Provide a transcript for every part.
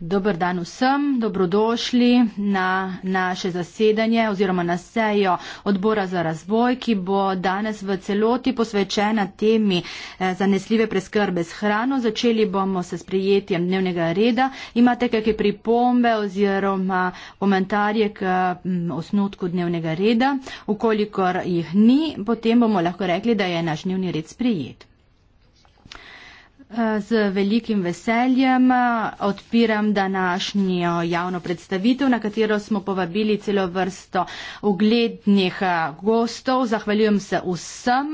Dober dan vsem, dobrodošli na naše zasedanje oziroma na sejo odbora za razvoj, ki bo danes v celoti posvečena temi eh, zanesljive preskrbe s hrano. Začeli bomo se sprejetjem dnevnega reda. Imate kakšne pripombe oziroma komentarje k mm, osnutku dnevnega reda? Ukolikor jih ni, potem bomo lahko rekli, da je naš dnevni red sprejet. Z velikim veseljem odpiram današnjo javno predstavitev, na katero smo povabili celo vrsto uglednih eh, gostov. Zahvaljujem se vsem,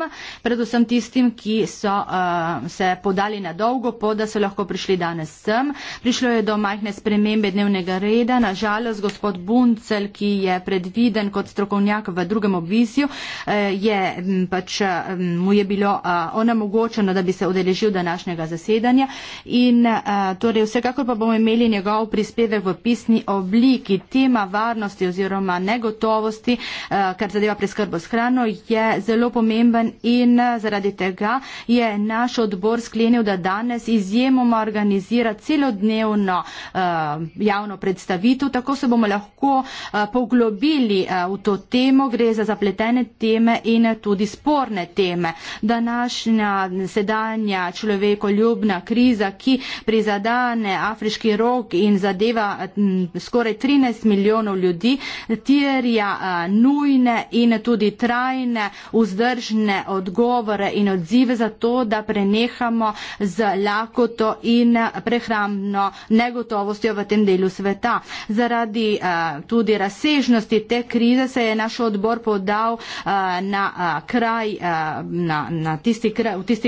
predvsem tistim, ki so uh, se podali na dolgo pot, da so lahko prišli danes sem. Prišlo je do majhne spremembe dnevnega reda. Nažalost, gospod Buncel, ki je predviden kot strokovnjak v drugem obvisju, uh, je, pač, um, mu je bilo uh, onemogočeno, da bi se odeležil današnjega tega zasedanja. In eh, torej vsekakor pa bomo imeli njegov prispevek v pisni obliki. Tema varnosti oziroma negotovosti, eh, kar zadeva preskrbo s hrano, je zelo pomemben in eh, zaradi tega je naš odbor sklenil, da danes izjemoma organizira celodnevno javno predstavitev. Tako se bomo lahko poglobili v to temo. Gre za zapletene teme in tudi sporne teme. Današnja sedanja človekov poljubna kriza, ki prizadane afriški rok in zadeva skoraj 13 milijonov ljudi, terja nujne in tudi trajne vzdržne odgovore in odzive za to, da prenehamo z lakoto in prehrambno negotovostjo v tem delu sveta. Zaradi tudi razsežnosti te krize se je naš odbor podal na kraj, na, na tisti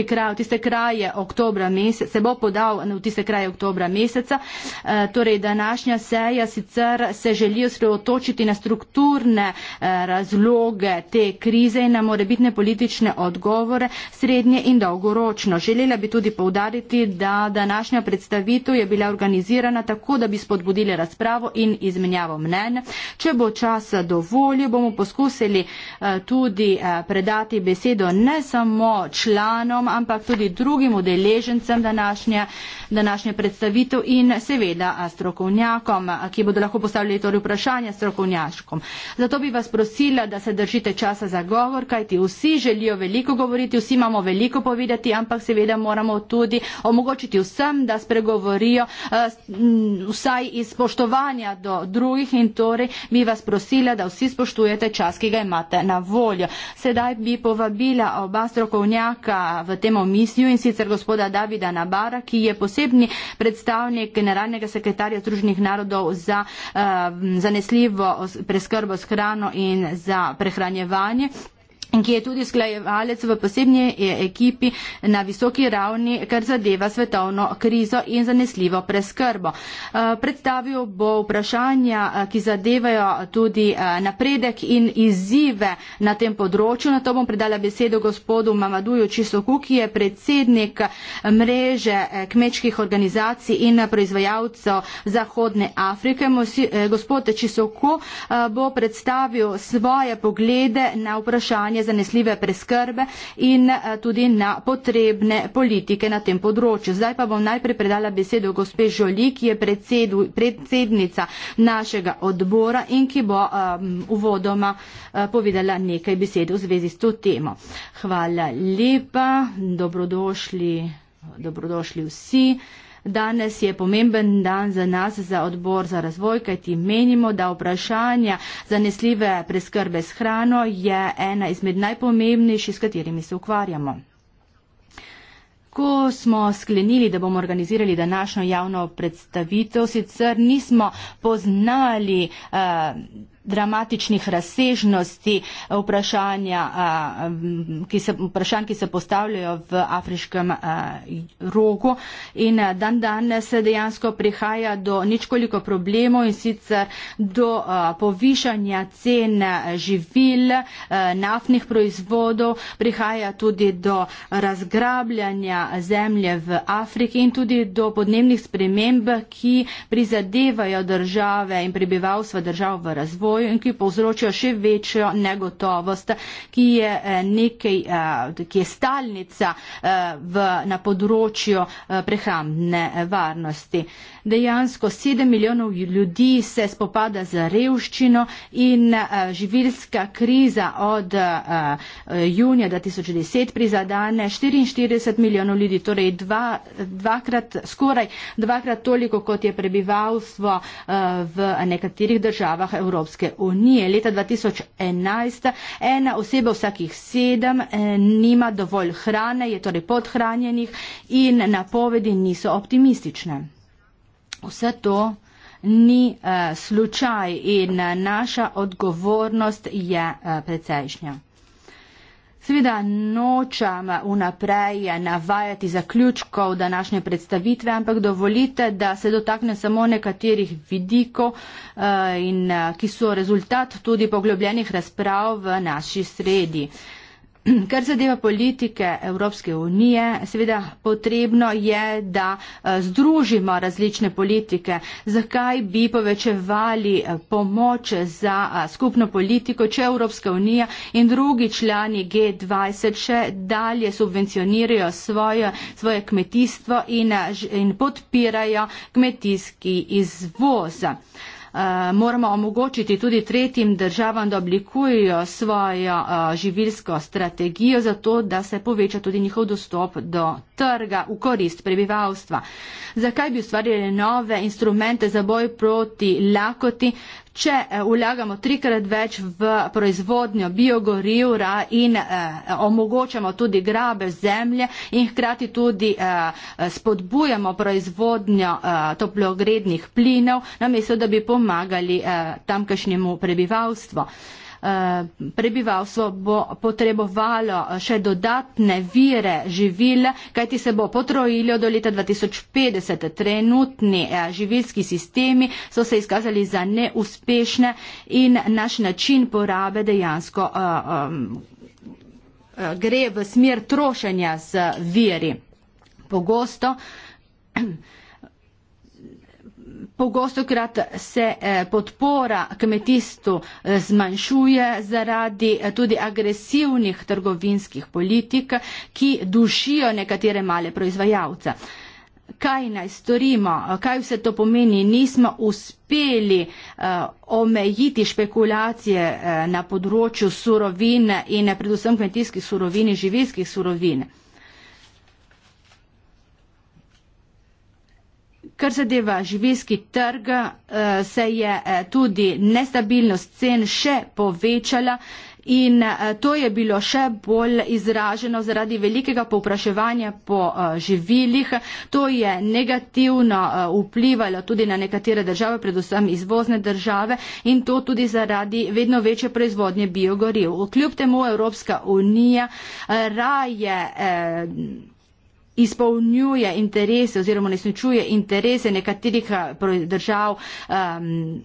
kraj, v tiste kraje oktober oktobra meseca, se bo podal v tiste kraje oktobra meseca. Eh, torej, današnja seja sicer se želi osredotočiti na strukturne eh, razloge te krize in na morebitne politične odgovore srednje in dolgoročno. Želela bi tudi povdariti, da današnja predstavitev je bila organizirana tako, da bi spodbudili razpravo in izmenjavo mnenja. Če bo čas dovolj, bomo poskusili eh, tudi predati besedo ne samo članom, ampak tudi drugim udeležencem udeležencem današnje, današnje predstavitev in seveda strokovnjakom, ki bodo lahko postavljali torej vprašanje strokovnjaškom. Zato bi vas prosila, da se držite časa za govor, kajti vsi želijo veliko govoriti, vsi imamo veliko povedati, ampak seveda moramo tudi omogočiti vsem, da spregovorijo vsaj iz spoštovanja do drugih in torej bi vas prosila, da vsi spoštujete čas, ki ga imate na voljo. Sedaj bi povabila oba strokovnjaka v tem omisju in sicer gospoda Davida Nabara, ki je posebni predstavnik generalnega sekretarja Združenih narodov za uh, zanesljivo preskrbo s hrano in za prehranjevanje in ki je tudi sklajevalec v posebni e- ekipi na visoki ravni, kar zadeva svetovno krizo in zanesljivo preskrbo. Eh, predstavil bo vprašanja, eh, ki zadevajo tudi eh, napredek in izzive na tem področju. Na to bom predala besedo gospodu Mamaduju Čisoku, ki je predsednik mreže kmečkih organizacij in proizvajalcev Zahodne Afrike. Gospod Čisoku bo predstavil svoje poglede na vprašanje vprašanje zanesljive preskrbe in eh, tudi na potrebne politike na tem področju. Zdaj pa bom najprej predala besedo gospe Žoli, ki je predsedu, predsednica našega odbora in ki bo um, uvodoma uh, povedala nekaj besed v zvezi s to temo. Hvala lepa, dobrodošli, dobrodošli vsi. Uh, Danes je pomemben dan za nas, za odbor za razvoj, kajti menimo, da vprašanja zanesljive preskrbe s hrano je ena izmed najpomembnejših, s katerimi se ukvarjamo. Ko smo sklenili, da bomo organizirali današnjo javno predstavitev, sicer nismo poznali. Uh, dramatičnih razsežnosti vprašanja, ki se, vprašanj, ki se postavljajo v afriškem rogu. In dan danes dejansko prihaja do ničkoliko problemov in sicer do povišanja cen živil, naftnih proizvodov, prihaja tudi do razgrabljanja zemlje v Afriki in tudi do podnebnih sprememb, ki prizadevajo države in prebivalstva držav v razvoju razvoju in ki povzročajo še večjo negotovost, ki je eh, nekaj, eh, ki je stalnica eh, v, na področju prehrambne varnosti dejansko 7 milijonov ljudi se spopada z revščino in eh, živilska kriza od eh, junija 2010 prizadane 44 milijonov ljudi, torej dva, dvakrat, skoraj dvakrat toliko, kot je prebivalstvo eh, v nekaterih državah Evropske unije. Leta 2011 ena oseba vsakih sedem nima dovolj hrane, je torej podhranjenih in napovedi niso optimistične. Vse to ni uh, slučaj in uh, naša odgovornost je uh, precejšnja. Seveda nočem vnaprej navajati zaključkov današnje predstavitve, ampak dovolite, da se dotaknem samo nekaterih vidikov, uh, in, uh, ki so rezultat tudi poglobljenih razprav v naši sredi. Uh, Kar zadeva politike Evropske unije, seveda potrebno je, da eh, združimo različne politike. Zakaj bi povečevali eh, pomoč za eh, skupno politiko, če Evropska unija in drugi člani G20 še dalje subvencionirajo svoje, svoje kmetijstvo in, in podpirajo kmetijski izvoz. Eh, moramo omogočiti tudi tretjim državam, da oblikujejo svojo eh, živilsko strategijo, zato da se poveča tudi njihov dostop do trga u korist prebivalstva. Zakaj bi ustvarili nove instrumente za boj proti lakoti, če ulagamo eh, trikrat več v proizvodnjo biogorivra in eh, omogočamo tudi grabe zemlje in hkrati tudi eh, spodbujamo proizvodnjo eh, toplogrednih plinov, namesto da bi pomagali eh, tamkajšnjemu prebivalstvu. Eh, prebivalstvo bo potrebovalo eh, še dodatne vire živil, kajti se bo potrojilo do leta 2050. Trenutni eh, živilski sistemi so se izkazali za neuspešne in naš način porabe dejansko gre v smer trošenja z viri. Pogosto Pogosto krat se eh, podpora kmetijstvu eh, zmanjšuje zaradi eh, tudi agresivnih trgovinskih politik, ki dušijo nekatere male proizvajalce. Kaj naj storimo, kaj vse to pomeni, nismo uspeli uh, omejiti špekulacije uh, na področju surovin in predvsem kmetijskih surovin in živilskih surovin. Kar zadeva živilski trg, eh, se je eh, tudi nestabilnost cen še povečala. In eh, to je bilo še bolj izraženo zaradi velikega povpraševanja po živilih. To je negativno vplivalo tudi na nekatere države, predvsem izvozne države in to tudi zaradi vedno večje proizvodnje biogoriv. Kljub temu Evropska unija raje. Eh, izpolnjuje interese oziroma nesnečuje interese nekaterih eh, držav, um,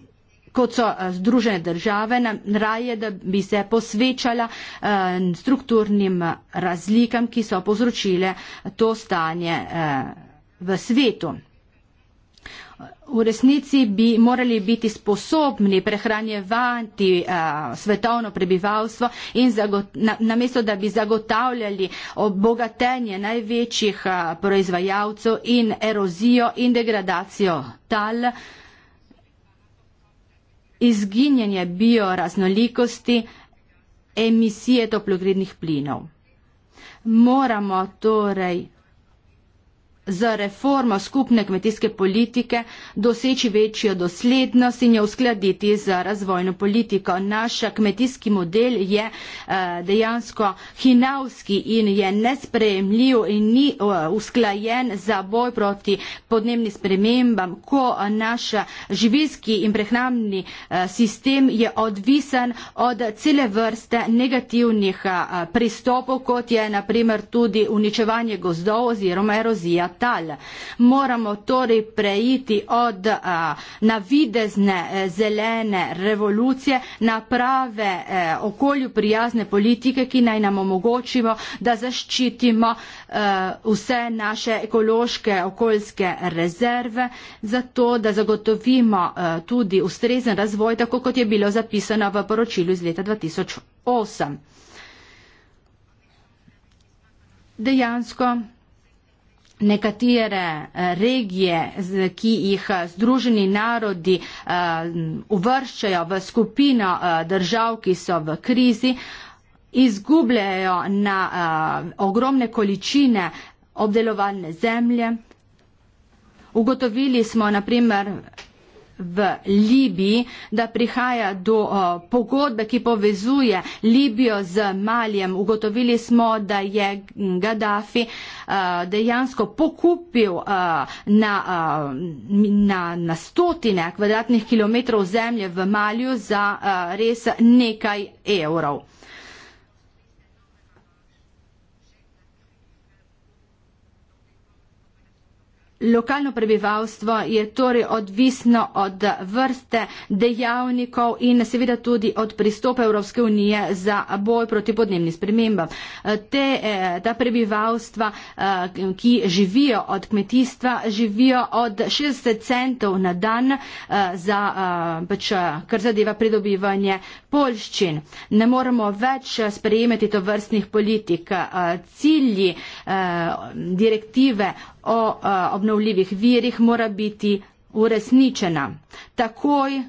kot so eh, združene države, raje, da bi se posvečala um, strukturnim razlikam, ki so povzročile to stanje um, v svetu. V resnici bi morali biti sposobni prehranjevati a, eh, svetovno prebivalstvo in namesto, na da bi zagotavljali obogatenje največjih a, eh, proizvajalcev in erozijo in degradacijo tal, izginjanje bioraznolikosti, emisije toplogrednih plinov. Moramo torej z reformo skupne kmetijske politike doseči večjo doslednost in jo uskladiti z razvojno politiko. Naš kmetijski model je eh, dejansko hinavski in je nesprejemljiv in ni eh, usklajen za boj proti podnebnim spremembam, ko naš živilski in prehnamni eh, sistem je odvisen od cele vrste negativnih pristopov, kot je naprimer tudi uničevanje gozdov oziroma erozija fatal. Moramo torej preiti od a, navidezne a, e, zelene revolucije na prave a, e, okolju prijazne politike, ki naj nam omogočimo, da zaščitimo a, e, vse naše ekološke okoljske rezerve, zato da zagotovimo a, tudi ustrezen razvoj, tako kot je bilo zapisano v poročilu iz leta 2008. Dejansko nekatere eh, regije, ki jih eh, Združeni narodi eh, uvrščajo v skupino držav, ki so v krizi, izgubljajo na ogromne količine obdelovalne zemlje. Ugotovili smo naprimer v Libiji, da prihaja do uh, pogodbe, ki povezuje Libijo z Malijem. Ugotovili smo, da je Gaddafi uh, dejansko pokupil uh, na, uh, na, na stotine kvadratnih kilometrov zemlje v Maliju za uh, res nekaj evrov. Lokalno prebivalstvo je torej odvisno od vrste dejavnikov in seveda tudi od pristopa Evropske unije za boj proti podnebnim spremembam. Te, eh, ta prebivalstva, eh, ki živijo od kmetijstva, živijo od 60 centov na dan, eh, za, pač, kar zadeva pridobivanje polščin. Ne moremo več sprejemati to vrstnih politik. Eh, cilji eh, direktive o eh, obnovljivih virih mora biti uresničena. Takoj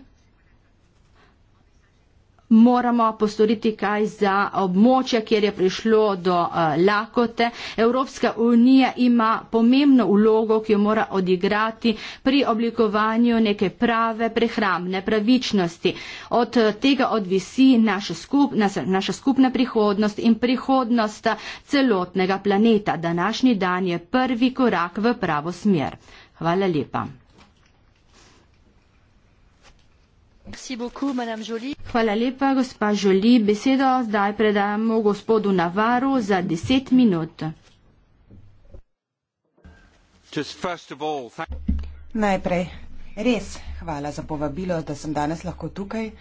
moramo postoriti kaj za območje, kjer je prišlo do eh, lakote. Evropska unija ima pomembno ulogo, ki jo mora odigrati pri oblikovanju neke prave prehramne pravičnosti. Od eh, tega odvisi naša, skup, naša skupna prihodnost in prihodnost eh, celotnega planeta. Današnji dan je prvi korak v pravo smer. Hvala lepa. Hvala lepa, gospa Žoli. Besedo zdaj predamo gospodu Navaru za deset minut. Najprej res hvala za povabilo, da sem danes lahko tukaj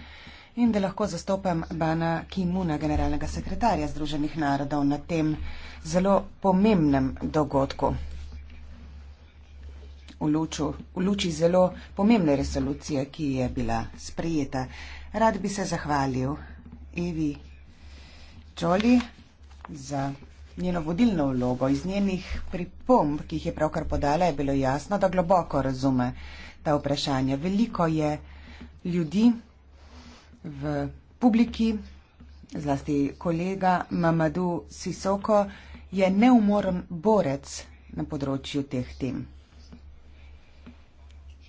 in da lahko zastopam Bana Kimuna, generalnega sekretarja Združenih narodov, na tem zelo pomembnem dogodku v, luču, v luči zelo pomembne resolucije, ki je bila sprejeta. Rad bi se zahvalil Evi Čoli za njeno vodilno vlogo. Iz njenih pripomb, ki jih je pravkar podala, je bilo jasno, da globoko razume ta vprašanja. Veliko je ljudi v publiki, zlasti kolega Mamadu Sisoko, je neumoren borec na področju teh tem.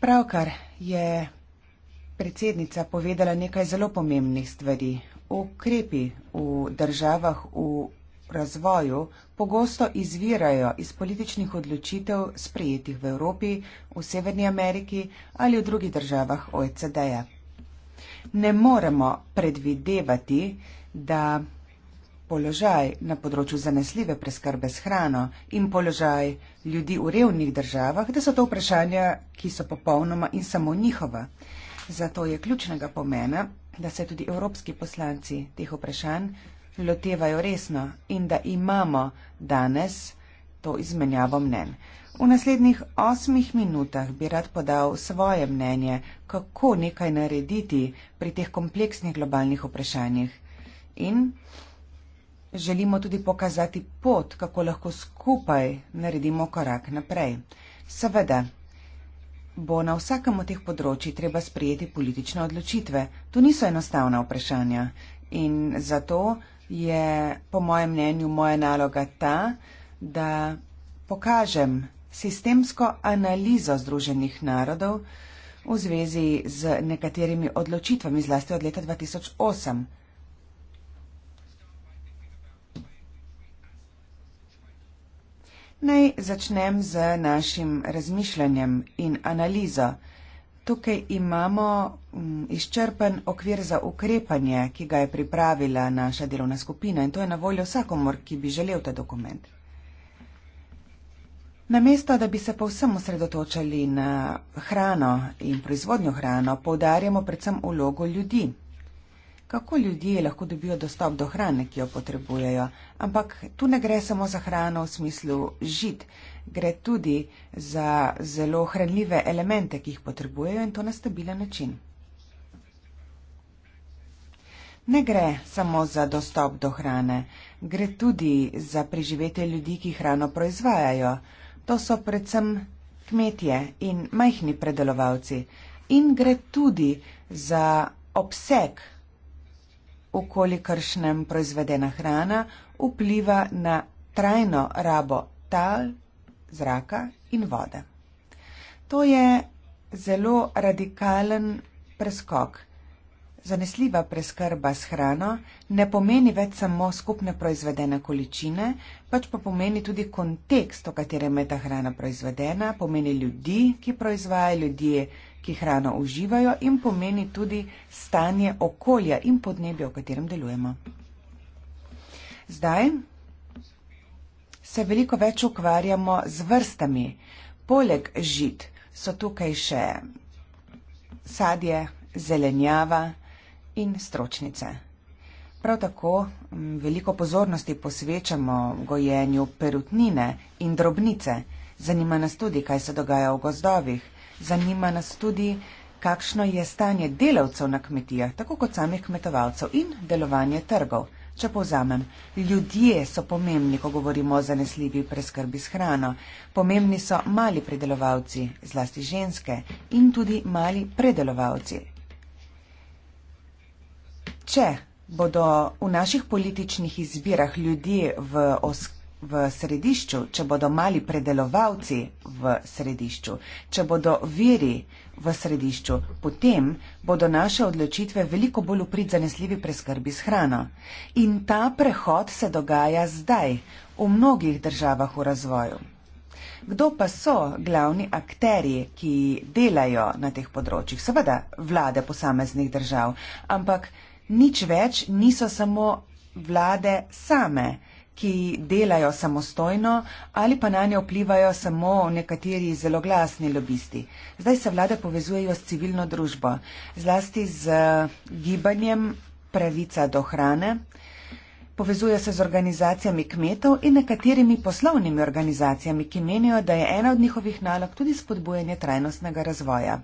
Pravkar je predsednica povedala nekaj zelo pomembnih stvari. Ukrepi v državah v razvoju pogosto izvirajo iz političnih odločitev sprejetih v Evropi, v Severni Ameriki ali v drugih državah OECD-ja. Ne moremo predvidevati, da položaj na področju zanesljive preskrbe s hrano in položaj ljudi v revnih državah, da so to vprašanja, ki so popolnoma in samo njihova. Zato je ključnega pomena, da se tudi evropski poslanci teh vprašanj lotevajo resno in da imamo danes to izmenjavo mnen. V naslednjih osmih minutah bi rad podal svoje mnenje, kako nekaj narediti pri teh kompleksnih globalnih vprašanjih. In želimo tudi pokazati pot, kako lahko skupaj naredimo korak naprej. Seveda bo na vsakem od teh področji treba sprejeti politične odločitve. To niso enostavna vprašanja in zato je po mojem mnenju moja naloga ta, da pokažem sistemsko analizo Združenih narodov v zvezi z nekaterimi odločitvami zlasti od leta 2008. Naj začnem z našim razmišljanjem in analizo. Tukaj imamo mm, izčrpen okvir za ukrepanje, ki ga je pripravila naša delovna skupina in to je na voljo vsakomor, ki bi želel ta dokument. Namesto, da bi se povsem osredotočali na hrano in proizvodnjo hrano, poudarjamo predvsem ulogo ljudi kako ljudje lahko dobijo dostop do hrane, ki jo potrebujejo. Ampak tu ne gre samo za hrano v smislu žit, gre tudi za zelo hranljive elemente, ki jih potrebujejo in to na stabilen način. Ne gre samo za dostop do hrane, gre tudi za preživetje ljudi, ki hrano proizvajajo. To so predvsem kmetje in majhni predelovalci. In gre tudi za obseg okolikršnem proizvedena hrana vpliva na trajno rabo tal, zraka in vode. To je zelo radikalen preskok. Zanesljiva preskrba s hrano ne pomeni več samo skupne proizvedene količine, pač pa pomeni tudi kontekst, v katerem je ta hrana proizvedena, pomeni ljudi, ki proizvajajo ljudje, ki hrano uživajo in pomeni tudi stanje okolja in podnebja, v katerem delujemo. Zdaj se veliko več ukvarjamo z vrstami. Poleg žit so tukaj še sadje, zelenjava in stročnice. Prav tako veliko pozornosti posvečamo gojenju perutnine in drobnice. Zanima nas tudi, kaj se dogaja v gozdovih zanima nas tudi, kakšno je stanje delavcev na kmetijah, tako kot samih kmetovalcev in delovanje trgov. Če povzamem, ljudje so pomembni, ko govorimo o zanesljivi preskrbi s hrano. Pomembni so mali predelovalci, zlasti ženske in tudi mali predelovalci. Če bodo v naših političnih izbirah ljudje v oskrbi, v središču, če bodo mali predelovalci v središču, če bodo viri v središču, potem bodo naše odločitve veliko bolj uprit zanesljivi preskrbi s hrano. In ta prehod se dogaja zdaj v mnogih državah v razvoju. Kdo pa so glavni akterji, ki delajo na teh področjih? Seveda vlade posameznih držav, ampak nič več niso samo vlade same ki delajo samostojno ali pa na nje vplivajo samo nekateri zelo glasni lobisti. Zdaj se vlade povezujejo s civilno družbo, zlasti z gibanjem pravica do hrane, povezujejo se z organizacijami kmetov in nekaterimi poslovnimi organizacijami, ki menijo, da je ena od njihovih nalog tudi spodbujanje trajnostnega razvoja.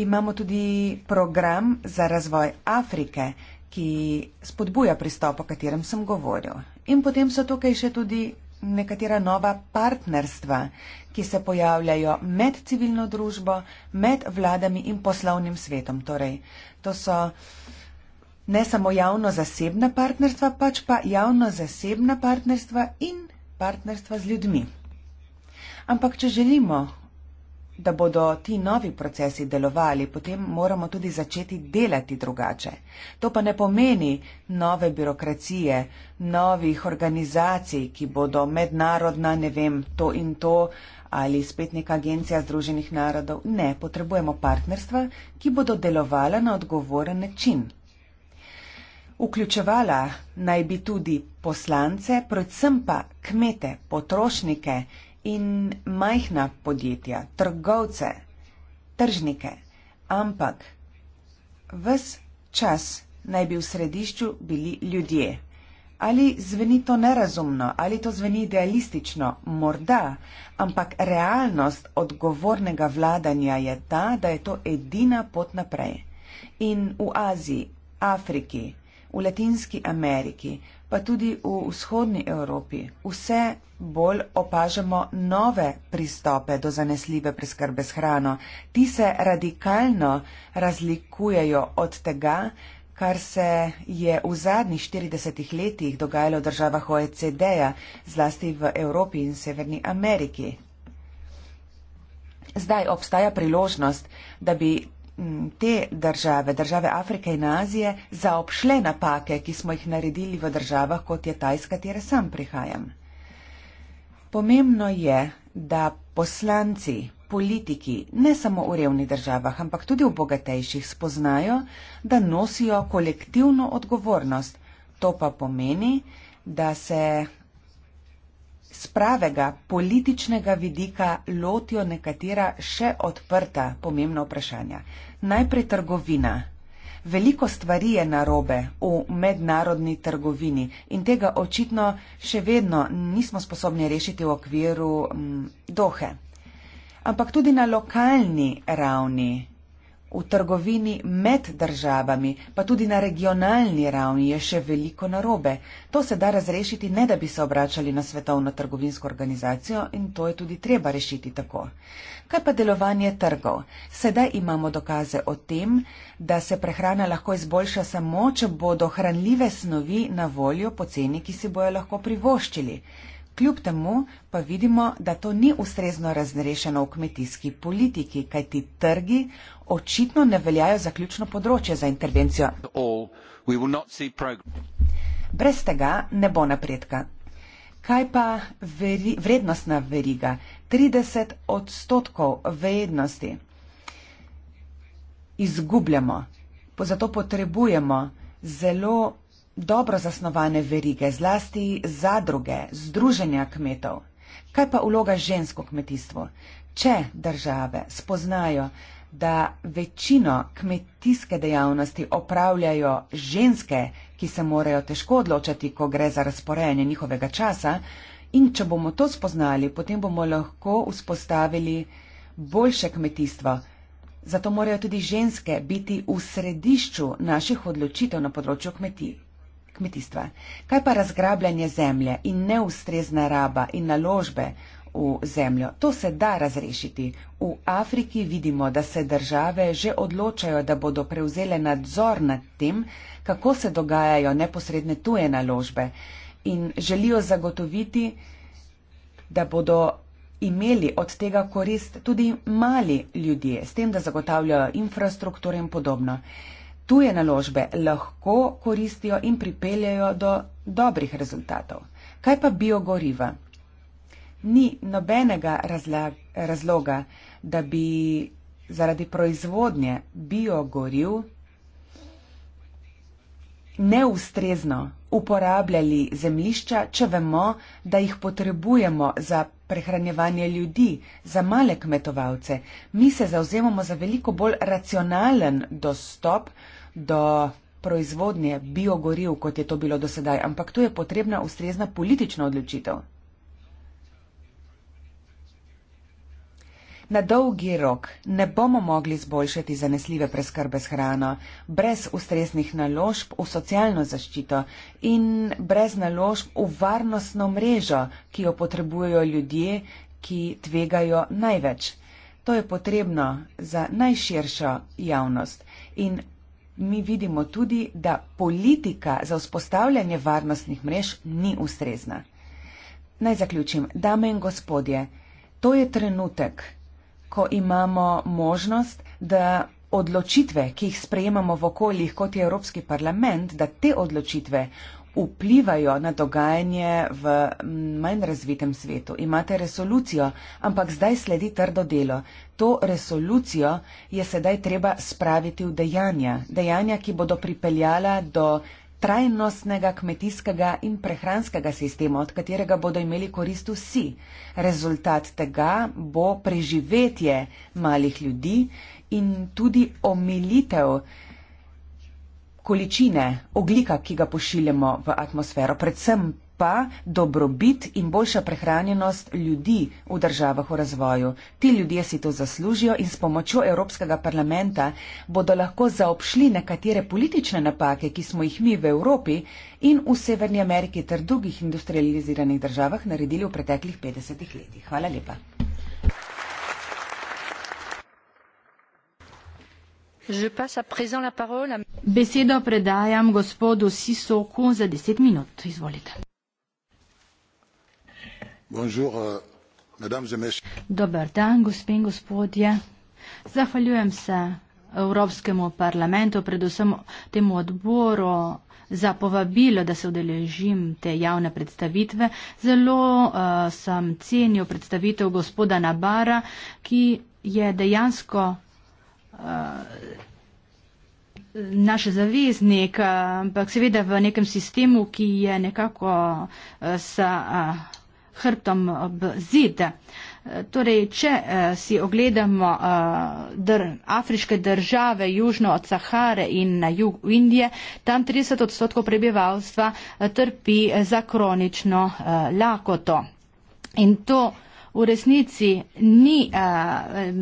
Imamo tudi program za razvoj Afrike ki spodbuja pristop, o katerem sem govoril. In potem so tukaj še tudi nekatera nova partnerstva, ki se pojavljajo med civilno družbo, med vladami in poslovnim svetom. Torej, to so ne samo javno-zasebna partnerstva, pač pa javno-zasebna partnerstva in partnerstva z ljudmi. Ampak, če želimo da bodo ti novi procesi delovali, potem moramo tudi začeti delati drugače. To pa ne pomeni nove birokracije, novih organizacij, ki bodo mednarodna, ne vem, to in to ali spet neka agencija Združenih narodov. Ne, potrebujemo partnerstva, ki bodo delovala na odgovoren način. Vključevala naj bi tudi poslance, predvsem pa kmete, potrošnike in majhna podjetja, trgovce, tržnike, ampak ves čas naj bi v središču bili ljudje. Ali zveni to nerazumno, ali to zveni idealistično, morda, ampak realnost odgovornega vladanja je ta, da je to edina pot naprej. In v Aziji, Afriki, v Latinski Ameriki, pa tudi v vzhodni Evropi, vse bolj opažamo nove pristope do zanesljive preskrbe s hrano. Ti se radikalno razlikujejo od tega, kar se je v zadnjih 40 letih dogajalo v državah OECD-ja, zlasti v Evropi in Severni Ameriki. Zdaj obstaja priložnost, da bi te države, države Afrike in Azije, zaobšle napake, ki smo jih naredili v državah, kot je taj, iz katere sam prihajam. Pomembno je, da poslanci, politiki, ne samo v revnih državah, ampak tudi v bogatejših, spoznajo, da nosijo kolektivno odgovornost. To pa pomeni, da se z pravega političnega vidika lotijo nekatera še odprta pomembna vprašanja. Najprej trgovina. Veliko stvari je narobe v mednarodni trgovini in tega očitno še vedno nismo sposobni rešiti v okviru m, mm, dohe. Ampak tudi na lokalni ravni V trgovini med državami, pa tudi na regionalni ravni, je še veliko narobe. To se da razrešiti, ne da bi se obračali na svetovno trgovinsko organizacijo in to je tudi treba rešiti tako. Kaj pa delovanje trgov? Sedaj imamo dokaze o tem, da se prehrana lahko izboljša samo, če bodo hranljive snovi na voljo po ceni, ki si bojo lahko privoščili. Kljub temu pa vidimo, da to ni ustrezno razrešeno v kmetijski politiki, kaj ti trgi očitno ne veljajo za ključno področje za intervencijo. Brez tega ne bo napredka. Kaj pa veri, vrednostna veriga? 30 odstotkov vrednosti izgubljamo, zato potrebujemo zelo dobro zasnovane verige, zlasti zadruge, združenja kmetov. Kaj pa vloga žensk v kmetijstvu? Če države spoznajo, da večino kmetijske dejavnosti opravljajo ženske, ki se morajo težko odločati, ko gre za razporejanje njihovega časa, in če bomo to spoznali, potem bomo lahko vzpostavili boljše kmetijstvo. Zato morajo tudi ženske biti v središču naših odločitev na področju kmetij kmetijstva. Kaj pa razgrabljanje zemlje in neustrezna raba in naložbe v zemljo? To se da razrešiti. V Afriki vidimo, da se države že odločajo, da bodo prevzele nadzor nad tem, kako se dogajajo neposredne tuje naložbe in želijo zagotoviti, da bodo imeli od tega korist tudi mali ljudje, s tem, da zagotavljajo infrastrukturo in podobno tuje naložbe lahko koristijo in pripeljajo do dobrih rezultatov. Kaj pa biogoriva? Ni nobenega razloga, da bi zaradi proizvodnje biogoriv neustrezno uporabljali zemlišča, če vemo, da jih potrebujemo za prehranjevanje ljudi, za male kmetovalce. Mi se zauzemamo za veliko bolj racionalen dostop do do proizvodnje biogoriv, kot je to bilo do sedaj, ampak tu je potrebna ustrezna politična odločitev. Na dolgi rok ne bomo mogli zboljšati zanesljive preskrbe s hrano brez ustreznih naložb v socialno zaščito in brez naložb v varnostno mrežo, ki jo potrebujejo ljudje, ki tvegajo največ. To je potrebno za najširšo javnost in mi vidimo tudi, da politika za vzpostavljanje varnostnih mrež ni ustrezna. Naj zaključim, dame in gospodje, to je trenutek, ko imamo možnost, da odločitve, ki jih sprejemamo v okoljih kot je Evropski parlament, da te odločitve vplivajo na dogajanje v manj razvitem svetu. Imate resolucijo, ampak zdaj sledi trdo delo to resolucijo je sedaj treba spraviti v dejanja. Dejanja, ki bodo pripeljala do trajnostnega kmetijskega in prehranskega sistema, od katerega bodo imeli korist vsi. Rezultat tega bo preživetje malih ljudi in tudi omilitev količine oglika, ki ga pošiljamo v atmosfero, predvsem pa dobrobit in boljša prehranjenost ljudi v državah v razvoju. Ti ljudje si to zaslužijo in s pomočjo Evropskega parlamenta bodo lahko zaopšli nekatere politične napake, ki smo jih mi v Evropi in v Severni Ameriki ter drugih industrializiranih državah naredili v preteklih 50 letih. Hvala lepa. Besedo predajam gospodu Sisoku za deset minut. Izvolite. Euh, Dober dan, gospe in gospodje. Zahvaljujem se Evropskemu parlamentu, predvsem temu odboru za povabilo, da se udeležim te javne predstavitve. Zelo uh, sem cenil predstavitev gospoda Nabara, ki je dejansko uh, naš zaveznik, uh, ampak seveda v nekem sistemu, ki je nekako uh, sa. Uh, hrbtom ob zid. E, torej, če eh, si ogledamo eh, dr, afriške države južno od Sahare in na jug Indije, tam 30 odstotkov prebivalstva eh, trpi e, za kronično eh, lakoto. In to v resnici ni eh,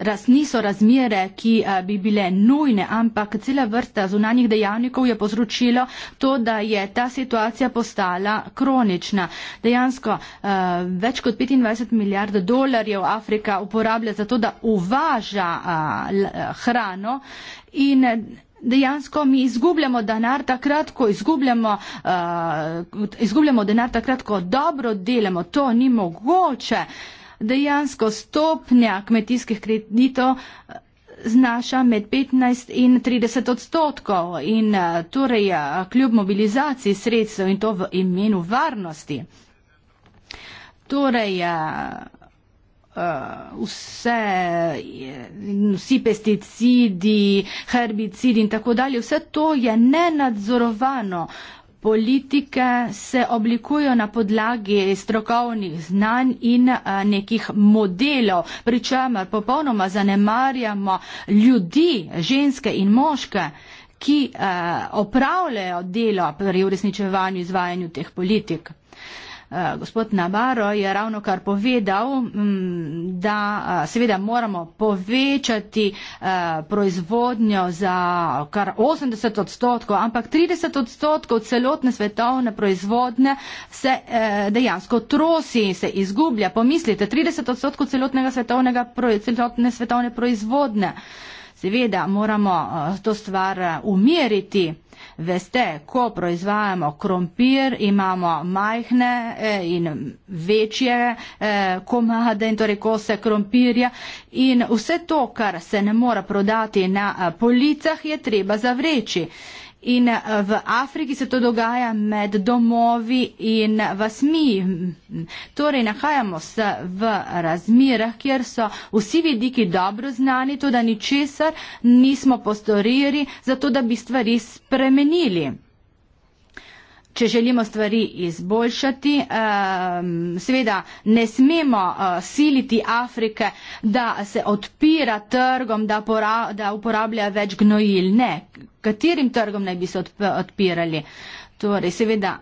Raz niso razmere, ki eh, bi bile nujne, ampak cela vrsta zunanjih dejavnikov je povzročilo to, da je ta situacija postala kronična. Dejansko eh, več kot 25 milijard dolarjev Afrika uporablja za to, da uvaža eh, hrano in dejansko mi izgubljamo denar takrat, ko izgubljamo, izgubljamo denar takrat, ko dobro delamo. To ni mogoče dejansko stopnja kmetijskih kreditov eh, znaša med 15 in 30 odstotkov in eh, torej eh, kljub mobilizaciji sredstev in to v imenu varnosti. Torej, vse, vsi pesticidi, herbicidi in tako dalje, vse to je nenadzorovano politike se oblikujejo na podlagi strokovnih znanj in eh, nekih modelov, pri čemer popolnoma zanemarjamo ljudi, ženske in moške, ki eh, opravljajo delo pri uresničevanju izvajanju teh politik. Eh, gospod Navarro je ravno kar povedal, mm, da eh, seveda moramo povečati eh, proizvodnjo za kar 80 odstotkov, ampak 30 odstotkov celotne svetovne proizvodnje se dejansko trosi in se izgublja. Pomislite, 30 odstotkov celotnega svetovnega celotne svetovne proizvodnje. Seveda moramo to stvar umiriti veste, ko proizvajamo krompir, imamo majhne eh, in večje eh, komade in torej kose krompirja in vse to, kar se ne mora prodati na eh, policah, je treba zavreči. In eh, v Afriki se to dogaja med domovi in vasmi. Torej, nahajamo se v razmirah, kjer so vsi vidiki dobro znani, to da ničesar nismo postorili, zato da bi stvari spremenili če želimo stvari izboljšati. Um, seveda ne smemo uh, siliti Afrike, da se odpira trgom, da, pora, da uporablja več gnojil. Ne, katerim trgom naj bi se odp odpirali? Torej, seveda.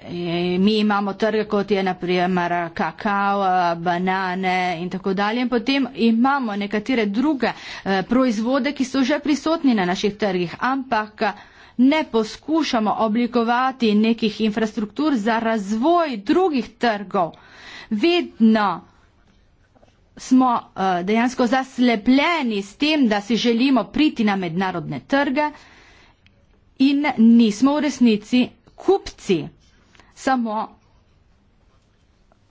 Eh, mi imamo trge, kot je naprimer kakao, banane in tako dalje. In potem imamo nekatere druge eh, proizvode, ki so že prisotni na naših trgih, ampak ne poskušamo oblikovati nekih infrastruktur za razvoj drugih trgov, vedno smo eh, dejansko zaslepljeni s tem, da si želimo priti na mednarodne trge in nismo v resnici kupci, samo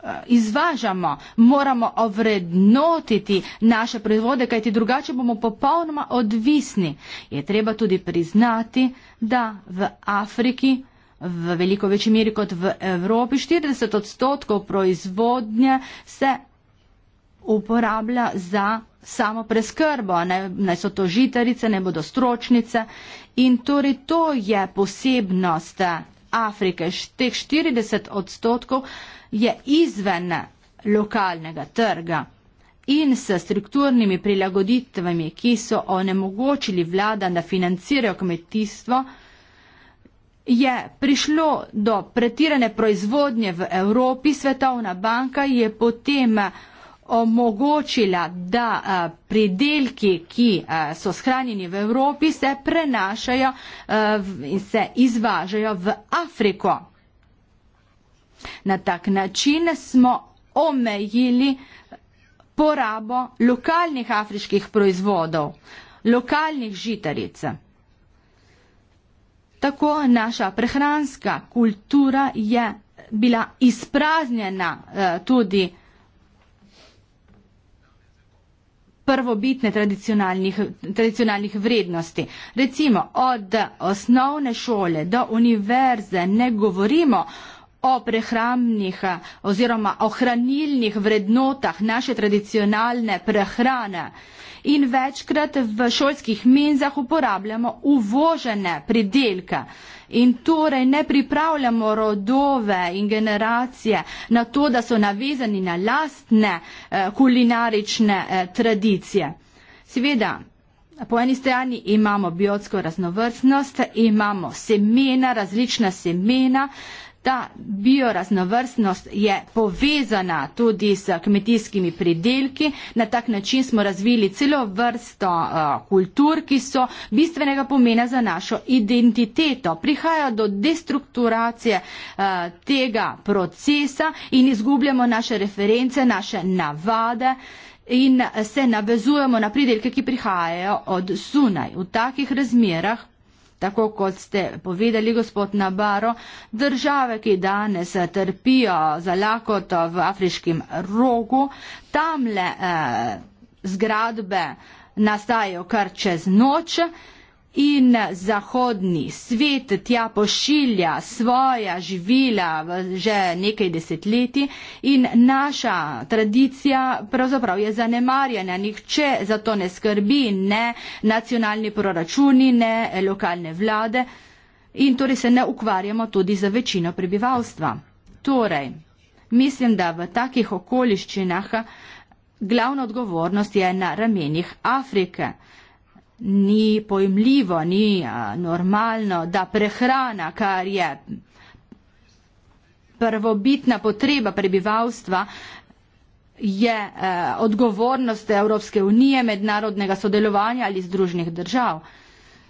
Eh, izvažamo, moramo ovrednotiti naše proizvode, kajti drugače bomo popolnoma odvisni. Je treba tudi priznati, da v Afriki v veliko večji meri kot v Evropi 40 odstotkov proizvodnje se uporablja za samo preskrbo, naj, naj so to žitarice, naj bodo stročnice in torej to je posebnost eh, Afrike, teh 40 odstotkov je izven lokalnega trga in s strukturnimi prilagoditvami, ki so onemogočili vlada, da financirajo kmetijstvo, je prišlo do pretirane proizvodnje v Evropi. Svetovna banka je potem omogočila, da eh, pridelki, ki eh, so shranjeni v Evropi, se prenašajo eh, in se izvažajo v Afriko. Na tak način smo omejili porabo lokalnih afriških proizvodov, lokalnih žitaric. Tako naša prehranska kultura je bila izpraznjena tudi prvobitne tradicionalnih, tradicionalnih vrednosti. Recimo od osnovne šole do univerze ne govorimo o prehrambnih eh, oziroma o hranilnih vrednotah naše tradicionalne prehrane in večkrat v šolskih menzah uporabljamo uvožene pridelke. In torej ne pripravljamo rodove in generacije na to, da so navezani na lastne eh, kulinarične eh, tradicije. Seveda, po eni strani imamo biotsko raznovrstnost, imamo semena, različna semena, eh, Ta bioraznovrstnost je povezana tudi s kmetijskimi pridelki. Na tak način smo razvili celo vrsto uh, kultur, ki so bistvenega pomena za našo identiteto. Prihaja do destrukturacije uh, tega procesa in izgubljamo naše reference, naše navade in se navezujemo na pridelke, ki prihajajo od sunaj. V takih razmerah tako kot ste povedali, gospod Nabaro, države, ki danes trpijo za lakoto v afriškem rogu, tamle eh, zgradbe nastajajo kar čez noč in zahodni svet tja pošilja svoja živila že nekaj desetletij in naša tradicija pravzaprav je zanemarjena. Nihče za to ne skrbi, ne nacionalni proračuni, ne lokalne vlade in torej se ne ukvarjamo tudi za večino prebivalstva. Torej, mislim, da v takih okoliščinah glavna odgovornost je na ramenih Afrike ni pojmljivo, ni normalno, da prehrana, kar je prvobitna potreba prebivalstva, je odgovornost Evropske unije, mednarodnega sodelovanja ali združnih držav.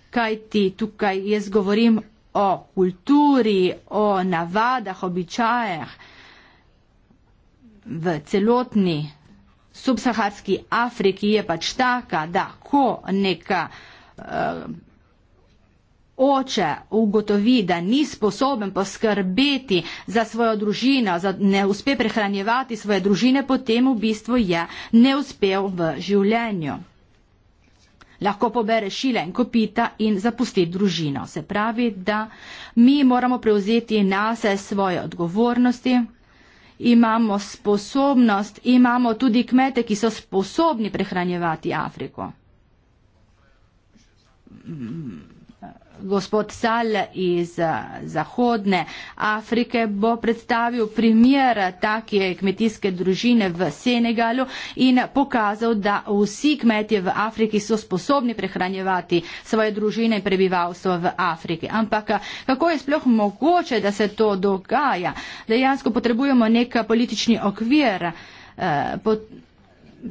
Kaj ti tukaj jaz govorim o kulturi, o navadah, običajah v celotni državi? subsaharski Afriki je pač taka, da ko neka uh, oče ugotovi, da ni sposoben poskrbeti za svojo družino, za, ne uspe prehranjevati svoje družine, potem v bistvu je neuspel v življenju. Lahko pobere šile in kopita in zapusti družino. Se pravi, da mi moramo prevzeti nase svoje odgovornosti imamo sposobnost, imamo tudi kmete, ki so sposobni prehranjevati Afriko. Mm gospod Sal iz eh, Zahodne Afrike bo predstavil primer take kmetijske družine v Senegalu in pokazal, da vsi kmetje v Afriki so sposobni prehranjevati svoje družine in prebivalstvo v Afriki. Ampak eh, kako je sploh mogoče, da se to dogaja? Dejansko potrebujemo nek politični okvir. Uh, pot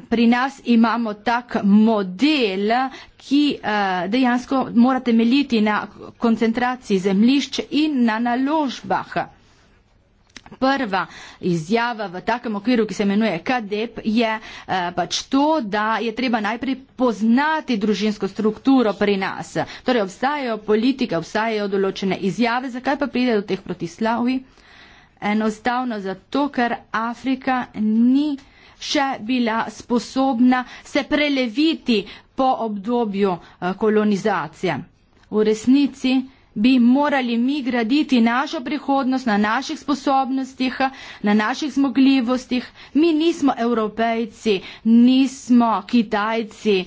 pri nas imamo tak model, ki eh, dejansko mora temeljiti na koncentraciji zemljišč in na naložbah. Prva izjava v takem okviru, ki se imenuje KDEP, je eh, pač to, da je treba najprej poznati družinsko strukturo pri nas. Torej obstajajo politike, obstajajo določene izjave, zakaj pa pride do teh protislavi? Enostavno zato, ker Afrika ni še bila sposobna se preleviti po obdobju eh, kolonizacije. V resnici bi morali mi graditi našo prihodnost na naših sposobnostih, na naših zmogljivostih. Mi nismo evropejci, nismo kitajci, e,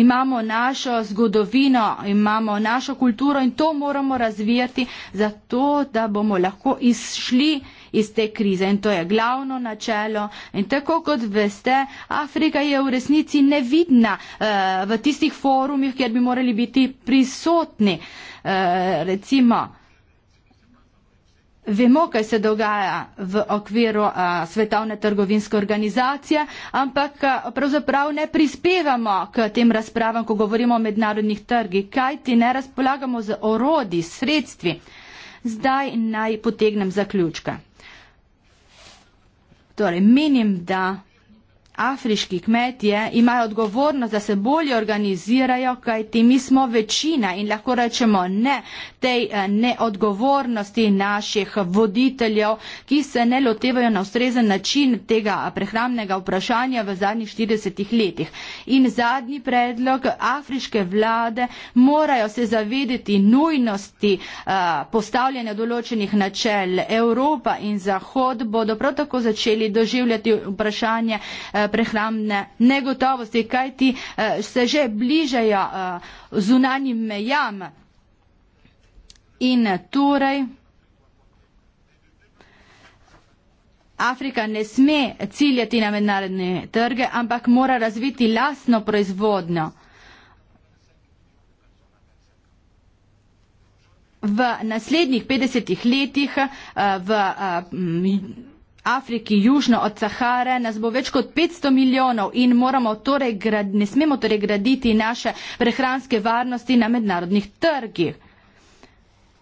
imamo našo zgodovino, imamo našo kulturo in to moramo razvijati zato, da bomo lahko izšli iz te krize in to je glavno načelo. In tako kot veste, Afrika je v resnici nevidna eh, v tistih forumih, kjer bi morali biti prisotni. Eh, recimo, vemo, kaj se dogaja v okviru eh, svetovne trgovinske organizacije, ampak eh, pravzaprav ne prispevamo k tem razpravam, ko govorimo o mednarodnih trgih, kaj ti ne razpolagamo z orodi, sredstvi. Zdaj naj potegnem zaključka. Torej, menim, da Afriški kmetje imajo odgovornost, da se bolje organizirajo, kajti mi smo večina in lahko rečemo ne tej eh, neodgovornosti naših voditeljev, ki se ne lotevajo na ustrezen način tega prehramnega vprašanja v zadnjih 40 letih. In zadnji predlog, afriške vlade morajo se zavedeti nujnosti eh, postavljanja določenih načel. Evropa in Zahod bodo prav tako začeli doživljati vprašanje eh, prehrambne negotovosti, kajti eh, se že bližajo eh, zunanjim mejam. In torej Afrika ne sme ciljati na mednarodne trge, ampak mora razviti lasno proizvodnjo. V naslednjih 50 letih eh, v Afriki, južno od Sahare, nas bo več kot 500 milijonov in torej grad, ne smemo torej graditi naše prehranske varnosti na mednarodnih trgih.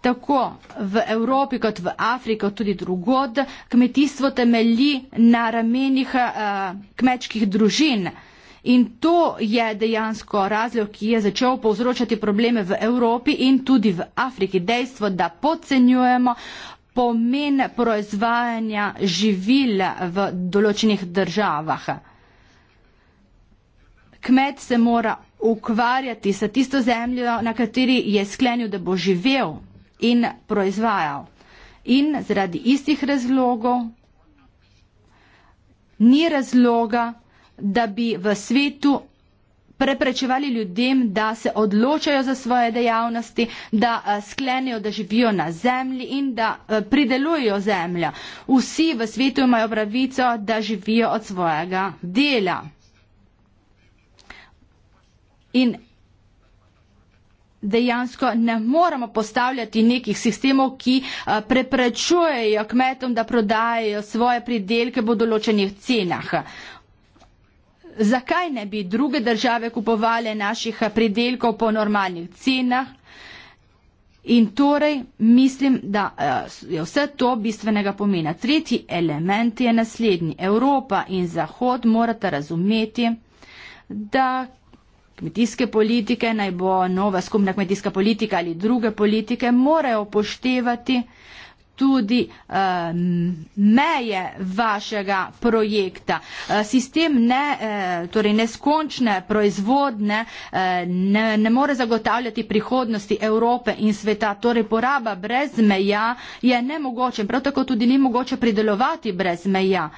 Tako v Evropi kot v Afriki, kot tudi drugod, kmetijstvo temelji na ramenih uh, kmečkih družin. In to je dejansko razlog, ki je začel povzročati probleme v Evropi in tudi v Afriki. Dejstvo, da podcenjujemo pomen proizvajanja živil v določenih državah. Kmet se mora ukvarjati s tisto zemljo, na kateri je sklenil, da bo živel in proizvajal. In zaradi istih razlogov ni razloga, da bi v svetu preprečevali ljudem, da se odločajo za svoje dejavnosti, da eh, sklenijo, da živijo na zemlji in da eh, pridelujejo zemljo. Vsi v svetu imajo pravico, da živijo od svojega dela. In dejansko ne moramo postavljati nekih sistemov, ki eh, preprečujejo kmetom, da prodajajo svoje pridelke v določenih cenah zakaj ne bi druge države kupovali naših pridelkov po normalnih cenah. In torej mislim, da eh, je vse to bistvenega pomena. Tretji element je naslednji. Evropa in Zahod morata razumeti, da kmetijske politike, naj bo nova skupna kmetijska politika ali druge politike, morajo upoštevati uh, tudi uh, meje vašega projekta. Uh, sistem ne, uh, torej neskončne proizvodne uh, ne, ne more zagotavljati prihodnosti Evrope in sveta. Torej poraba brez meja je nemogoče. Prav tako tudi ni mogoče pridelovati brez meja. Uh,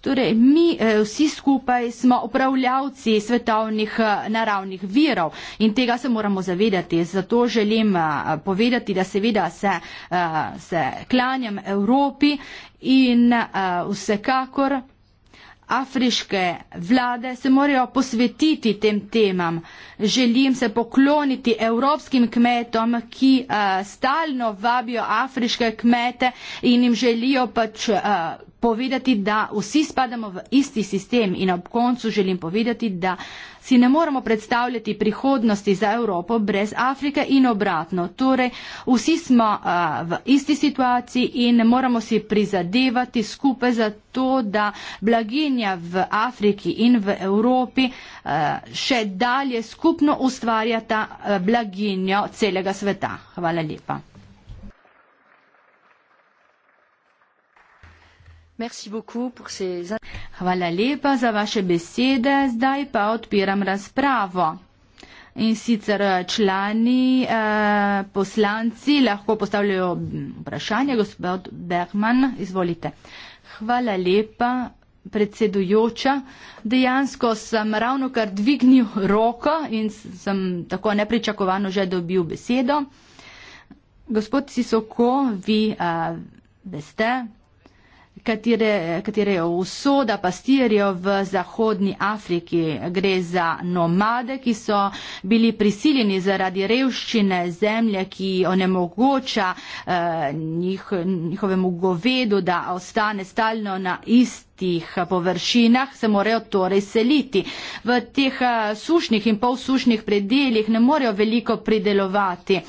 Torej, mi eh, vsi skupaj smo upravljavci svetovnih eh, naravnih virov in tega se moramo zavedati. Zato želim eh, povedati, da seveda se, se klanjam Evropi in vsekakor afriške vlade se morajo posvetiti tem temam. Želim se pokloniti evropskim kmetom, ki stalno vabijo afriške kmete in jim želijo pač povedati, da vsi spadamo v isti sistem in ob koncu želim povedati, da si ne moremo predstavljati prihodnosti za Evropo brez Afrike in obratno. Torej, vsi smo a, eh, v isti situaciji in moramo si prizadevati skupaj za to, da blaginja v Afriki in v Evropi a, eh, še dalje skupno ustvarjata eh, blaginjo celega sveta. Hvala lepa. Hvala lepa za vaše besede. Zdaj pa odpiram razpravo. In sicer eh, člani eh, poslanci lahko postavljajo vprašanje. Gospod Bergman, izvolite. Hvala lepa, predsedujoča. Dejansko sem ravno kar dvignil roko in sem tako nepričakovano že dobil besedo. Gospod Sisoko, vi a, eh, veste, katere, katere je usoda pastirjev v Zahodni Afriki. Gre za nomade, ki so bili prisiljeni zaradi revščine zemlje, ki onemogoča eh, njih, njihovemu govedu, da ostane stalno na isti površinah se morajo torej seliti. V teh eh, sušnih in polsušnih predeljih ne morejo veliko pridelovati. Uh,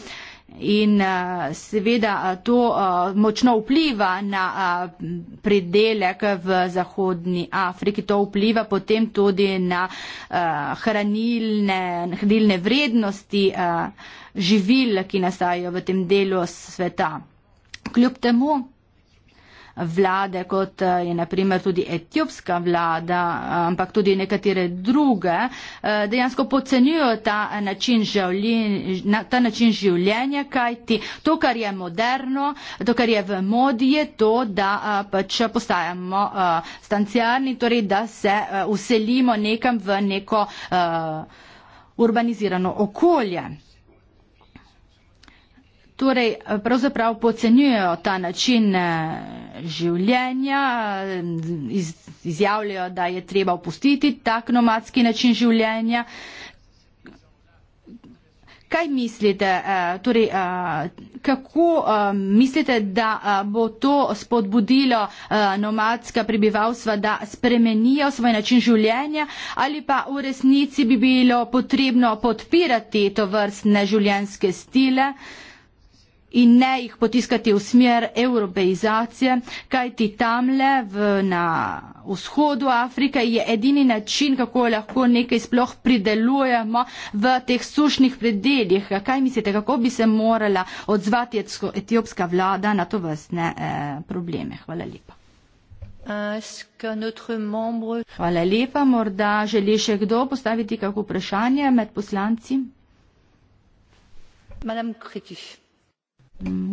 In uh, seveda eh, to uh, močno vpliva na uh, pridelek v Zahodni Afriki, to vpliva potem tudi na uh, hranilne, hranilne vrednosti uh, živil, ki nastajajo v tem delu sveta. Kljub temu, vlade, kot eh, je naprimer tudi etiopska vlada, eh, ampak tudi nekatere druge, eh, dejansko pocenjujo ta način, življenja, ta način življenja, kaj ti to, kar je moderno, to, kar je v modi, je to, da pač postajamo stancijarni, torej da se uselimo nekam v neko urbanizirano okolje torej pravzaprav pocenjujejo ta način eh, življenja, eh, iz, izjavljajo, da je treba opustiti tak nomadski način življenja. Kaj mislite, eh, torej, kako mislite, da bo to spodbudilo nomadska prebivalstva, da spremenijo svoj način življenja ali pa v resnici bi bilo potrebno podpirati to vrstne življenjske stile? in ne jih potiskati v smer evropeizacije, kajti tamle v, na vzhodu Afrike je edini način, kako lahko nekaj sploh pridelujemo v teh sušnih predeljih. Kaj mislite, kako bi se morala odzvati etiopska vlada na to vrstne eh, probleme? Hvala lepa. Hvala lepa. Morda želi še kdo postaviti kako vprašanje med poslanci? Madame Kritiš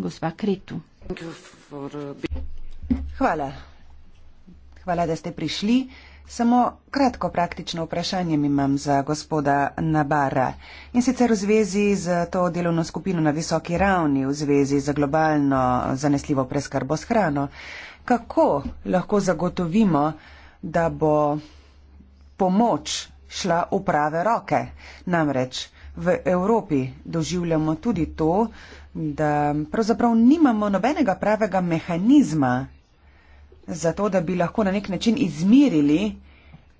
gospa Kretu. Hvala. Hvala, da ste prišli. Samo kratko praktično vprašanje imam za gospoda Nabara. In sicer v zvezi z to delovno skupino na visoki ravni, v zvezi z globalno zanesljivo preskrbo s hrano. Kako lahko zagotovimo, da bo pomoč šla v prave roke? Namreč v Evropi doživljamo tudi to, da pravzaprav nimamo nobenega pravega mehanizma za to, da bi lahko na nek način izmirili,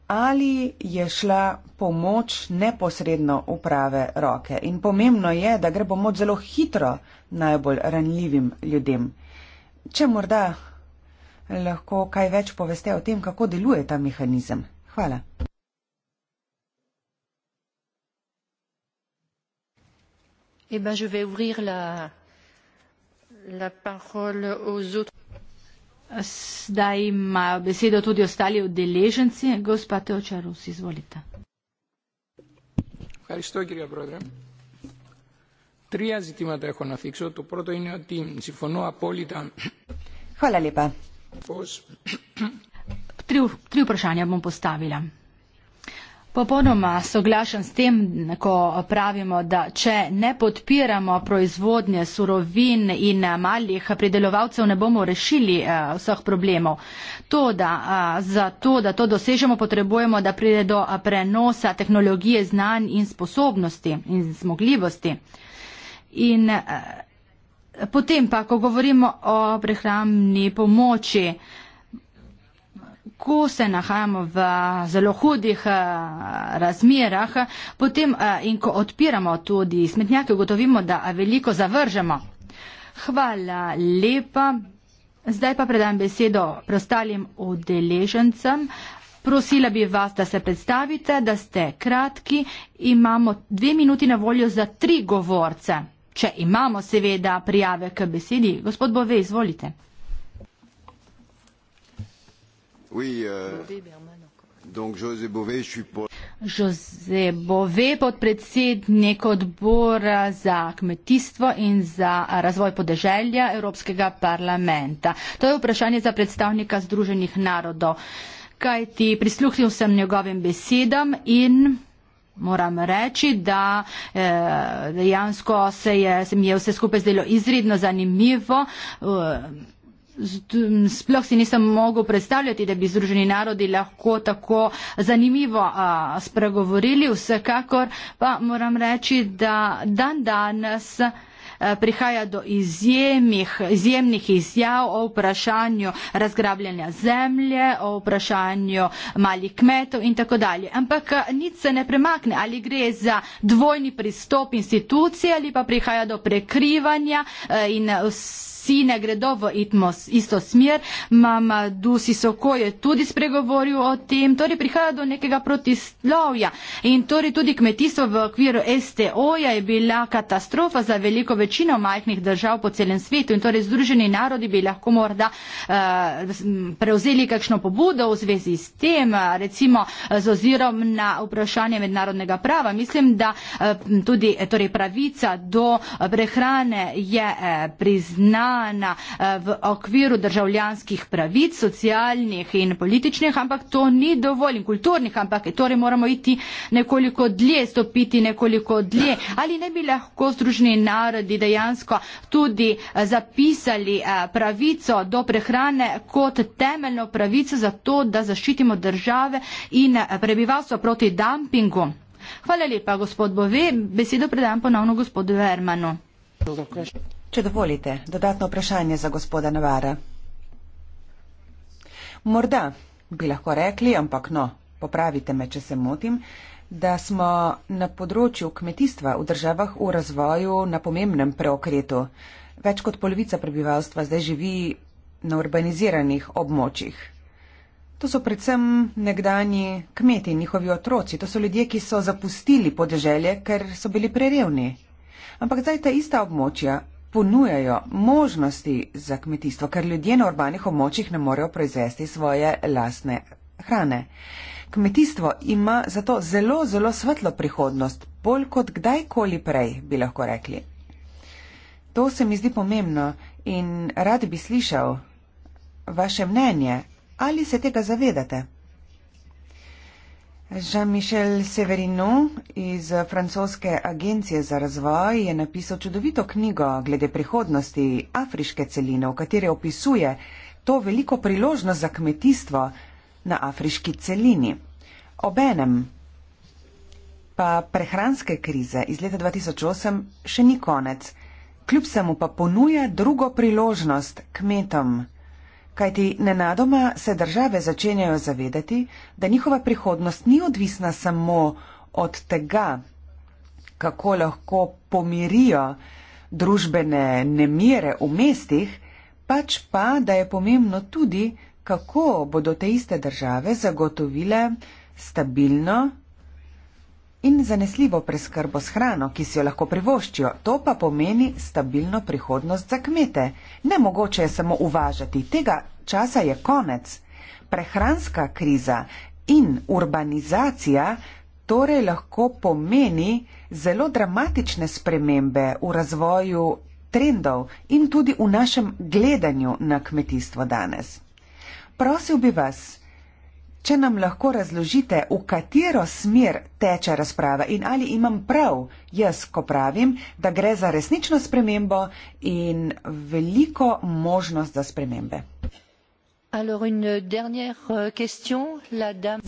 ali je šla pomoč neposredno v prave roke. In pomembno je, da gre pomoč zelo hitro najbolj ranljivim ljudem. Če morda lahko kaj več poveste o tem, kako deluje ta mehanizem. Hvala. Eh bien, je vais ouvrir la, la parole aux autres. Zdaj ima besedo tudi ostali udeleženci. Gospa Teočarus, izvolite. Ευχαριστώ, κυρία Πρόεδρε. Τρία ζητήματα έχω να θίξω. Το πρώτο είναι ότι συμφωνώ απόλυτα. Χαλαλίπα. Πώς. Τρία προσάνια μου postavila. Popolnoma soglašam s tem, ko pravimo, da če ne podpiramo proizvodnje surovin in eh, malih pridelovalcev, ne bomo rešili eh, vseh problemov. To, da eh, za to, da to dosežemo, potrebujemo, da pride do prenosa tehnologije znanj in sposobnosti in zmogljivosti. In potem pa, ko govorimo o prehramni pomoči, lahko se nahajamo v zelo hudih eh, razmerah, potem eh, in ko odpiramo tudi smetnjake, ugotovimo, da eh, veliko zavržemo. Hvala lepa. Zdaj pa predam besedo prostalim udeležencem. Prosila bi vas, da se predstavite, da ste kratki. Imamo dve minuti na voljo za tri govorce. Če imamo seveda prijave k besedi, gospod Bove, izvolite. Oui. Euh, donc José Bové, podpredsednik odbora za kmetijstvo in za razvoj podeželja Evropskega parlamenta. To je vprašanje za predstavnika Združenih narodov. Kaj ti prisluhnil sem njegovim besedam in. Moram reči, da eh, dejansko se, je, se mi je vse skupaj zdelo izredno zanimivo. Eh, sploh si nisem mogel predstavljati, da bi Združeni narodi lahko tako zanimivo spregovorili. Vsekakor pa moram reči, da dan danes prihaja do izjemih, izjemnih izjav o vprašanju razgrabljanja zemlje, o vprašanju malih kmetov in tako dalje. Ampak nič se ne premakne, ali gre za dvojni pristop institucije ali pa prihaja do prekrivanja in vse vsi ne gredo v itmos, isto smer. Mama Dusi Soko je tudi spregovoril o tem, torej prihaja do nekega protislovja. In torej tudi kmetijstvo v okviru STO-ja je bila katastrofa za veliko večino majhnih držav po celem svetu. In torej združeni narodi bi lahko morda uh, prevzeli kakšno pobudo v zvezi s tem, uh, recimo eh, z ozirom na vprašanje mednarodnega prava. Mislim, da uh, tudi torej pravica do prehrane je uh, priznana dana eh, v okviru državljanskih pravic, socialnih in političnih, ampak to ni dovolj in kulturnih, ampak torej moramo iti nekoliko dlje, stopiti nekoliko dlje. Ali ne bi lahko združni narodi dejansko tudi eh, zapisali eh, pravico do prehrane kot temeljno pravico za to, da zaščitimo države in prebivalstvo proti dumpingu? Hvala lepa, gospod Bove. Besedo predajam ponovno gospodu Hermanu. Če dovolite, dodatno vprašanje za gospoda Navara. Morda bi lahko rekli, ampak no, popravite me, če se motim, da smo na področju kmetijstva v državah v razvoju na pomembnem preokretu. Več kot polovica prebivalstva zdaj živi na urbaniziranih območjih. To so predvsem nekdani kmeti in njihovi otroci. To so ljudje, ki so zapustili podeželje, ker so bili prerevni. Ampak zdaj ta ista območja ponujajo možnosti za kmetijstvo, ker ljudje na urbanih območjih ne morejo proizvesti svoje lastne hrane. Kmetijstvo ima zato zelo, zelo svetlo prihodnost, bolj kot kdajkoli prej, bi lahko rekli. To se mi zdi pomembno in rad bi slišal vaše mnenje, ali se tega zavedate. Jean-Michel Severino iz francoske agencije za razvoj je napisal čudovito knjigo glede prihodnosti afriške celine, v kateri opisuje to veliko priložnost za kmetijstvo na afriški celini. Obenem pa prehranske krize iz leta 2008 še ni konec. Kljub samo pa ponuja drugo priložnost kmetom. Kajti nenadoma se države začenjajo zavedati, da njihova prihodnost ni odvisna samo od tega, kako lahko pomirijo družbene nemire v mestih, pač pa, da je pomembno tudi, kako bodo te iste države zagotovile stabilno in zanesljivo preskrbo s hrano, ki si jo lahko privoščijo. To pa pomeni stabilno prihodnost za kmete. Nemogoče je samo uvažati, tega časa je konec. Prehranska kriza in urbanizacija torej lahko pomeni zelo dramatične spremembe v razvoju trendov in tudi v našem gledanju na kmetijstvo danes. Prosil bi vas, če nam lahko razložite, v katero smer teče razprava in ali imam prav jaz, ko pravim, da gre za resnično spremembo in veliko možnost za spremembe. Euh,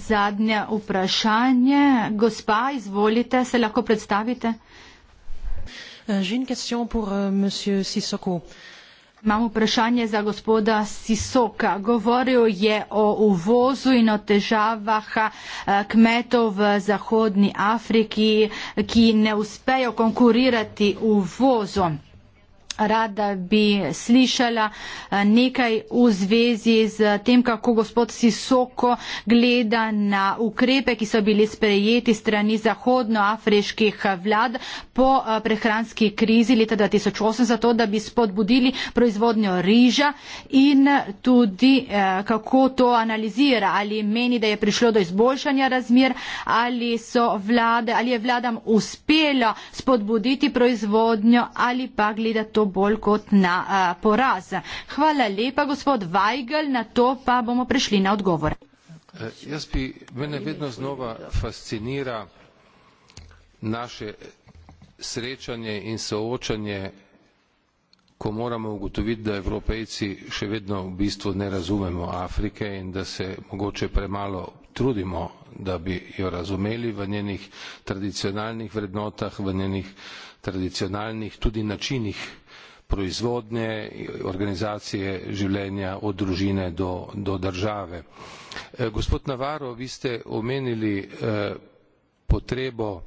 Zadnje vprašanje. Gospa, izvolite, se lahko predstavite. Uh, Imam vprašanje za gospoda Sisoka. Govoril je o uvozu in o težavah eh, kmetov v Zahodni Afriki, ki ne uspejo konkurirati uvozom rada bi slišala eh, nekaj v zvezi z tem, kako gospod Sisoko gleda na ukrepe, ki so bili sprejeti strani zahodnoafriških vlad po eh, prehranski krizi leta 2008, zato da bi spodbudili proizvodnjo riža in tudi eh, kako to analizira, ali meni, da je prišlo do izboljšanja razmer, ali, vlade, ali je vladam uspelo spodbuditi proizvodnjo ali pa gleda to bolj kot na poraz. Hvala lepa, gospod Weigl, na to pa bomo prišli na odgovor. E, jaz bi, mene vedno znova fascinira naše srečanje in soočanje, ko moramo ugotoviti, da evropejci še vedno v bistvu ne razumemo Afrike in da se mogoče premalo trudimo, da bi jo razumeli v njenih tradicionalnih vrednotah, v njenih tradicionalnih tudi načinih proizvodnje, organizacije življenja od družine do, do države. Eh, gospod Navarro, vi ste omenili eh, potrebo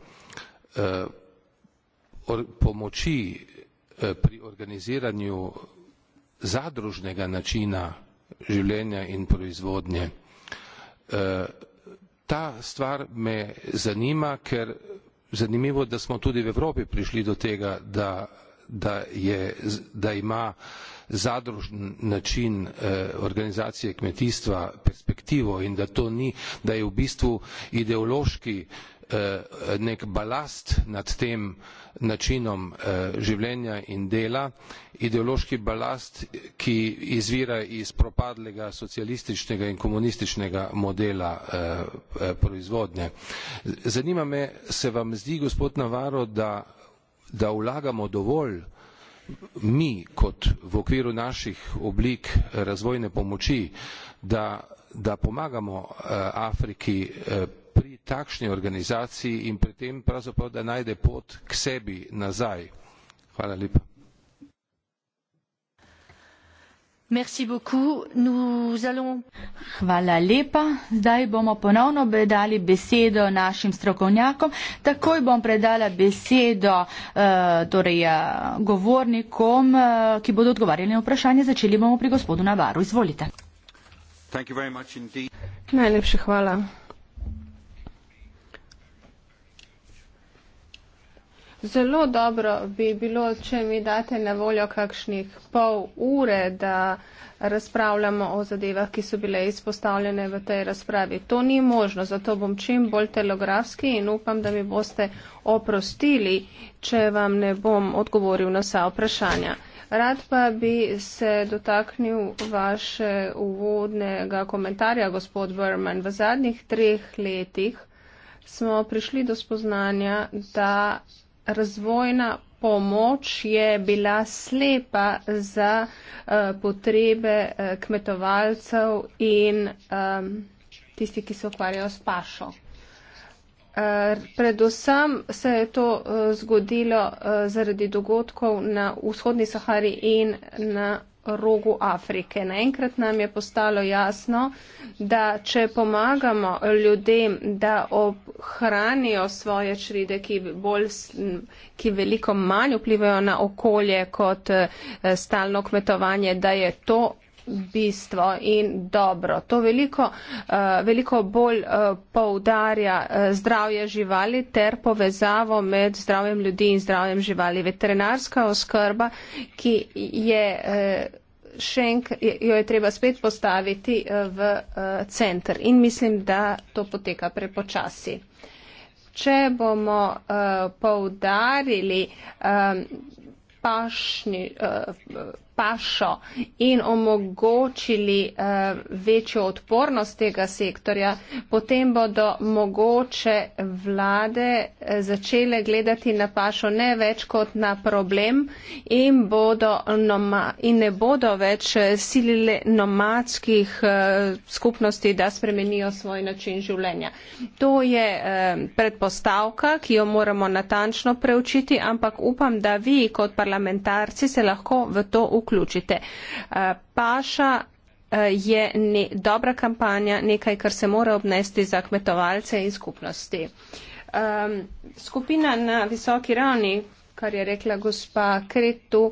eh, pomoči pri organiziranju zadružnega načina življenja in proizvodnje. Ta stvar me zanima, ker zanimivo, da smo tudi v Evropi prišli do tega, da da, je, da ima zadružen način eh, organizacije kmetijstva perspektivo in da to ni, da je v bistvu ideološki eh, nek balast nad tem načinom eh, življenja in dela, ideološki balast, ki izvira iz propadlega socialističnega in komunističnega modela eh, eh proizvodnje. Zanima me, se vam zdi, gospod Navaro, da da vlagamo dovolj mi kot v okviru naših oblik razvojne pomoči, da, da pomagamo eh, Afriki eh, pri takšni organizaciji in pri tem pravzaprav, da najde pot k sebi nazaj. Hvala lepa. Hvala lepa. Zdaj bomo ponovno dali besedo našim strokovnjakom. Takoj bom predala besedo eh, torej, eh, govornikom, eh, ki bodo odgovarjali na vprašanje. Začeli bomo pri gospodu Navaru. Izvolite. Najlepša hvala. Zelo dobro bi bilo, če mi date na voljo kakšnih pol ure, da razpravljamo o zadevah, ki so bile izpostavljene v tej razpravi. To ni možno, zato bom čim bolj telegrafski in upam, da mi boste oprostili, če vam ne bom odgovoril na vsa vprašanja. Rad pa bi se dotaknil vaše uvodnega komentarja, gospod Verman. V zadnjih treh letih smo prišli do spoznanja, da razvojna pomoč je bila slepa za uh, potrebe uh, kmetovalcev in um, ehm, tisti, ki se ukvarjajo s pašo. Eh, predvsem se je to zgodilo zaradi dogodkov na vzhodni Sahari in na rogu Afrike. Naenkrat nam je postalo jasno, da če pomagamo ljudem, da obhranijo svoje črede, ki, bolj, ki veliko manj vplivajo na okolje kot eh, stalno kmetovanje, da je to bistvo in dobro. To veliko, eh, veliko bolj eh, poudarja eh, zdravje živali ter povezavo med zdravjem ljudi in zdravjem živali. Veterinarska oskrba, ki je šenk, jo je treba spet postaviti v centr in mislim, da to poteka prepočasi. Če bomo uh, poudarili um, pašni, uh, pašo in omogočili uh, večjo odpornost tega sektorja, potem bodo mogoče vlade eh, začele gledati na pašo ne več kot na problem in, noma, in ne bodo več eh, silile nomadskih uh, skupnosti, da spremenijo svoj način življenja. To je uh, predpostavka, ki jo moramo natančno preučiti, ampak upam, da vi kot parlamentarci se lahko v to uključite vključite. Eh, Paša eh, je ne, dobra kampanja, nekaj, kar se mora obnesti za kmetovalce in skupnosti. Um, skupina na visoki ravni, kar je rekla gospa Kretu,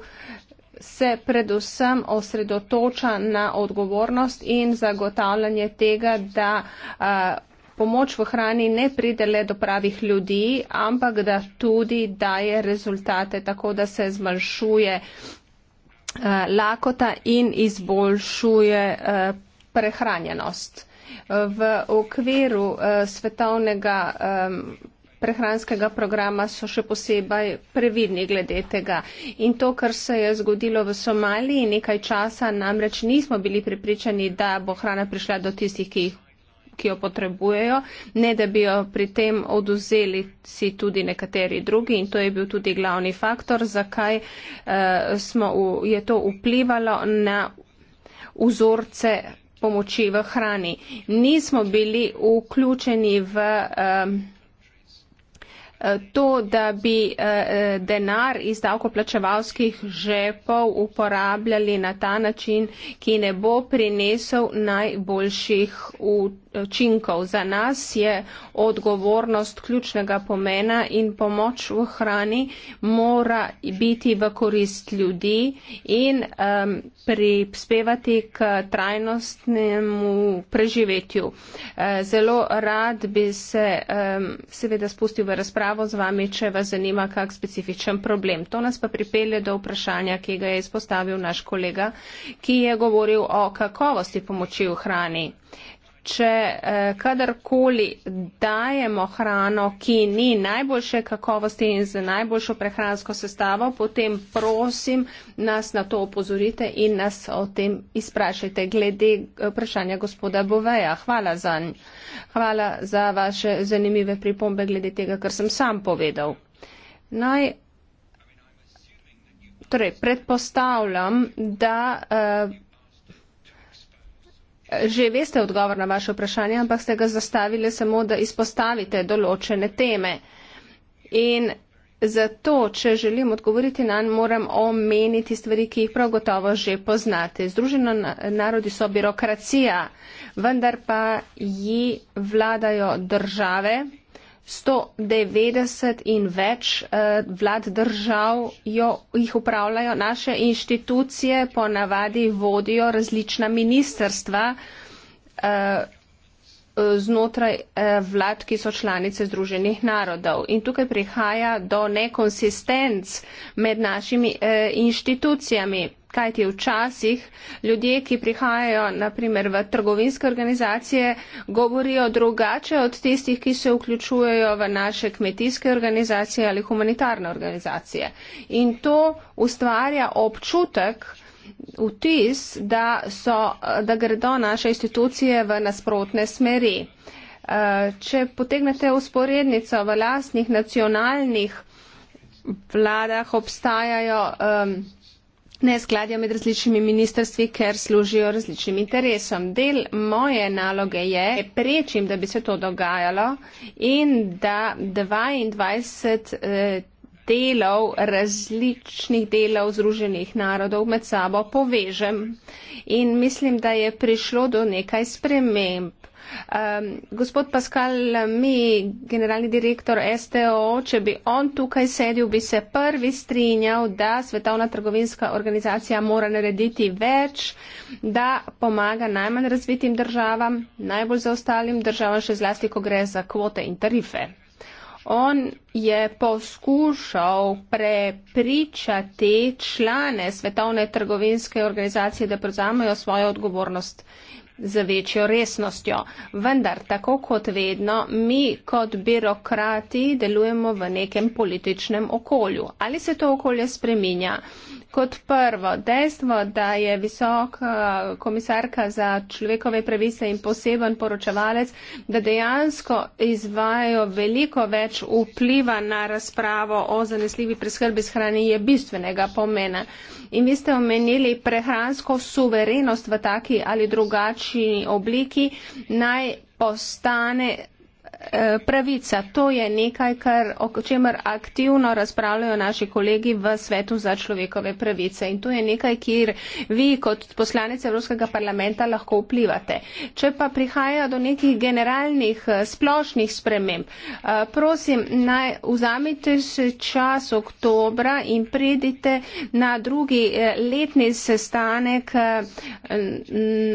se predvsem osredotoča na odgovornost in zagotavljanje tega, da uh, pomoč v hrani ne pride le do pravih ljudi, ampak da tudi daje rezultate, tako da se zmanjšuje uh, Eh, lakota in izboljšuje eh, prehranjenost. V okviru eh, svetovnega prehranskega programa so še posebej previdni glede tega. In to, kar se je zgodilo v Somaliji, nekaj časa namreč nismo bili pripričani, da bo hrana prišla do tistih, ki jih ki jo potrebujejo, ne da bi jo pri tem oduzeli si tudi nekateri drugi in to je bil tudi glavni faktor, zakaj eh, smo, je to vplivalo na vzorce pomoči v hrani. Nismo bili vključeni v. Eh, to, da bi eh, eh, denar iz davkoplačevalskih žepov uporabljali na ta način, ki ne bo prinesel najboljših učinkov. Za nas je odgovornost ključnega pomena in pomoč v hrani mora biti v korist ljudi in um, prispevati k trajnostnemu preživetju. Eh, zelo rad bi se um, seveda spustil v razpravo razpravo z vami, če vas zanima kak specifičen problem. To nas pa pripelje do vprašanja, ki ga je izpostavil naš kolega, ki je govoril o kakovosti pomoči v hrani. Če eh, kadarkoli dajemo hrano, ki ni najboljše kakovosti in z najboljšo prehransko sestavo, potem prosim nas na to opozorite in nas o tem izprašajte glede eh, vprašanja gospoda Boveja. Hvala za, hvala za vaše zanimive pripombe glede tega, kar sem sam povedal. Naj, torej, predpostavljam, da. Eh, že veste odgovor na vaše vprašanje, ampak ste ga zastavili samo, da izpostavite določene teme. In zato, če želim odgovoriti na njo, moram omeniti stvari, ki jih prav gotovo že poznate. Združeno narodi so birokracija, vendar pa ji vladajo države 190 in več eh, vlad držav jo, jih upravljajo. Naše inštitucije ponavadi vodijo različna ministerstva eh, znotraj eh, vlad, ki so članice Združenih narodov. In tukaj prihaja do nekonsistenc med našimi inštitucijami. Kajti včasih ljudje, ki prihajajo naprimer v trgovinske organizacije, govorijo drugače od tistih, ki se vključujejo v naše kmetijske organizacije ali humanitarne organizacije. In to ustvarja občutek, vtis, da, so, da gredo naše institucije v nasprotne smeri. Eh, če potegnete usporednico v lastnih nacionalnih vladah, obstajajo. Um, neskladja med različnimi ministrstvi, ker služijo različnim interesom. Del moje naloge je prečim, da bi se to dogajalo in da 22 eh, delov, različnih delov Združenih narodov med sabo povežem. In mislim, da je prišlo do nekaj sprememb. Um, gospod Pascal, mi, generalni direktor STO, če bi on tukaj sedel, bi se prvi strinjal, da Svetovna trgovinska organizacija mora narediti več, da pomaga najmanj razvitim državam, najbolj zaostalim državam, še zlasti, ko gre za kvote in tarife. On je poskušal prepričati člane Svetovne trgovinske organizacije, da prevzamejo svojo odgovornost z večjo resnostjo. Vendar, tako kot vedno, mi kot birokrati delujemo v nekem političnem okolju. Ali se to okolje spreminja? Kot prvo, dejstvo, da je visoka eh, komisarka za človekove pravice in poseben poročevalec, da dejansko izvajo veliko več vpliva na razpravo o zanesljivi preskrbi s hrani, je bistvenega pomena. In vi ste omenili prehransko suverenost v taki ali drugačni obliki, naj postane Eh, pravica. To je nekaj, kar, o čemer aktivno razpravljajo naši kolegi v svetu za človekove pravice. In to je nekaj, kjer vi kot poslanec Evropskega parlamenta lahko vplivate. Če pa prihaja do nekih generalnih eh, splošnih sprememb, eh, prosim, naj vzamite se čas oktobra in predite na drugi letni sestanek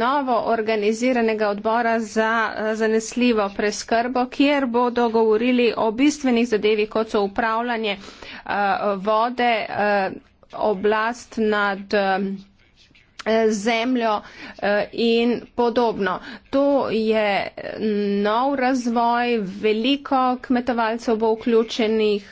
novo organiziranega odbora za zanesljivo preskrbo, kjer bodo govorili o bistvenih zadevi, kot so upravljanje eh, vode, eh, oblast nad eh, zemljo in podobno. To je nov razvoj, veliko kmetovalcev bo vključenih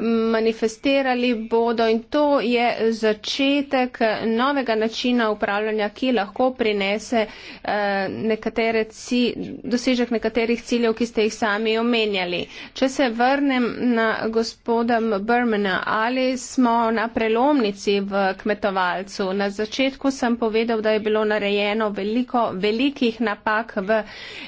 manifestirali bodo in to je začetek novega načina upravljanja, ki lahko prinese eh, nekatere ci, dosežek nekaterih ciljev, ki ste jih sami omenjali. Če se vrnem na gospoda Bermana, ali smo na prelomnici v kmetovalcu. Na začetku sem povedal, da je bilo narejeno veliko velikih napak v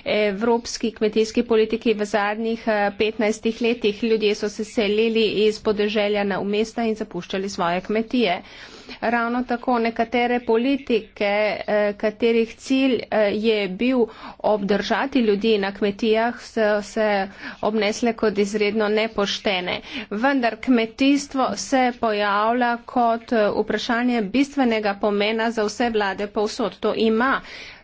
evropski kmetijski politiki v zadnjih 15 eh, letih. Ljudje so se selili iz podeželja na umesta in zapuščali svoje kmetije. Ravno tako nekatere politike, eh, katerih cilj eh, je bil obdržati ljudi na kmetijah, so se obnesle kot izredno nepoštene. Vendar kmetijstvo se pojavlja kot eh, vprašanje bistvenega pomena za vse vlade povsod. To ima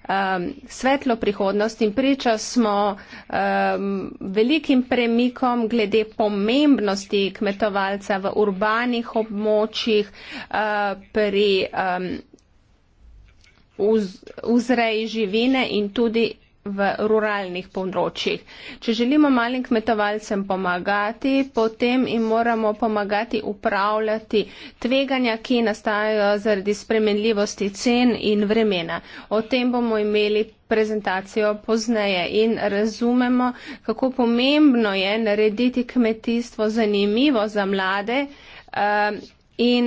um, svetlo prihodnost in priča smo um, velikim premikom glede pomembnosti kmetovalca v urbanih območjih uh, pri um, vzreji živine in tudi v ruralnih področjih. Če želimo malim kmetovalcem pomagati, potem jim moramo pomagati upravljati tveganja, ki nastajajo zaradi spremenljivosti cen in vremena. O tem bomo imeli prezentacijo pozneje in razumemo, kako pomembno je narediti kmetijstvo zanimivo za mlade. Uh, in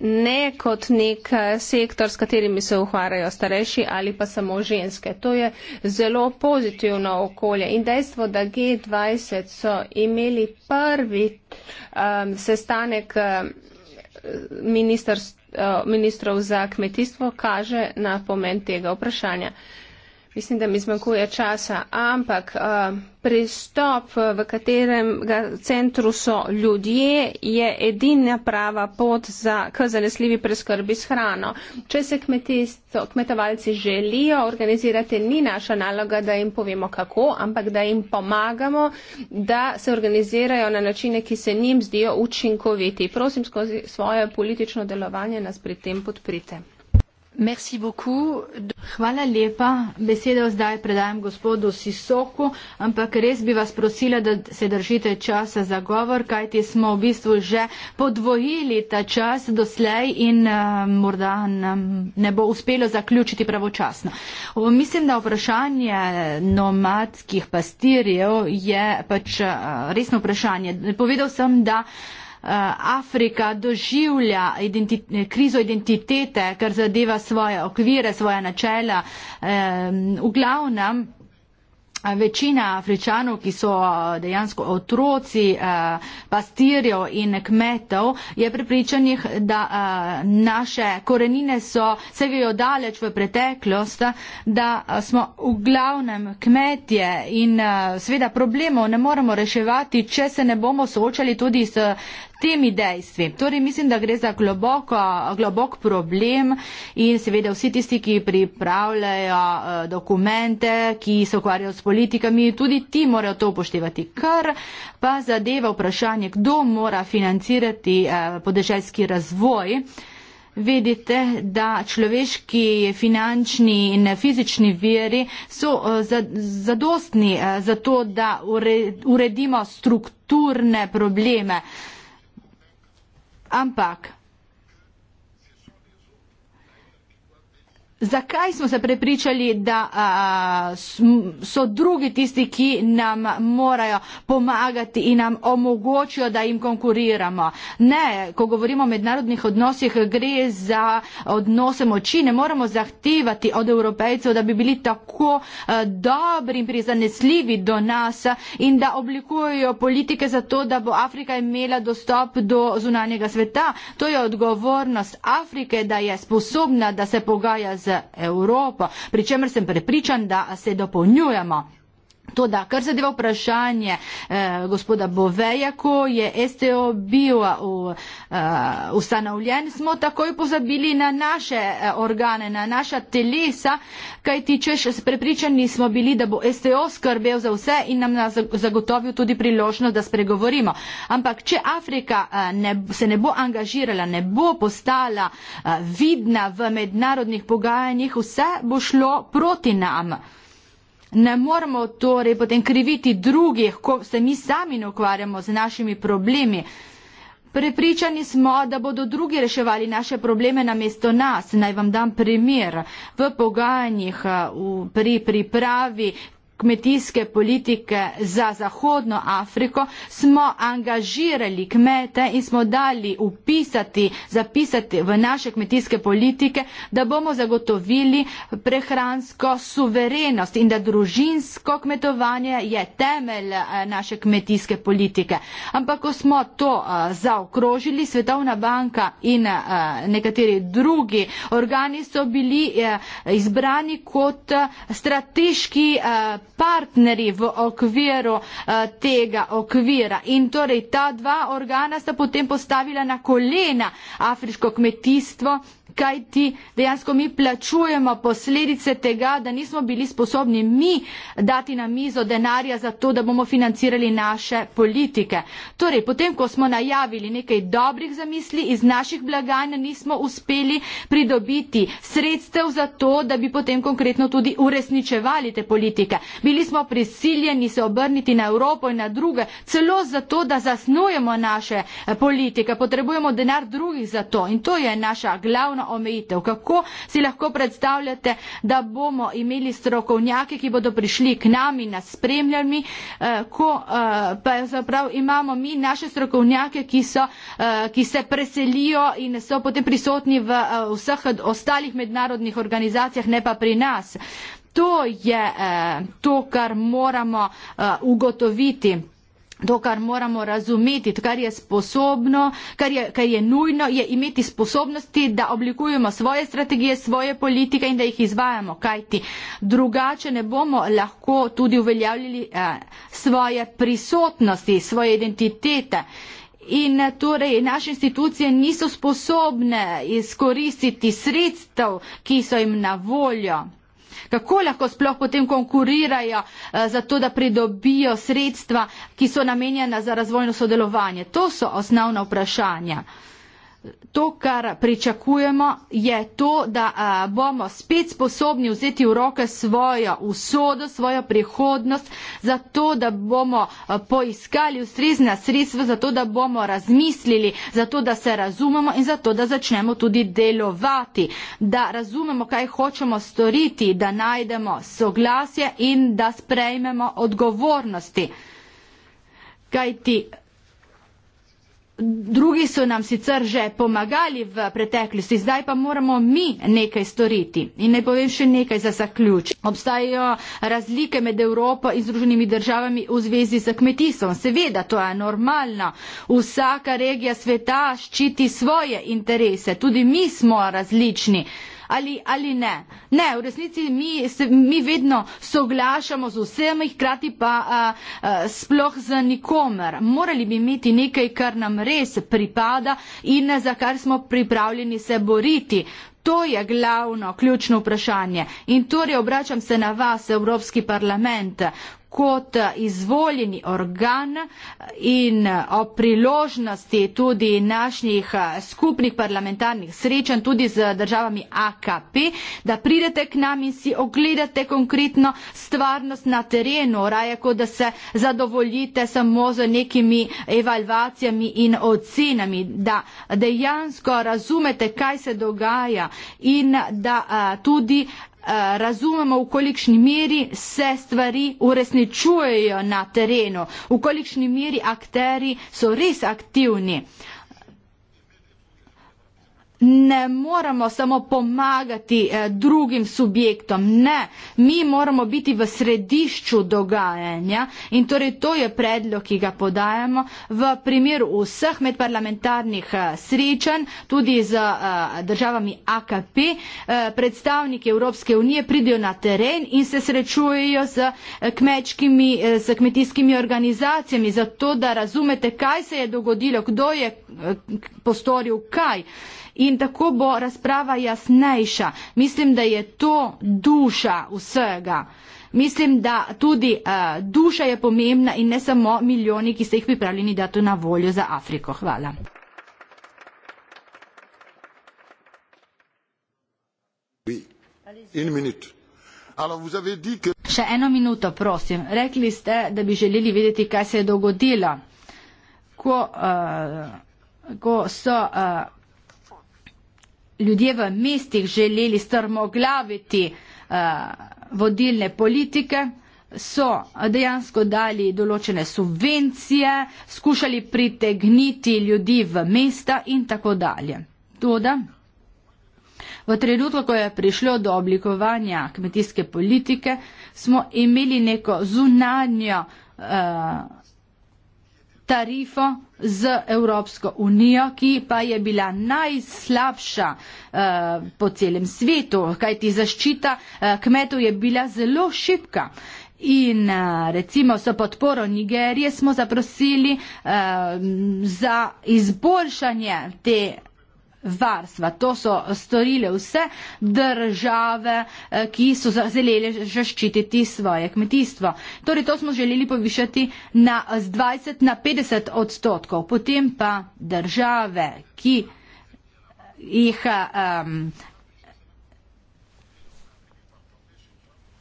ne kot nek eh, sektor, s katerimi se ukvarjajo starejši ali pa samo ženske. To je zelo pozitivno okolje in dejstvo, da G20 so imeli prvi um, sestanek um, ministrov za kmetijstvo, kaže na pomen tega vprašanja mislim, da mi zmanjkuje časa, ampak uh, pristop, eh, v katerem centru so ljudje, je edina prava pot za, k zanesljivi preskrbi s hrano. Če se kmetisto, kmetovalci želijo organizirati, ni naša naloga, da jim povemo kako, ampak da jim pomagamo, da se organizirajo na načine, ki se njim zdijo učinkoviti. Prosim, skozi svoje politično delovanje nas pri tem podprite. Hvala lepa. Besedo zdaj predajam gospodu Sisoku, ampak res bi vas prosila, da se držite časa za govor, kajti smo v bistvu že podvojili ta čas doslej in uh, morda nam ne bo uspelo zaključiti pravočasno. O, mislim, da vprašanje nomadskih pastirjev je pač uh, resno vprašanje. Povedal sem, da. Eh, Afrika doživlja identit krizo identitete, kar zadeva svoje okvire, svoje načela. Eh, v glavnem, večina Afričanov, ki so dejansko otroci eh, pastirjev in kmetov, je pripričanih, da naše korenine so segajo daleč v preteklost, da smo v glavnem kmetje in sveda problemov ne moremo reševati, če se ne bomo soočali tudi s temi dejstvi. Torej, mislim, da gre za globoko, globok problem in seveda vsi tisti, ki pripravljajo eh, dokumente, ki se ukvarjajo s politikami, tudi ti morajo to upoštevati. Kar pa zadeva vprašanje, kdo mora financirati eh, podeželjski razvoj. Vedite, da človeški, finančni in fizični veri so eh, zadostni za to, da uredimo strukturne probleme. Ampak Zakaj smo se prepričali, da a, so drugi tisti, ki nam morajo pomagati in nam omogočijo, da jim konkuriramo? Ne, ko govorimo o mednarodnih odnosih, gre za odnose moči. Ne moramo zahtevati od evropejcev, da bi bili tako a, dobri in prizanesljivi do nas in da oblikujejo politike za to, da bo Afrika imela dostop do zunanjega sveta. To je odgovornost Afrike, da je sposobna, da se pogaja z z Evropo, pri čemer sem prepričan, da se dopolnjujemo. To da, kar zadeva vprašanje eh, gospoda Boveja, ko je STO bil eh, eh, ustanovljen, smo takoj pozabili na naše eh, organe, na naša telesa, kaj tičeš, prepričani smo bili, da bo STO skrbel za vse in nam zagotovil tudi priložnost, da spregovorimo. Ampak, če Afrika eh, ne, se ne bo angažirala, ne bo postala eh, vidna v mednarodnih pogajanjih, vse bo šlo proti nam. Ne moremo torej potem kriviti drugih, ko se mi sami ne ukvarjamo z našimi problemi. Prepričani smo, da bodo drugi reševali naše probleme namesto nas. Naj vam dam primer. V pogajanjih eh, pri pripravi kmetijske politike za Zahodno Afriko, smo angažirali kmete in smo dali upisati, zapisati v naše kmetijske politike, da bomo zagotovili prehransko suverenost in da družinsko kmetovanje je temelj eh, naše kmetijske politike. Ampak ko smo to eh, zaokrožili, Svetovna banka in eh, nekateri drugi organi so bili izbrani kot strateški partnerji v okviru eh, tega okvira. In torej ta dva organa sta potem postavila na kolena afriško kmetijstvo kaj ti dejansko mi plačujemo posledice tega, da nismo bili sposobni mi dati na mizo denarja za to, da bomo financirali naše politike. Torej, potem, ko smo najavili nekaj dobrih zamisli, iz naših blagajn nismo uspeli pridobiti sredstev za to, da bi potem konkretno tudi uresničevali te politike. Bili smo prisiljeni se obrniti na Evropo in na druge, celo zato, da zasnujemo naše politike. Potrebujemo denar drugih za to. In to je naša glavna omejitev. Kako si lahko predstavljate, da bomo imeli strokovnjake, ki bodo prišli k nam in nas spremljali, eh, ko eh, pa zaprav imamo mi naše strokovnjake, ki, so, eh, ki se preselijo in so potem prisotni v eh, vseh ostalih mednarodnih organizacijah, ne pa pri nas. To je eh, to, kar moramo eh, ugotoviti. To, kar moramo razumeti, to, kar je sposobno, kar je, kar je nujno, je imeti sposobnosti, da oblikujemo svoje strategije, svoje politike in da jih izvajamo, kajti drugače ne bomo lahko tudi uveljavljali eh, svoje prisotnosti, svoje identitete. In eh, torej naše institucije niso sposobne izkoristiti sredstev, ki so jim na voljo kako lahko sploh potem konkurirajo eh, za to, da pridobijo sredstva, ki so namenjena za razvojno sodelovanje. To so osnovna vprašanja. To, kar pričakujemo, je to, da a, bomo spet sposobni vzeti v roke svojo usodo, svojo prihodnost, zato da bomo a, poiskali ustrezna sredstva, zato da bomo razmislili, zato da se razumemo in zato da začnemo tudi delovati, da razumemo, kaj hočemo storiti, da najdemo soglasje in da sprejmemo odgovornosti. Kaj ti? drugi so nam sicer že pomagali v preteklosti, zdaj pa moramo mi nekaj storiti. In ne povem še nekaj za zaključ. Obstajajo razlike med Evropo in Združenimi državami v zvezi z kmetijstvom. Seveda, to je normalno. Vsaka regija sveta ščiti svoje interese. Tudi mi smo različni ali, ali ne. Ne, v resnici mi, se, mi vedno soglašamo z vsemi, hkrati pa a, a, sploh z nikomer. Morali bi imeti nekaj, kar nam res pripada in za kar smo pripravljeni se boriti. To je glavno, ključno vprašanje. In torej obračam se na vas, Evropski parlament kot izvoljeni organ in o priložnosti tudi naših skupnih parlamentarnih srečanj tudi z državami AKP, da pridete k nam in si ogledate konkretno stvarnost na terenu, raje kot da se zadovoljite samo z nekimi evalvacijami in ocenami, da dejansko razumete, kaj se dogaja in da a, eh, tudi Eh, razumemo, v kolikšni meri se stvari uresničujejo na terenu, v kolikšni meri akteri so res aktivni. Uh, ne moramo samo pomagati eh, drugim subjektom, ne, mi moramo biti v središču dogajanja in torej to je predlog, ki ga podajamo v primeru vseh medparlamentarnih eh, srečanj, tudi z eh, državami AKP, predstavniki Evropske unije pridijo na teren in se srečujejo z kmečkimi, z kmetijskimi organizacijami, zato da razumete, kaj se je dogodilo, kdo je postoril kaj in tako bo razprava jasnejša. Mislim, da je to duša vsega. Mislim, da tudi uh, duša je pomembna in ne samo milijoni, ki ste jih pripravljeni dati na voljo za Afriko. Hvala. Še eno minuto, prosim. Rekli ste, da bi želeli vedeti, kaj se je dogodilo, ko, uh, ko so. Uh, ljudje v mestih želeli strmoglaviti uh, vodilne politike, so dejansko dali določene subvencije, skušali pritegniti ljudi v mesta in tako dalje. Toda v trenutku, ko je prišlo do oblikovanja kmetijske politike, smo imeli neko zunanjo uh, tarifo, z Evropsko unijo, ki pa je bila najslabša uh, po celem svetu, kajti zaščita uh, kmetov je bila zelo šipka. In eh, recimo so podporo Nigerije smo zaprosili uh, za izboljšanje te uh, varstva. To so storile vse države, eh, ki so želeli zaščititi svoje kmetijstvo. Torej, to smo želeli povišati na 20 na 50 odstotkov. Potem pa države, ki jih um,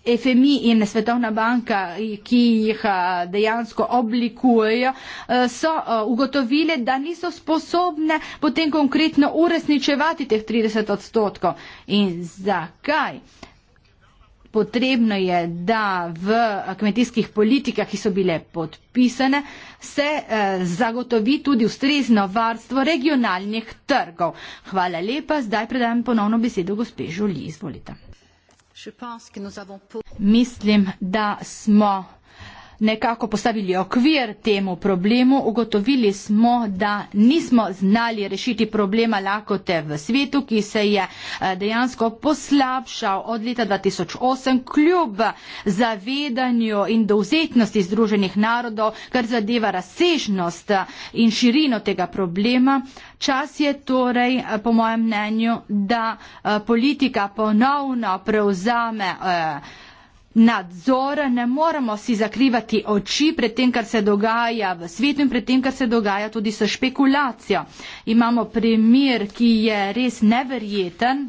FMI in Svetovna banka, ki jih eh, dejansko oblikujejo, eh, so eh, ugotovile, da niso sposobne potem konkretno uresničevati teh 30 odstotkov. In zakaj? Potrebno je, da v kmetijskih politikah, ki so bile podpisane, se zagotovi tudi ustrezno varstvo regionalnih trgov. Hvala lepa, zdaj predajam ponovno besedo gospe Žuli, izvolite. Mislim, da smo nekako postavili okvir temu problemu, ugotovili smo, da nismo znali rešiti problema lakote v svetu, ki se je eh, dejansko poslabšal od leta 2008 kljub zavedanju in dovzetnosti Združenih narodov, kar zadeva razsežnost eh, in širino tega problema. Čas je torej, eh, po mojem mnenju, da politika ponovno prevzame eh, nadzora, ne moremo si zakrivati oči pred tem, kar se dogaja v svetu in pred tem, kar se dogaja tudi s špekulacijo. Imamo primer, ki je res neverjeten.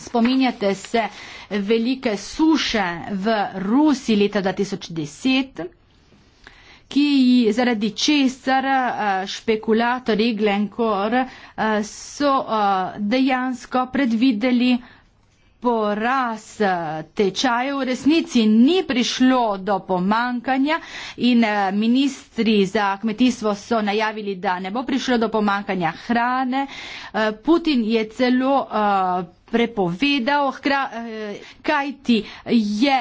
Spominjate se velike suše v Rusiji leta 2010 ki zaradi česar eh, špekulatorji Glencore eh, so eh, dejansko predvideli poraz eh, tečajev v resnici ni prišlo do pomankanja in eh, ministri za kmetijstvo so najavili, da ne bo prišlo do pomankanja hrane. Eh, Putin je celo prepovedal, kajti je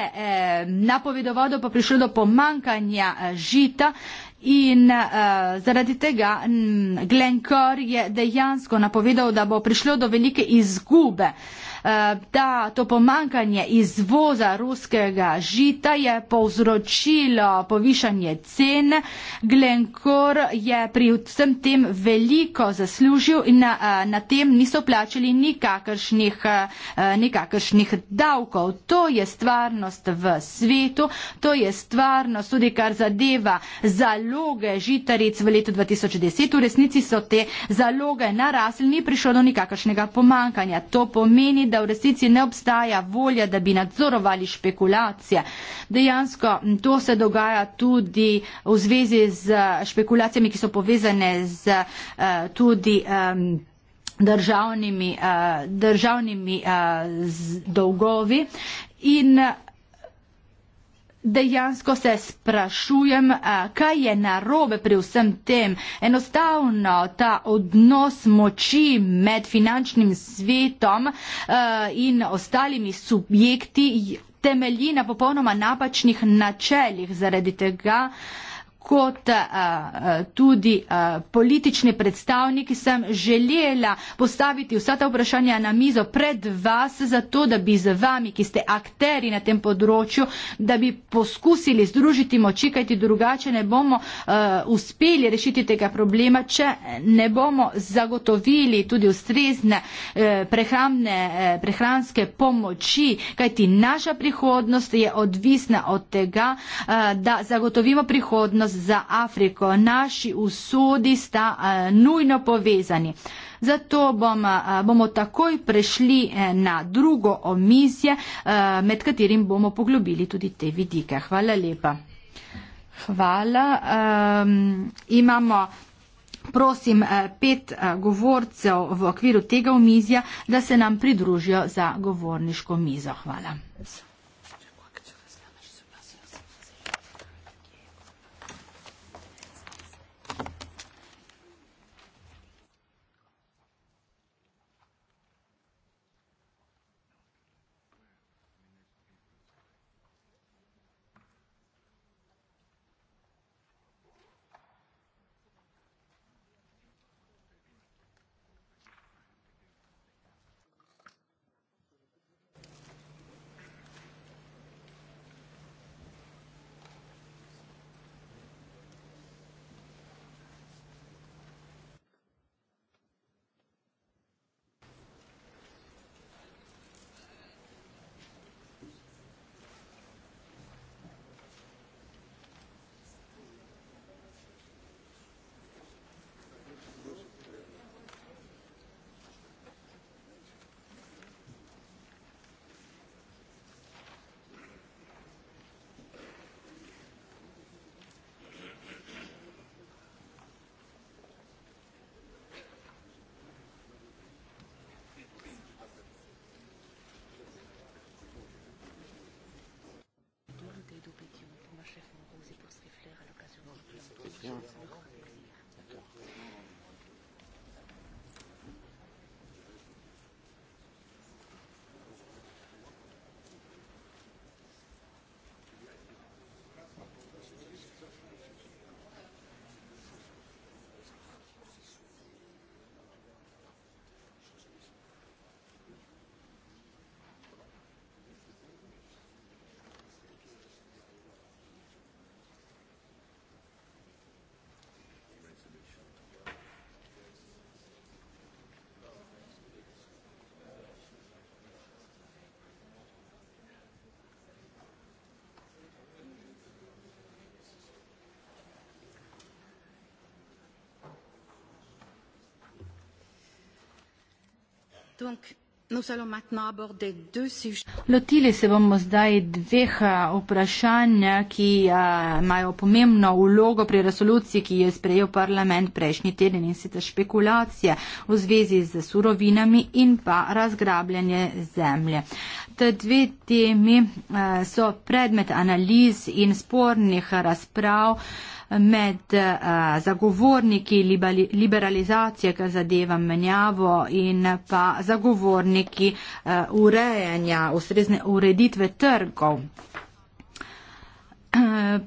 napovedoval, da bo prišlo do pomankanja žita. In uh, zaradi tega mm, Glencore je dejansko napovedal, da bo prišlo do velike izgube uh, Eh, da to pomankanje izvoza ruskega žita je povzročilo povišanje cen. Glenkor je pri vsem tem veliko zaslužil in na, eh, na tem niso plačali nikakršnih, eh, nikakršnih davkov. To je stvarnost v svetu, to je stvarnost tudi kar zadeva zaloge žitaric v letu 2010. V resnici so te zaloge narasli, ni prišlo do nikakršnega pomankanja. To pomeni, da v resnici ne obstaja volja, da bi nadzorovali špekulacije. Dejansko to se dogaja tudi v zvezi z špekulacijami, ki so povezane z uh, tudi. Um, državnimi, uh, državnimi uh, dolgovi in dejansko se sprašujem, kaj je narobe pri vsem tem. Enostavno ta odnos moči med finančnim svetom in ostalimi subjekti temelji na popolnoma napačnih načeljih zaradi tega, kot eh, eh, tudi eh, politični predstavniki sem želela postaviti vsa ta vprašanja na mizo pred vas, zato da bi z vami, ki ste akteri na tem področju, da bi poskusili združiti moči, kajti drugače ne bomo uspeli rešiti tega problema, če ne bomo zagotovili tudi ustrezne prehramne, prehranske pomoči, kajti naša prihodnost je odvisna od tega, da zagotovimo prihodnost za Afriko, naši usodi sta eh, nujno povezani. Zato bom, eh, bomo takoj prešli eh, na drugo omizje, med katerim bomo poglobili tudi te vidike. Hvala lepa. Hvala. Um, imamo. Prosim pet govorcev v okviru tega omizja, da se nam pridružijo za govorniško mizo. Hvala. Lotili se bomo zdaj dveh vprašanj, ki imajo pomembno vlogo pri resoluciji, ki je sprejel parlament prejšnji teden in sicer špekulacije v zvezi z surovinami in pa razgrabljanje zemlje. Ta dve temi eh, so predmet analiz in spornih razprav med eh, zagovorniki liberalizacije, kar zadeva menjavo, in pa zagovorniki eh, urejanja, ustrezne ureditve trgov.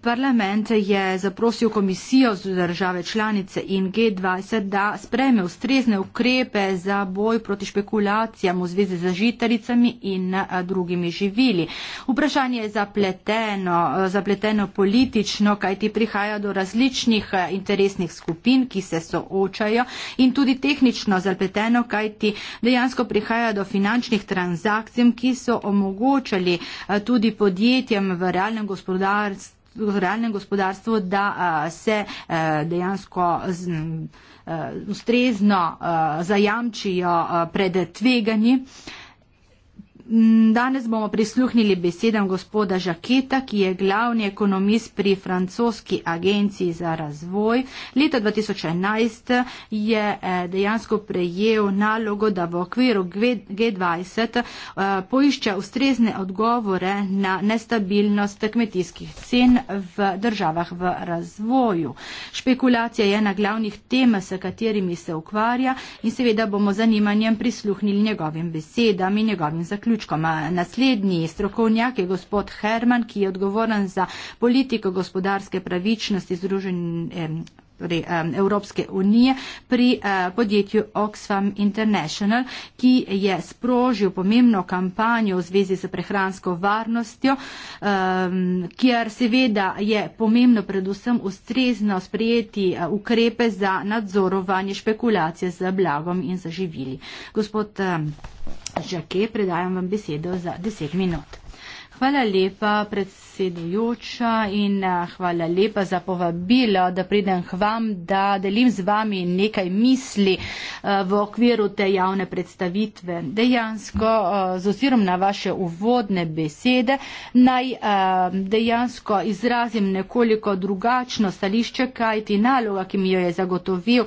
Parlament je zaprosil komisijo z države članice in G20, da spreme ustrezne ukrepe za boj proti špekulacijam v zvezi z žitaricami in drugimi živili. Vprašanje je zapleteno, zapleteno politično, kajti prihaja do različnih interesnih skupin, ki se soočajo in tudi tehnično zapleteno, kajti dejansko prihaja do finančnih transakcij, ki so omogočali tudi podjetjem v realnem gospodarstvu, realnem gospodarstvu, da se dejansko ustrezno zajamčijo pred tveganji. Danes bomo prisluhnili besedam gospoda Žaketa, ki je glavni ekonomist pri francoski agenciji za razvoj. Leta 2011 je eh, dejansko prejel nalogo, da v okviru G20 eh, poišče ustrezne odgovore na nestabilnost kmetijskih cen v državah v razvoju. Špekulacija je ena glavnih tem, s katerimi se ukvarja in seveda bomo zanimanjem prisluhnili njegovim besedam in njegovim zaključkom kmečkoma. Naslednji strokovnjak je gospod Herman, ki je odgovoren za politiko gospodarske pravičnosti Združenje pri torej, Evropske unije pri eh, podjetju Oxfam International, ki je sprožil pomembno kampanjo v zvezi s prehransko varnostjo, kjer seveda je pomembno predvsem ustrezno sprejeti eh, ukrepe za nadzorovanje špekulacije z blagom in za živili. Gospod Žake, predajam vam besedo za 10 minut. Hvala lepa predstavljam predsedujoča in eh, hvala lepa za povabilo, da pridem k vam, da delim z vami nekaj misli eh, v okviru te javne predstavitve. Dejansko, eh, z osirom na vaše uvodne besede, naj dejansko izrazim nekoliko drugačno stališče, kajti naloga, ki mi jo je zagotovil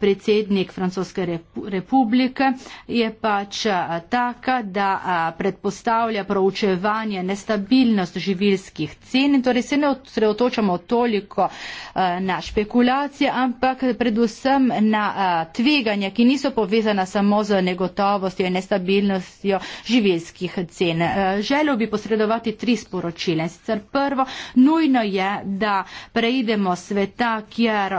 predsednik Francoske republike, je pač taka, da predpostavlja proučevanje nestabilnost življenja živilskih cen, torej se ne osredotočamo toliko eh, na špekulacije, ampak predvsem na eh, tveganja, ki niso povezana samo z negotovostjo in nestabilnostjo živilskih cen. Eh, želel bi posredovati tri sporočile. Sicer prvo, nujno je, da preidemo sveta, kjer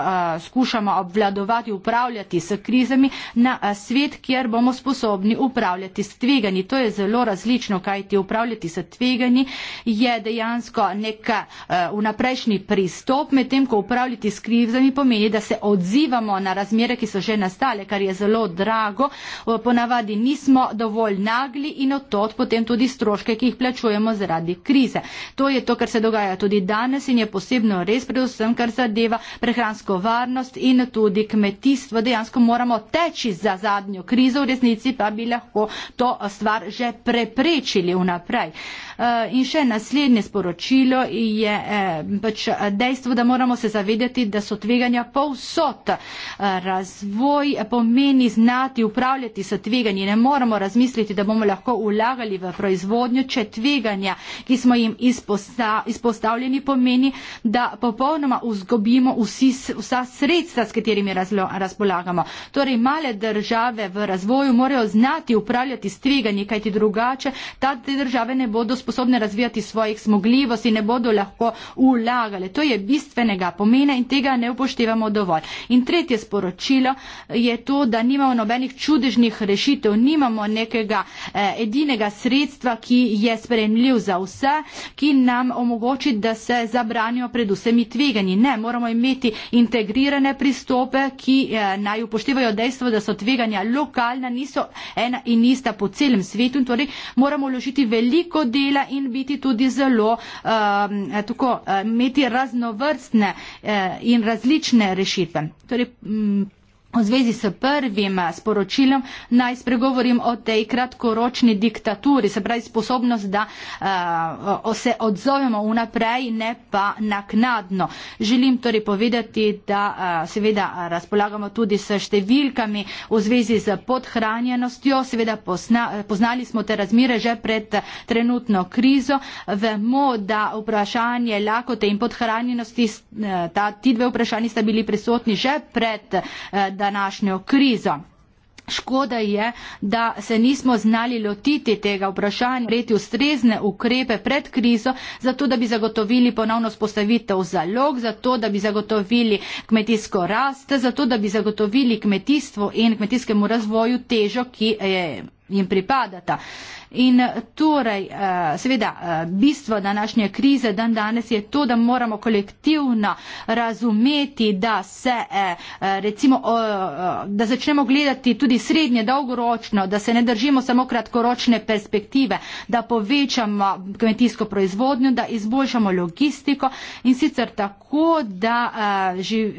skušamo obvladovati, upravljati s krizami, na svet, kjer bomo sposobni upravljati s tveganji. To je zelo različno, kajti upravljati s tveganji je dejansko dejansko nek eh, vnaprejšnji pristop, medtem ko upravljati s krivzami pomeni, da se odzivamo na razmere, ki so že nastale, kar je zelo drago. Eh, ponavadi nismo dovolj nagli in odtot potem tudi stroške, ki jih plačujemo zaradi krize. To je to, kar se dogaja tudi danes in je posebno res predvsem, kar zadeva prehransko varnost in tudi kmetijstvo. Dejansko moramo teči za zadnjo krizo, v resnici pa bi lahko to stvar že preprečili vnaprej. Uh, Eh, in še naslednje sporočilo je eh, pač eh, dejstvo, da moramo se zavedati, da so tveganja povsod. Razvoj pomeni znati upravljati s tveganji. Ne moramo razmisliti, da bomo lahko ulagali v proizvodnjo, če tveganja, ki smo jim izposta, izpostavljeni, pomeni, da popolnoma vzgobimo vsi, vsa sredstva, s katerimi razlo, razpolagamo. Torej, male države v razvoju morajo znati upravljati s tveganji, kajti drugače ta te države ne bodo sposobne razvijati svojih zmogljivosti, ne bodo lahko ulagale. To je bistvenega pomena in tega ne upoštevamo dovolj. In tretje sporočilo je to, da nimamo nobenih čudežnih rešitev, nimamo nekega eh, edinega sredstva, ki je sprejemljiv za vse, ki nam omogoči, da se zabranijo predvsemi tveganji. Ne, moramo imeti integrirane pristope, ki eh, naj upoštevajo dejstvo, da so tveganja lokalna, niso ena in ista po celem svetu in torej moramo vložiti veliko dela števila in biti tudi zelo, eh, tako, uh, imeti raznovrstne eh, in različne rešitve. Torej, hm, V zvezi s prvim eh, sporočilom naj spregovorim o tej kratkoročni diktaturi, se pravi sposobnost, da uh, se odzovemo vnaprej, ne pa naknadno. Želim torej povedati, da uh, seveda razpolagamo tudi s številkami v zvezi z podhranjenostjo, seveda posna, poznali smo te razmire že pred trenutno krizo. Vemo, da vprašanje lakote in podhranjenosti, ta, ti dve vprašanji sta bili prisotni že pred. Uh, današnjo krizo. Škoda je, da se nismo znali lotiti tega vprašanja, reti ustrezne ukrepe pred krizo, zato da bi zagotovili ponovno spostavitev zalog, zato da bi zagotovili kmetijsko rast, zato da bi zagotovili kmetijstvo in kmetijskemu razvoju težo, ki jim pripadata. In torej, eh, seveda, eh, bistvo današnje krize dan danes je to, da moramo kolektivno razumeti, da se eh, recimo, da začnemo gledati tudi srednje dolgoročno, da se ne držimo samo kratkoročne perspektive, da povečamo kmetijsko proizvodnjo, da izboljšamo logistiko in sicer tako, da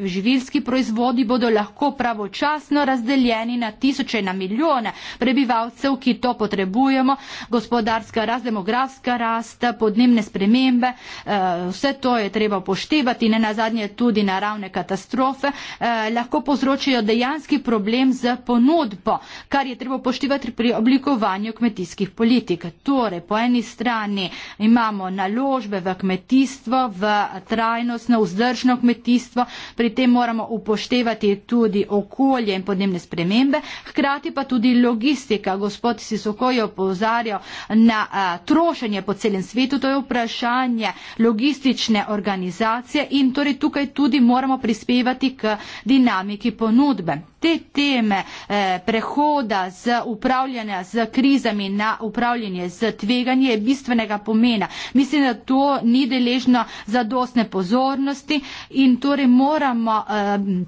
živilski proizvodi bodo lahko pravočasno razdeljeni na tisoče, na milijone prebivalcev, ki to potrebujemo gospodarska rast, demografska rast, podnebne spremembe, eh, vse to je treba upoštevati, ne nazadnje tudi naravne katastrofe, eh, lahko povzročijo dejanski problem z ponudbo, kar je treba upoštevati pri oblikovanju kmetijskih politik. Torej, po eni strani imamo naložbe v kmetijstvo, v trajnostno, vzdržno kmetijstvo, pri tem moramo upoštevati tudi okolje in podnebne spremembe, hkrati pa tudi logistika. Gospod Sisoko je opozoril, opozarjal na eh, trošenje po celem svetu, to je vprašanje logistične organizacije in torej tukaj tudi moramo prispevati k dinamiki ponudbe. Te teme eh, prehoda z upravljanja z krizami na upravljanje z tveganje je bistvenega pomena. Mislim, da to ni deležno zadostne pozornosti in torej moramo. Eh,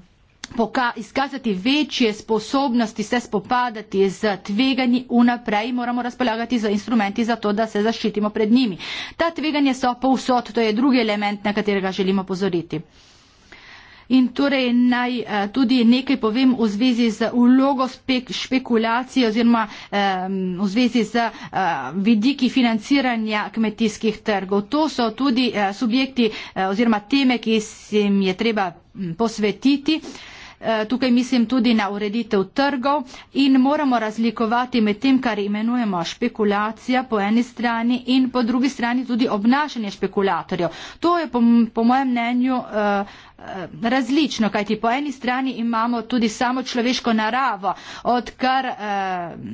poka izkazati večje sposobnosti se spopadati z tveganji unaprej, moramo razpolagati za instrumenti za to, da se zaščitimo pred njimi. Ta tveganja so povsod, to je drugi element, na katerega želimo pozoriti. In torej naj eh, tudi nekaj povem v zvezi z ulogo spek špekulacije oziroma eh, v zvezi z eh, vidiki financiranja kmetijskih trgov. To so tudi eh, subjekti eh, oziroma teme, ki se jim je treba hm, posvetiti. Eh, Eh, tukaj mislim tudi na ureditev trgov in moramo razlikovati med tem, kar imenujemo špekulacija po eni strani in po drugi strani tudi obnašanje špekulatorjev. To je po, po mojem mnenju uh, Eh, različno, kajti po eni strani imamo tudi samo človeško naravo, odkar eh,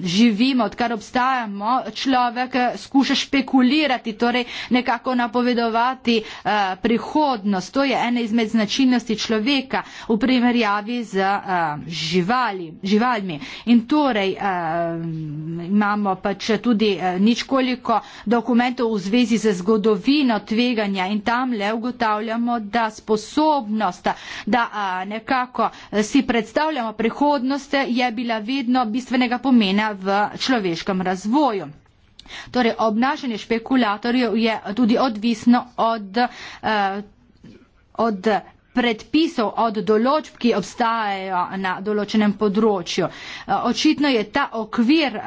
živimo, odkar obstajamo, človek eh, skuša špekulirati, torej nekako napovedovati eh, prihodnost. To je ena izmed značilnosti človeka v primerjavi z eh, živali, živalmi. In torej eh, imamo pač tudi eh, ničkoliko dokumentov v zvezi z zgodovino tveganja in tam le ugotavljamo, da sposobnost skladnost, da nekako eh, si predstavljamo prihodnost, eh, je bila vedno bistvenega pomena v človeškem razvoju. Torej, obnašanje špekulatorjev je tudi odvisno od, eh, od predpisov, od določb, ki obstajajo na določenem področju. Očitno je ta okvir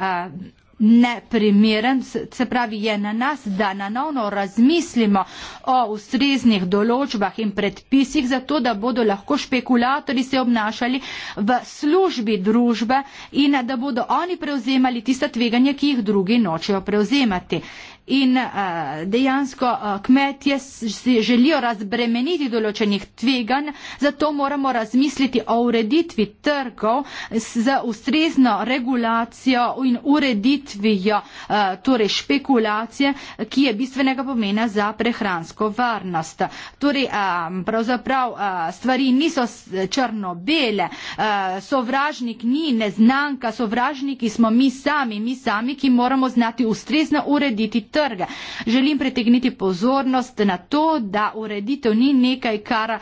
neprimeren, se pravi je na nas, da na novno razmislimo o ustreznih določbah in predpisih za to, da bodo lahko špekulatori se obnašali v službi družbe in da bodo oni prevzemali tista tveganja, ki jih drugi nočejo prevzemati in uh, dejansko uh, kmetje si želijo razbremeniti določenih tveganj, zato moramo razmisliti o ureditvi trgov z ustrezno regulacijo in ureditvijo uh, torej špekulacije, ki je bistvenega pomena za prehransko varnost. Torej, um, pravzaprav uh, stvari niso črno-bele, uh, sovražnik ni neznanka, sovražniki smo mi sami, mi sami, ki moramo znati ustrezno urediti trgov trga. Želim pritegniti pozornost na to, da ureditev ni nekaj, kar eh,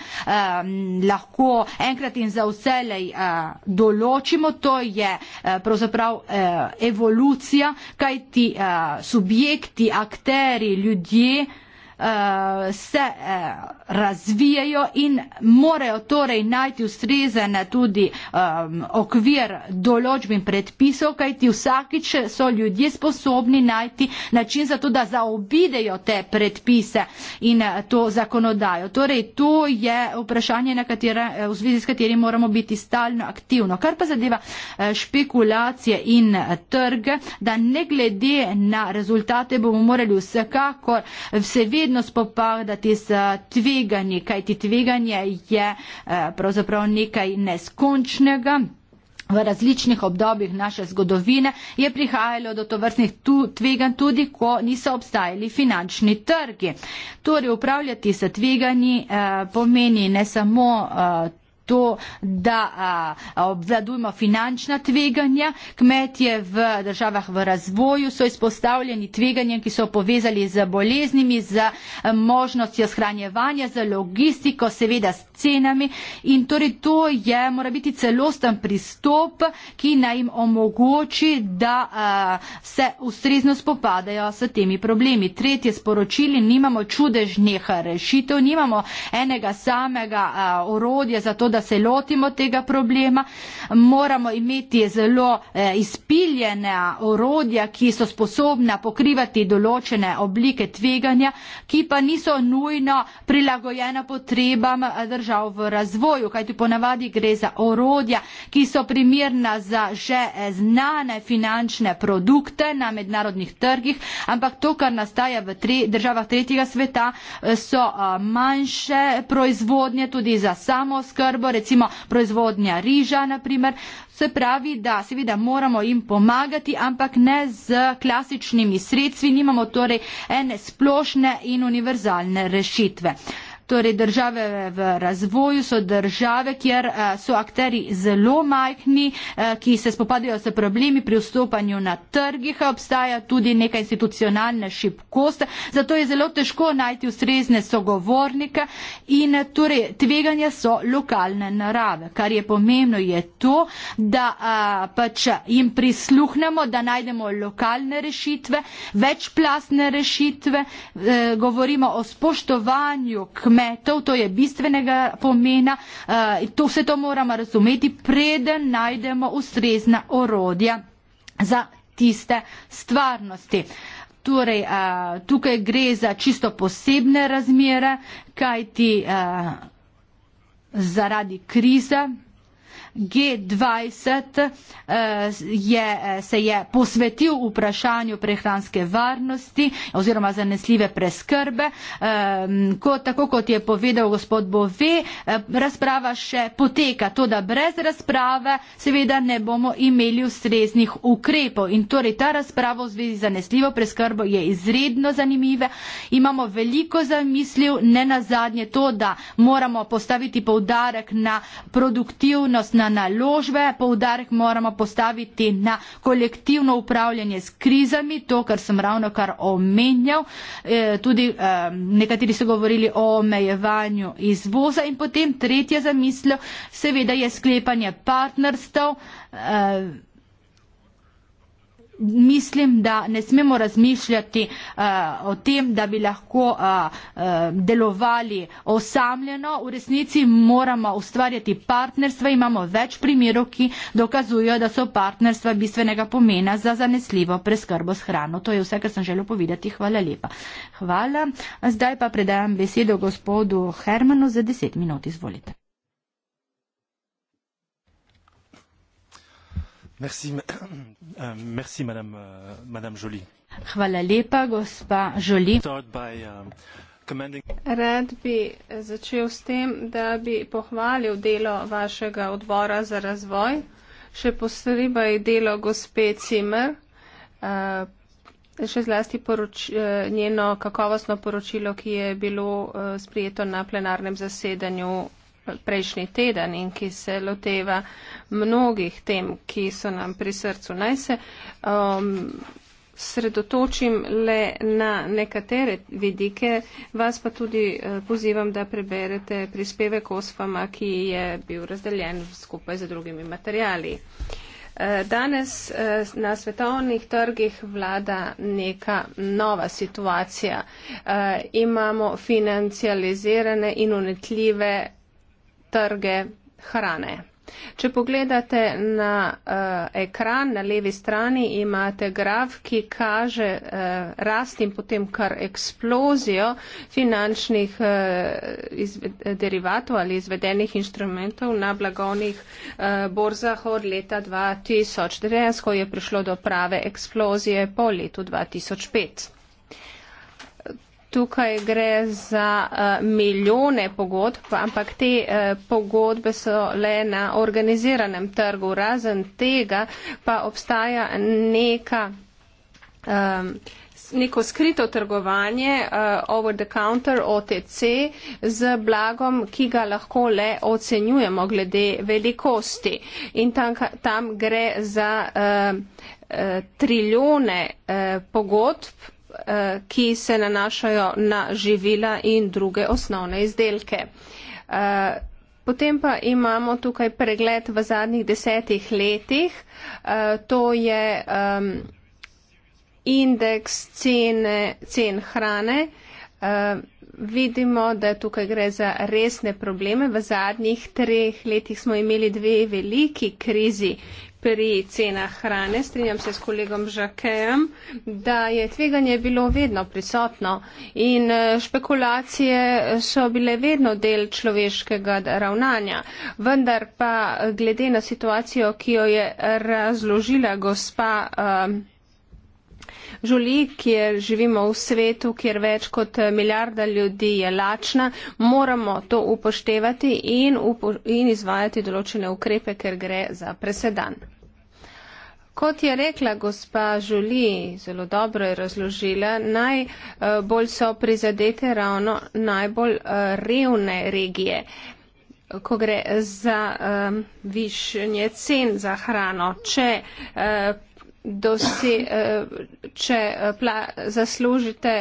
lahko enkrat in za vselej eh, določimo. To je eh, pravzaprav eh, evolucija, kaj ti eh, subjekti, akteri, ljudje, uh, se uh, razvijajo in morajo torej najti ustrezen tudi um, okvir določb in predpisov, kajti vsakič so ljudje sposobni najti način za to, da zaobidejo te predpise in eh, to zakonodajo. Torej, to je vprašanje, katere, v zvezi s katerim moramo biti stalno aktivno. Kar pa zadeva špekulacije in trg, da ne glede na rezultate bomo morali vsekakor se vedno vedno spopadati s tveganji, kajti tveganje je eh, pravzaprav nekaj neskončnega. V različnih obdobjih naše zgodovine je prihajalo do tovrstnih tu, tvegan tudi, ko niso obstajali finančni trgi. Torej, upravljati se tvegani eh, pomeni ne samo eh, to, da a, a, obvladujemo finančna tveganja. Kmetje v državah v razvoju so izpostavljeni tveganjem, ki so povezali z boleznimi, z možnostjo shranjevanja, z logistiko, seveda s cenami. In torej to je, mora biti celosten pristop, ki naj jim omogoči, da a, se ustrezno spopadajo s temi problemi. Tretje sporočili, nimamo čudežnih rešitev, nimamo enega samega a, orodja za to, da se lotimo tega problema, moramo imeti zelo eh, izpiljene orodja, ki so sposobna pokrivati določene oblike tveganja, ki pa niso nujno prilagojena potrebam eh, držav v razvoju, kajti ponavadi gre za orodja, ki so primirna za že eh, znane finančne produkte na mednarodnih trgih, ampak to, kar nastaja v tre, državah tretjega sveta, eh, so manjše proizvodnje tudi za samo skrb potrebo, recimo proizvodnja riža, naprimer. Se pravi, da seveda moramo jim pomagati, ampak ne z klasičnimi sredstvi, nimamo torej ene splošne in univerzalne rešitve. Torej države v razvoju so države, kjer eh, so akteri zelo majhni, eh, ki se spopadajo s problemi pri vstopanju na trgih, obstaja tudi neka institucionalna šibkost, zato je zelo težko najti ustrezne sogovornike in torej tveganja so lokalne narave. Kar je pomembno je to, da eh, pač jim prisluhnemo, da najdemo lokalne rešitve, večplastne rešitve, govorimo o spoštovanju kmetov, kmetov, to je bistvenega pomena, eh, to vse to moramo razumeti, preden najdemo ustrezna orodja za tiste stvarnosti. Torej, eh, tukaj gre za čisto posebne razmere, kajti eh, zaradi krize G20 eh, je, eh, se je posvetil vprašanju prehranske varnosti oziroma zanesljive preskrbe. Ehm, ko, tako kot je povedal gospod Bove, eh, razprava še poteka, to da brez razprave seveda ne bomo imeli ustreznih ukrepov. In torej ta razprava v zvezi z zanesljivo preskrbo je izredno zanimiva. Imamo veliko zamisljiv, ne na zadnje to, da moramo postaviti povdarek na produktivnost, na na naložbe, poudarek moramo postaviti na kolektivno upravljanje s krizami, to, kar sem ravno kar omenjal. E, tudi e, nekateri so govorili o omejevanju izvoza in potem tretje zamislo, seveda je sklepanje partnerstv. E, mislim, da ne smemo razmišljati uh, o tem, da bi lahko uh, uh, delovali osamljeno. V resnici moramo ustvarjati partnerstva. Imamo več primerov, ki dokazujo, da so partnerstva bistvenega pomena za zanesljivo preskrbo s hrano. To je vse, kar sem želel povedati. Hvala lepa. Hvala. Zdaj pa predajam besedo gospodu Hermanu za deset minut. Izvolite. Merci, euh, merci madame, euh, madame Jolie. Hvala lepa, gospa Jolie. Um, Rad bi začel s tem, da bi pohvalil delo vašega odbora za razvoj, še posebej delo gospe Cimer, uh, še zlasti poroč, eh, njeno kakovostno poročilo, ki je bilo eh, sprijeto na plenarnem zasedanju prejšnji teden in ki se loteva mnogih tem, ki so nam pri srcu. Naj se um, sredotočim le na nekatere vidike, vas pa tudi uh, pozivam, da preberete prispevek osvama, ki je bil razdeljen skupaj z drugimi materijali. Eh, danes eh, na svetovnih trgih vlada neka nova situacija. Imamo financializirane in unetljive trge hrane. Če pogledate na uh, ekran na levi strani, imate graf, ki kaže uh, rast in potem kar eksplozijo finančnih uh, izved, derivatov ali izvedenih inštrumentov na blagovnih uh, borzah od leta 2014, ko je prišlo do prave eksplozije po letu 2005 tukaj gre za uh, milijone pogodb, ampak te uh, pogodbe so le na organiziranem trgu. Razen tega pa obstaja neka. Um, neko skrito trgovanje uh, over the counter OTC z blagom, ki ga lahko le ocenjujemo glede velikosti. In tam, tam gre za uh, uh, trilijone uh, pogodb, Eh, ki se nanašajo na živila in druge osnovne izdelke. Eh, potem pa imamo tukaj pregled v zadnjih desetih letih. Eh, to je indeks cene, cen hrane. Vidimo, da tukaj gre za resne probleme. V zadnjih treh letih smo imeli dve veliki krizi, pri cenah hrane, strinjam se s kolegom Žakejem, da je tveganje bilo vedno prisotno in eh, špekulacije so bile vedno del človeškega ravnanja. Vendar pa glede na situacijo, ki jo je razložila gospa. Um, žoli, kjer živimo v svetu, kjer več kot eh, milijarda ljudi je lačna, moramo to upoštevati in, upo in izvajati določene ukrepe, ker gre za presedan. Kot je rekla gospa Žuli, zelo dobro je razložila, najbolj eh, so prizadete ravno najbolj eh, revne regije, ko gre za višnje cen za hrano. Če dosi, eh, če eh, pla, zaslužite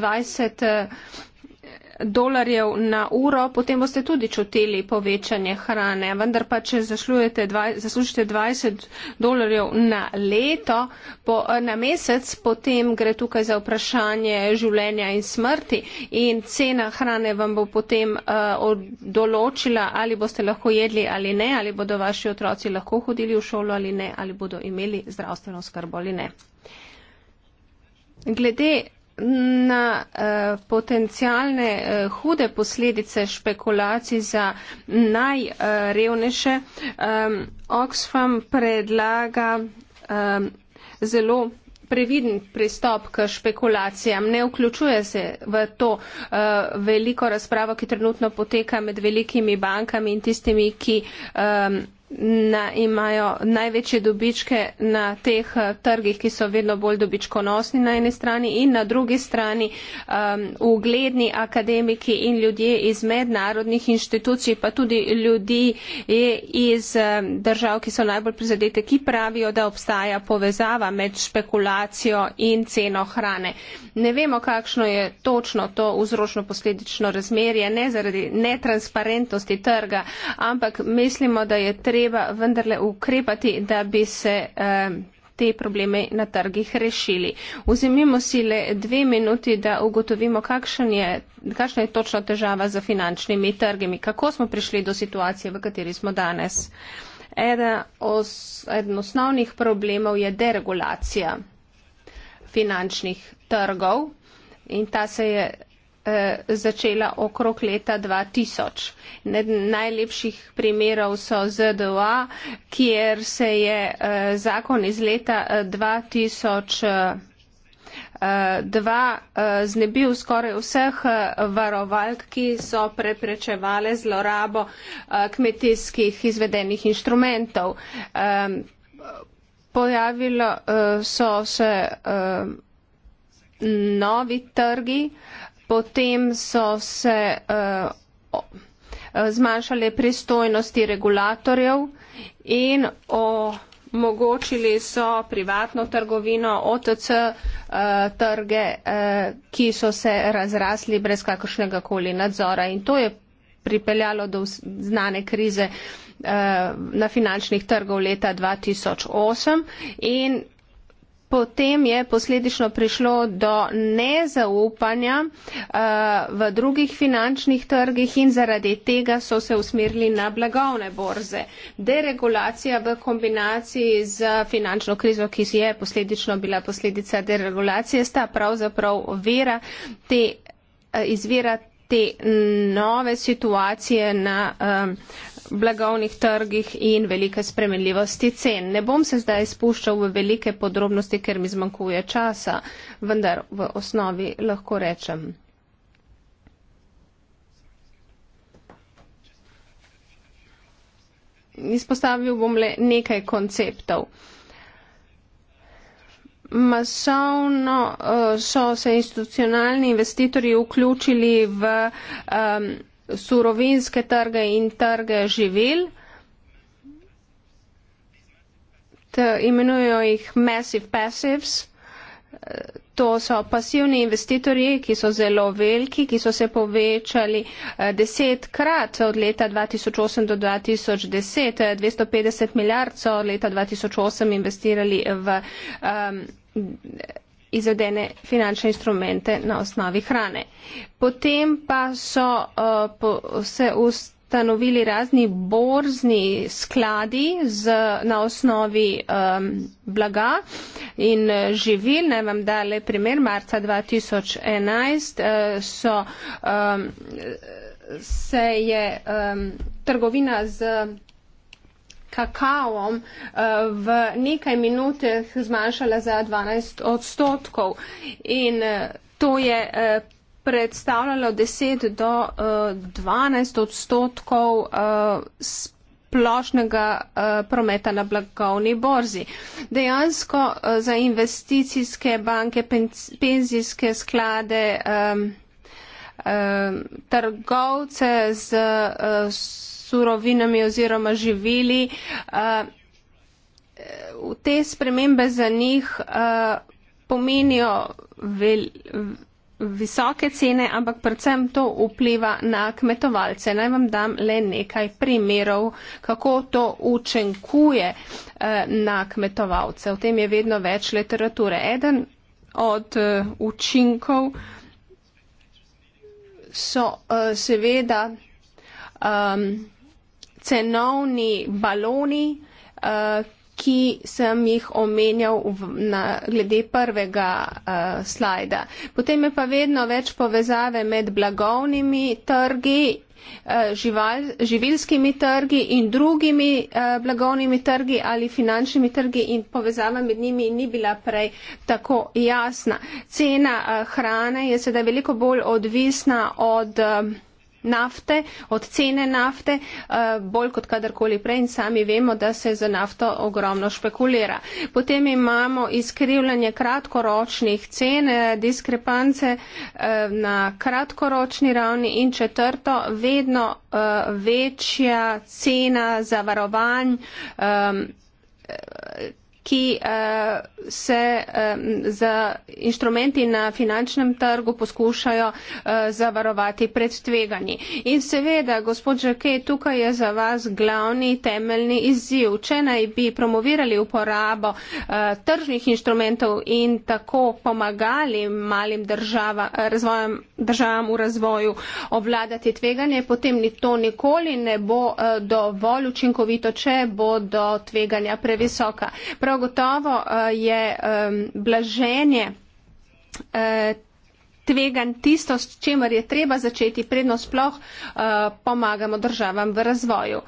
20 eh, dolarjev na uro, potem boste tudi čutili povečanje hrane. Vendar pa, če zašlujete, zaslužite 20 dolarjev na leto, po, na mesec, potem gre tukaj za vprašanje življenja in smrti in cena hrane vam bo potem uh, določila, ali boste lahko jedli ali ne, ali bodo vaši otroci lahko hodili v šolo ali ne, ali bodo imeli zdravstveno skrbo ali ne. Glede na eh, potencijalne eh, hude posledice špekulacij za najrevnejše. Eh, Oxfam predlaga eh, zelo previden pristop k špekulacijam. Ne vključuje se v to uh, veliko razpravo, ki trenutno poteka med velikimi bankami in tistimi, ki um, na, imajo največje dobičke na teh eh, trgih, ki so vedno bolj dobičkonosni na eni strani in na drugi strani um, ugledni akademiki in ljudje iz mednarodnih inštitucij, pa tudi ljudi iz um, držav, ki so najbolj prizadete, ki pravijo, da obstaja povezava med špekulacijo in ceno hrane. Ne vemo, kakšno je točno to vzročno-posledično razmerje, ne zaradi netransparentnosti trga, ampak mislimo, da je treba treba vendarle ukrepati, da bi se eh, te probleme na trgih rešili. Vzemimo si le dve minuti, da ugotovimo, je, kakšna je točna težava za finančnimi trgimi, kako smo prišli do situacije, v kateri smo danes. Eden, os, eden osnovnih problemov je deregulacija finančnih trgov in ta se je Eh, začela okrog leta 2000. Ned najlepših primerov so ZDA, kjer se je eh, zakon iz leta 2000. Eh, dva znebil skoraj vseh varovalk, ki so preprečevale zlorabo kmetijskih izvedenih inštrumentov. Pojavilo so se novi trgi, potem so se uh, zmanjšale pristojnosti regulatorjev in omogočili so privatno trgovino OTC uh, eh, trge, uh, ki so se razrasli brez kakršnega koli nadzora in to je pripeljalo do znane krize na finančnih trgov leta 2008 in potem je posledično prišlo do nezaupanja eh, v drugih finančnih trgih in zaradi tega so se usmerili na blagovne borze. Deregulacija v kombinaciji z finančno krizo, ki je posledično bila posledica deregulacije, sta pravzaprav vera te eh, izvira te nove situacije na um, blagovnih trgih in velike spremenljivosti cen. Ne bom se zdaj spuščal v velike podrobnosti, ker mi zmanjkuje časa, vendar v osnovi lahko rečem. Izpostavil bom le nekaj konceptov. Masovno eh, so se institucionalni investitorji vključili v. Um, surovinske trge in trge živil. Te imenujejo jih massive passives. To so pasivni investitorji, ki so zelo veliki, ki so se povečali eh, desetkrat od leta 2008 do 2010. 250 eh, milijard so leta 2008 investirali v. Um, izvedene finančne instrumente na osnovi hrane. Potem pa so uh, po, se ustanovili razni borzni skladi z, na osnovi um, blaga in eh, živil. Naj vam da le primer. Marca 2011 uh, eh, so, um, se je um, trgovina z kakavom eh, v nekaj minutah zmanjšala za 12 odstotkov. In eh, to je eh, predstavljalo 10 do 12 odstotkov splošnega prometa na blagovni borzi. Dejansko za investicijske banke, penzijske sklade, trgovce z surovinami oziroma živili. Eh, te spremembe za njih eh, pomenijo vel, visoke cene, ampak predvsem to vpliva na kmetovalce. Naj vam dam le nekaj primerov, kako to učenkuje eh, na kmetovalce. O tem je vedno več literature. Eden od učinkov so seveda. Um, cenovni baloni, uh, ki sem jih omenjal v, na, glede prvega uh, slajda. Potem je pa vedno več povezave med blagovnimi trgi, uh, žival, živilskimi trgi in drugimi uh, blagovnimi trgi ali finančnimi trgi in povezava med njimi ni bila prej tako jasna. Cena uh, hrane je sedaj veliko bolj odvisna od. Uh, nafte, od cene nafte, eh, bolj kot kadarkoli prej in sami vemo, da se za nafto ogromno špekulira. Potem imamo izkrivljanje kratkoročnih cen, eh, diskrepance eh, na kratkoročni ravni in četrto, vedno večja cena zavarovanj ki uh, se um, z inštrumenti na finančnem trgu poskušajo uh, zavarovati pred tveganji. In seveda, gospod Žake, tukaj je za vas glavni temeljni izziv. Če naj bi promovirali uporabo uh, tržnih inštrumentov in tako pomagali malim država, razvojem, državam v razvoju obvladati tveganje, potem ni to nikoli ne bo uh, dovolj učinkovito, če bodo tveganja previsoka. Prav prav gotovo eh, je blaženje eh, tvegan tisto, s čemer je treba začeti, predno sploh eh, pomagamo državam v razvoju.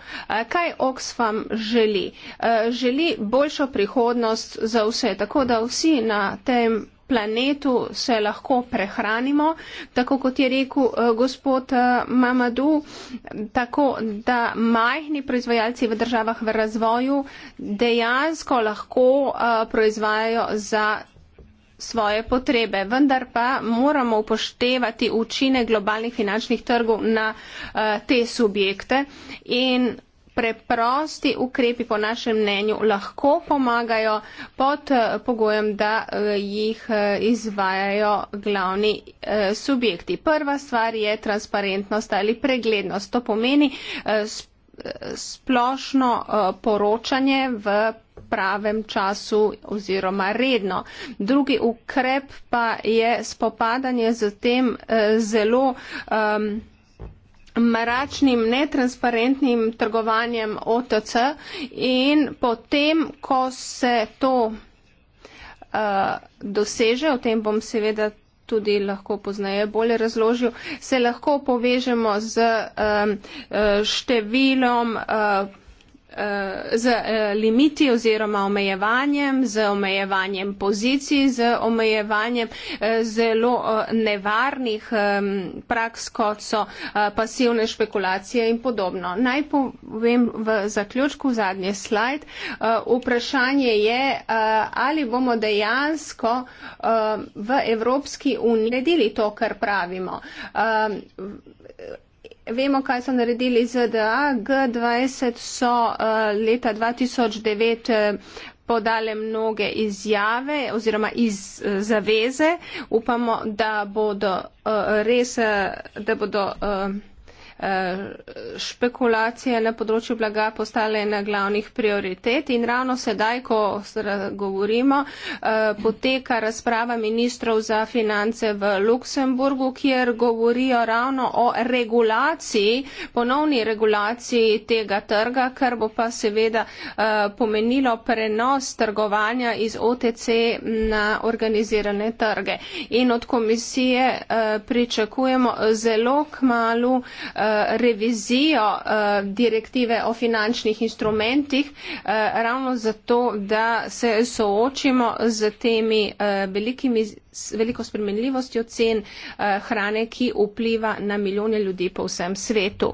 Kaj Oxfam želi? Želi boljšo prihodnost za vse, tako da vsi na tem planetu se lahko prehranimo, tako kot je rekel eh, gospod eh, Mamadu, tako da majhni proizvajalci v državah v razvoju dejansko lahko eh, proizvajajo za svoje potrebe. Vendar pa moramo upoštevati učine globalnih finančnih trgov na uh, te subjekte in preprosti ukrepi po našem mnenju lahko pomagajo pod eh, pogojem, da eh, jih eh, izvajajo glavni subjekti. Prva stvar je transparentnost ali preglednost. To pomeni splošno poročanje v pravem času oziroma redno. Drugi ukrep pa je spopadanje z tem zelo. Um, mračnim, netransparentnim trgovanjem OTC in potem, ko se to uh, doseže, o tem bom seveda tudi lahko poznaje bolje razložil, se lahko povežemo z um, številom. Uh, z eh, limiti oziroma omejevanjem, z omejevanjem pozicij, z omejevanjem eh, zelo eh, nevarnih praks, kot so pasivne špekulacije in podobno. Naj povem v zaključku zadnji slajd. Vprašanje je, ali bomo dejansko v Evropski uniji naredili to, kar pravimo vemo, kaj so naredili ZDA. G20 so uh, leta 2009. Uh, eh, podale mnoge izjave oziroma iz eh, zaveze. Upamo, da bodo uh, res, da bodo. Uh Eh, špekulacije na področju blaga postale ena glavnih prioritet in ravno sedaj, ko govorimo, eh, poteka razprava ministrov za finance v Luksemburgu, kjer govorijo ravno o regulaciji, ponovni regulaciji tega trga, kar bo pa seveda eh, pomenilo prenos trgovanja iz OTC na organizirane trge. In od komisije pričakujemo zelo k malu Eh, revizijo eh, direktive o finančnih instrumentih, eh, ravno zato, da se soočimo z temi velikimi, veliko spremenljivostjo cen hrane, ki vpliva na milijone ljudi po vsem svetu.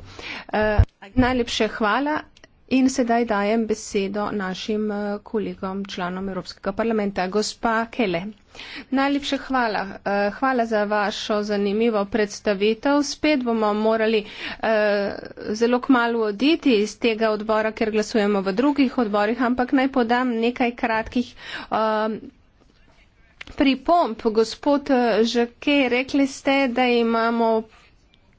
Najlepše hvala. In sedaj dajem besedo našim eh, kolegom, članom Evropskega parlamenta. Gospa Kele, najlepše hvala. Eh, hvala za vašo zanimivo predstavitev. Spet bomo morali eh, zelo kmalo oditi iz tega odbora, ker glasujemo v drugih odborih, ampak naj podam nekaj kratkih. Pripomp, gospod Žake, rekli ste, da imamo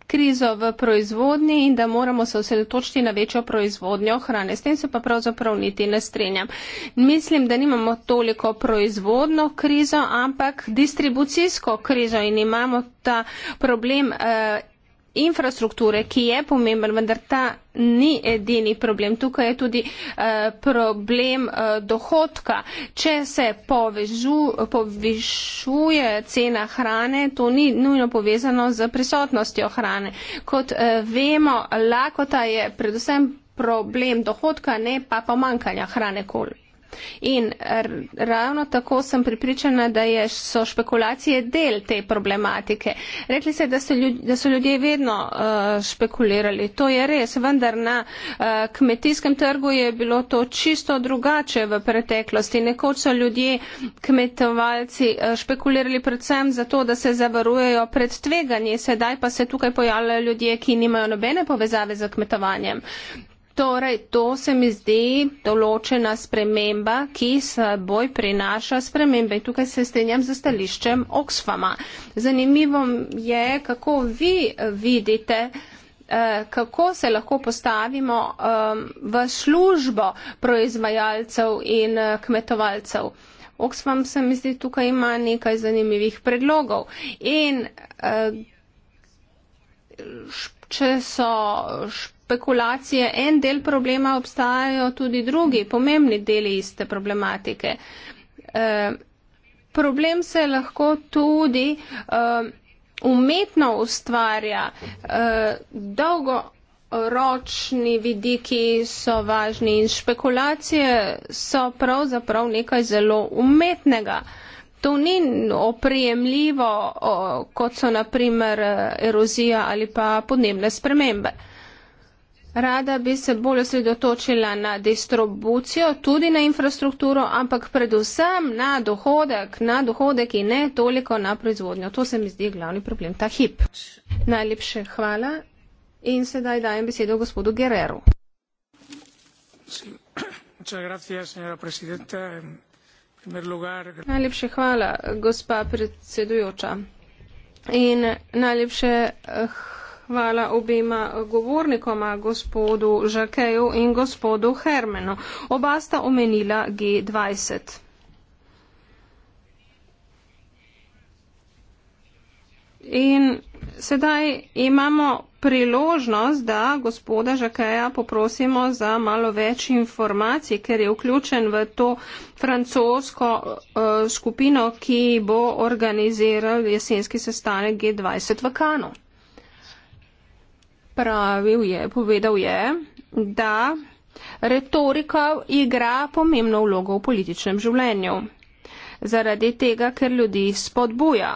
krizo v proizvodnji in da moramo se osredotočiti na večjo proizvodnjo hrane. S tem se pa pravzaprav niti ne strenjam. Mislim, da nimamo toliko proizvodno krizo, ampak distribucijsko krizo in imamo ta problem. Eh, infrastrukture, ki je pomemben, vendar ta ni edini problem. Tukaj je tudi uh, problem uh, dohodka. Če se povežu, povišuje cena hrane, to ni nujno povezano z prisotnostjo hrane. Kot uh, vemo, lakota je predvsem problem dohodka, ne pa pomankanja hrane koli. In ravno tako sem pripričana, da je, so špekulacije del te problematike. Rekli ste, da, da so ljudje vedno uh, špekulirali. To je res, vendar na uh, kmetijskem trgu je bilo to čisto drugače v preteklosti. Nekoč so ljudje, kmetovalci, uh, špekulirali predvsem zato, da se zavarujejo pred tveganji. Sedaj pa se tukaj pojavljajo ljudje, ki nimajo nobene povezave z kmetovanjem. Torej, to se mi zdi določena sprememba, ki seboj prinaša spremembe. Tukaj se strenjam za stališčem Oxfama. Zanimivo je, kako vi vidite, eh, kako se lahko postavimo eh, v službo proizvajalcev in eh, kmetovalcev. Oxfam se mi zdi tukaj ima nekaj zanimivih predlogov. In, Če so spekulacije en del problema, obstajajo tudi drugi pomembni deli iste problematike. E, problem se lahko tudi e, umetno ustvarja. E, dolgoročni vidiki so važni in spekulacije so pravzaprav nekaj zelo umetnega. To ni oprijemljivo, kot so naprimer e, erozija ali pa podnebne spremembe. Rada bi se bolj osredotočila na distribucijo, tudi na infrastrukturo, ampak predvsem na dohodek, na dohodek in ne toliko na proizvodnjo. To se mi zdi glavni problem, ta hip. Najlepše hvala in sedaj dajem besedo gospodu Gereru. Najlepše hvala, gospa predsedujoča. In najlepše hvala. Eh, hvala obema govornikoma, gospodu Žakeju in gospodu Hermenu. Oba sta omenila G20. In sedaj imamo priložnost, da gospoda Žakeja poprosimo za malo več informacij, ker je vključen v to francosko uh, skupino, ki bo organiziral jesenski sestanek G20 v Kanu pravil je, povedal je, da retorika igra pomembno vlogo v političnem življenju. Zaradi tega, ker ljudi spodbuja.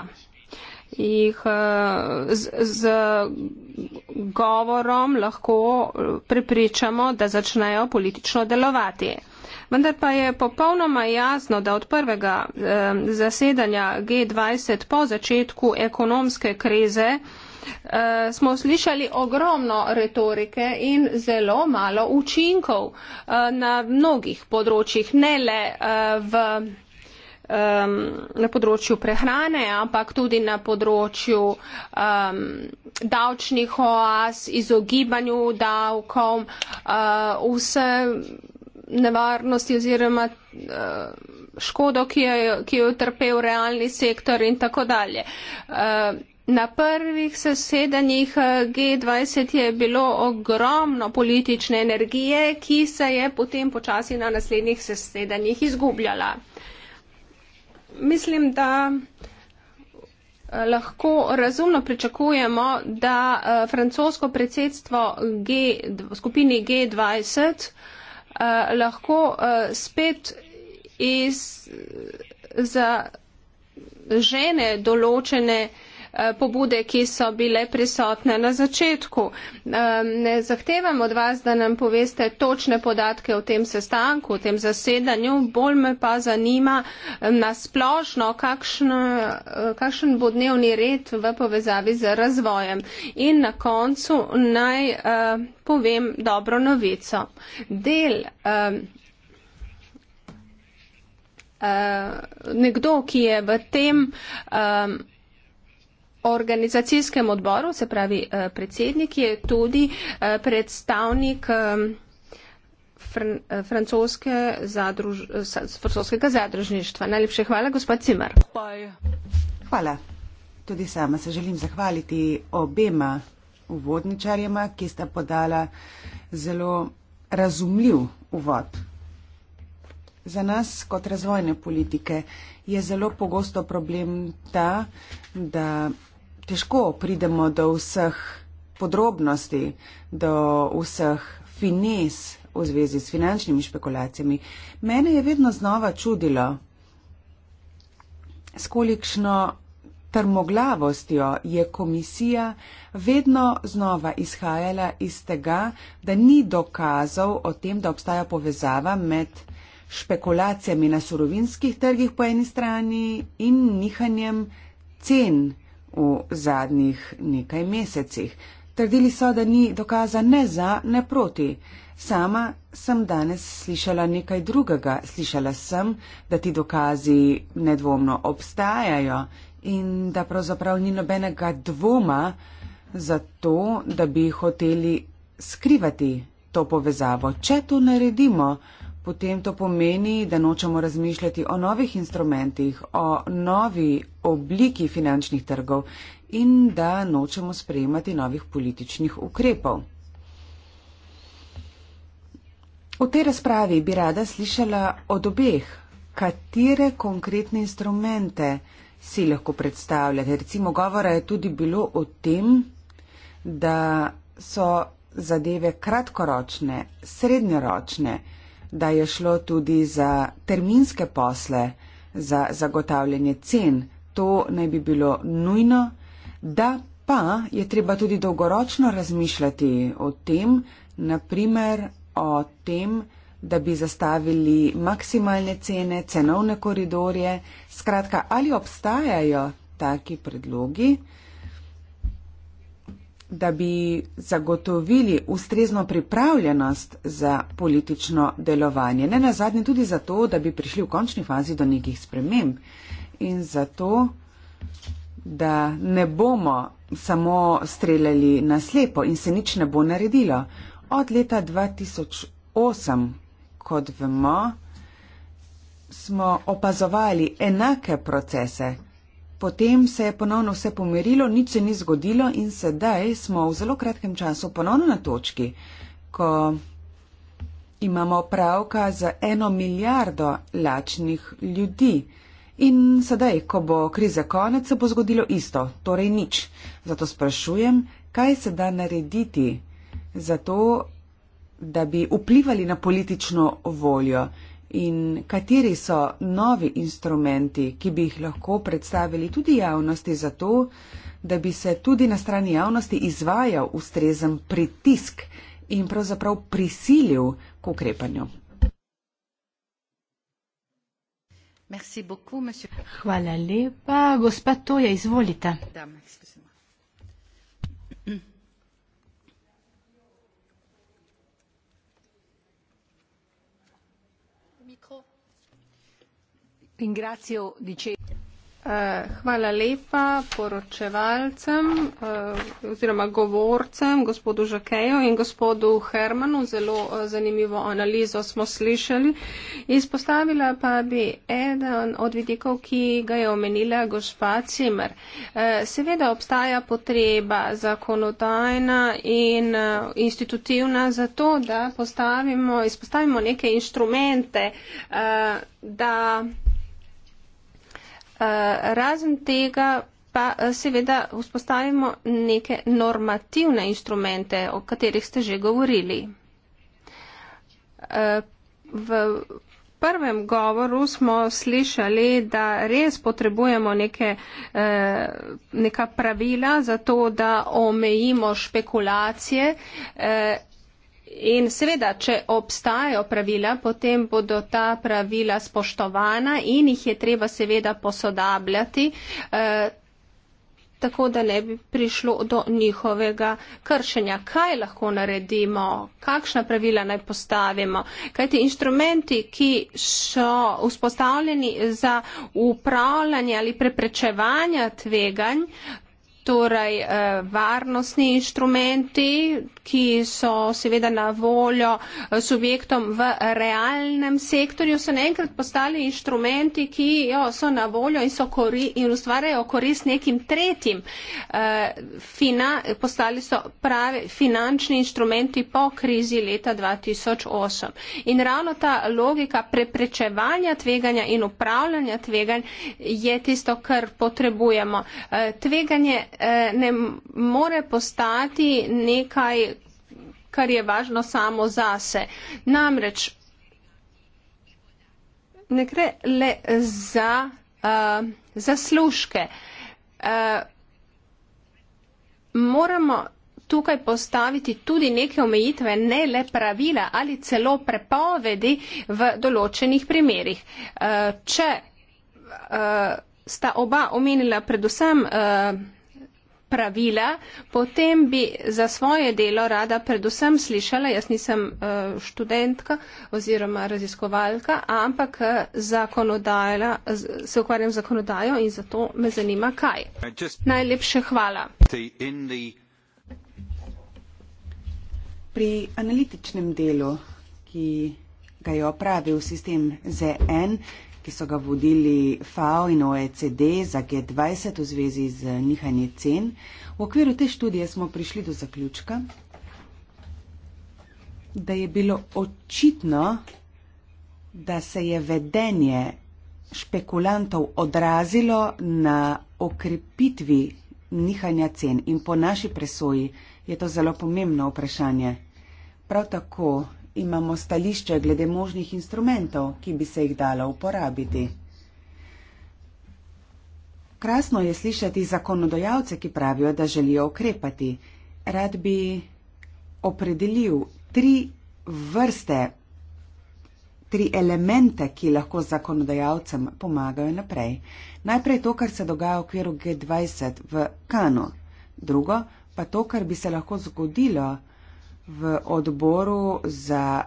Jih eh, z, z govorom lahko prepričamo, da začnejo politično delovati. Vendar pa je popolnoma jasno, da od prvega eh, zasedanja G20 po začetku ekonomske krize eh, uh, smo slišali ogromno retorike in zelo malo učinkov uh, na mnogih področjih, ne le uh, v, um, na področju prehrane, ampak tudi na področju um, davčnih oas, izogibanju davkom, uh, vse nevarnosti oziroma uh, škodo, ki jo je trpel realni sektor in tako dalje. Uh, Na prvih sosedanjih eh, G20 je bilo ogromno politične energije, ki se je potem počasi na naslednjih sosedanjih izgubljala. Mislim, da eh, lahko razumno pričakujemo, da eh, francosko predsedstvo G, skupini G20 eh, lahko eh, spet iz, za žene določene Eh, pobude, ki so bile prisotne na začetku. Ne zahtevam od vas, da nam poveste točne podatke o tem sestanku, o tem zasedanju, bolj me pa zanima nasplošno, kakšen, eh, kakšen bo dnevni red v povezavi z razvojem. In na koncu naj eh, povem dobro novico. Del Uh, nekdo, ki je v tem um organizacijskem odboru, se pravi eh, predsednik, je tudi eh, predstavnik eh, francoske zadruž, francoskega zadružništva. Najlepše hvala, gospod Cimer. Hvala. Tudi sama se želim zahvaliti obema uvodničarjema, ki sta podala zelo razumljiv uvod. Za nas kot razvojne politike je zelo pogosto problem ta, da težko pridemo do vseh podrobnosti, do vseh fines v zvezi s finančnimi špekulacijami. Mene je vedno znova čudilo, s kolikšno trmoglavostjo je komisija vedno znova izhajala iz tega, da ni dokazov o tem, da obstaja povezava med špekulacijami na surovinskih trgih po eni strani in nihanjem cen v zadnjih nekaj mesecih. Trdili so, da ni dokaza ne za, ne proti. Sama sem danes slišala nekaj drugega. Slišala sem, da ti dokazi nedvomno obstajajo in da pravzaprav ni nobenega dvoma za to, da bi hoteli skrivati to povezavo. Če to naredimo, potem to pomeni, da nočemo razmišljati o novih instrumentih, o novi obliki finančnih trgov in da nočemo sprejemati novih političnih ukrepov. V tej razpravi bi rada slišala od obeh, katere konkretne instrumente si lahko predstavljate. Recimo, govora je tudi bilo o tem, da so zadeve kratkoročne, srednjeročne, da je šlo tudi za terminske posle, za zagotavljanje cen. To naj bi bilo nujno, da pa je treba tudi dolgoročno razmišljati o tem, naprimer o tem, da bi zastavili maksimalne cene, cenovne koridorje. Skratka, ali obstajajo taki predlogi? da bi zagotovili ustrezno pripravljenost za politično delovanje. Ne na zadnje tudi zato, da bi prišli v končni fazi do nekih sprememb in zato, da ne bomo samo streljali na slepo in se nič ne bo naredilo. Od leta 2008, kot vemo, smo opazovali enake procese Potem se je ponovno vse pomirilo, nič se ni zgodilo in sedaj smo v zelo kratkem času ponovno na točki, ko imamo opravka z eno milijardo lačnih ljudi. In sedaj, ko bo kriza konec, se bo zgodilo isto, torej nič. Zato sprašujem, kaj se da narediti za to, da bi vplivali na politično voljo in kateri so novi instrumenti, ki bi jih lahko predstavili tudi javnosti za to, da bi se tudi na strani javnosti izvajal ustrezen pritisk in pravzaprav prisilil k ukrepanju. Hvala lepa. Gospa Toja, izvolite. Ringrazio di eh, Hvala lepa poročevalcem eh, oziroma govorcem, gospodu Žakeju in gospodu Hermanu. Zelo eh, zanimivo analizo smo slišali. Izpostavila pa bi eden od vidikov, ki ga je omenila gospa Cimer. Seveda obstaja potreba zakonodajna in institutivna za to, da postavimo, izpostavimo neke inštrumente, da Eh, razen tega pa eh, seveda vzpostavimo neke normativne instrumente, o katerih ste že govorili. Eh, v prvem govoru smo slišali, da res potrebujemo neke, neka pravila za to, da omejimo špekulacije In seveda, če obstajajo pravila, potem bodo ta pravila spoštovana in jih je treba seveda posodabljati, eh, tako da ne bi prišlo do njihovega kršenja. Kaj lahko naredimo, kakšna pravila naj postavimo? Kaj ti inštrumenti, ki so vzpostavljeni za upravljanje ali preprečevanje tveganj, torej eh, varnostni inštrumenti, ki so seveda na voljo eh, subjektom v realnem sektorju, so naenkrat postali inštrumenti, ki jo, so na voljo in, kori, in ustvarjajo korist nekim tretjim. Eh, fina, postali so pravi finančni inštrumenti po krizi leta 2008. In ravno ta logika preprečevanja tveganja in upravljanja tveganj je tisto, kar potrebujemo. Tveganje Eh, ne more postati nekaj, kar je važno samo zase. Namreč ne gre le za uh, zaslužke. Uh, moramo tukaj postaviti tudi neke omejitve, ne le pravila ali celo prepovedi v določenih primerjih. Če sta oba omenila predvsem pravila, potem bi za svoje delo rada predvsem slišala, jaz nisem eh, študentka oziroma raziskovalka, ampak eh, se ukvarjam z zakonodajo in zato me zanima, kaj. Uh, Najlepše hvala. Pri analitičnem delu, ki ga je opravil sistem ZN, ki so ga vodili FAO in OECD za G20 v zvezi z nihanje cen. V okviru te študije smo prišli do zaključka, da je bilo očitno, da se je vedenje špekulantov odrazilo na okrepitvi nihanja cen in po naši presoji je to zelo pomembno vprašanje. Prav tako imamo stališče glede možnih instrumentov, ki bi se jih dalo uporabiti. Krasno je slišati zakonodajalce, ki pravijo, da želijo ukrepati. Rad bi opredelil tri vrste, tri elemente, ki lahko zakonodajalcem pomagajo naprej. Najprej to, kar se dogaja v okviru G20 v Kano, drugo pa to, kar bi se lahko zgodilo, v odboru za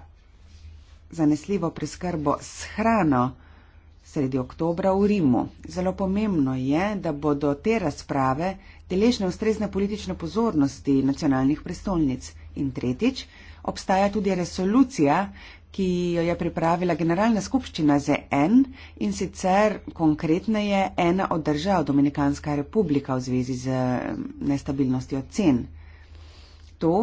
zanesljivo preskrbo s hrano sredi oktobra v Rimu. Zelo pomembno je, da bodo te razprave deležne ustrezne politične pozornosti nacionalnih prestolnic. In tretjič, obstaja tudi resolucija, ki jo je pripravila Generalna skupščina ZN in sicer konkretno je ena od držav Dominikanska republika v zvezi z eh, nestabilnostjo cen. To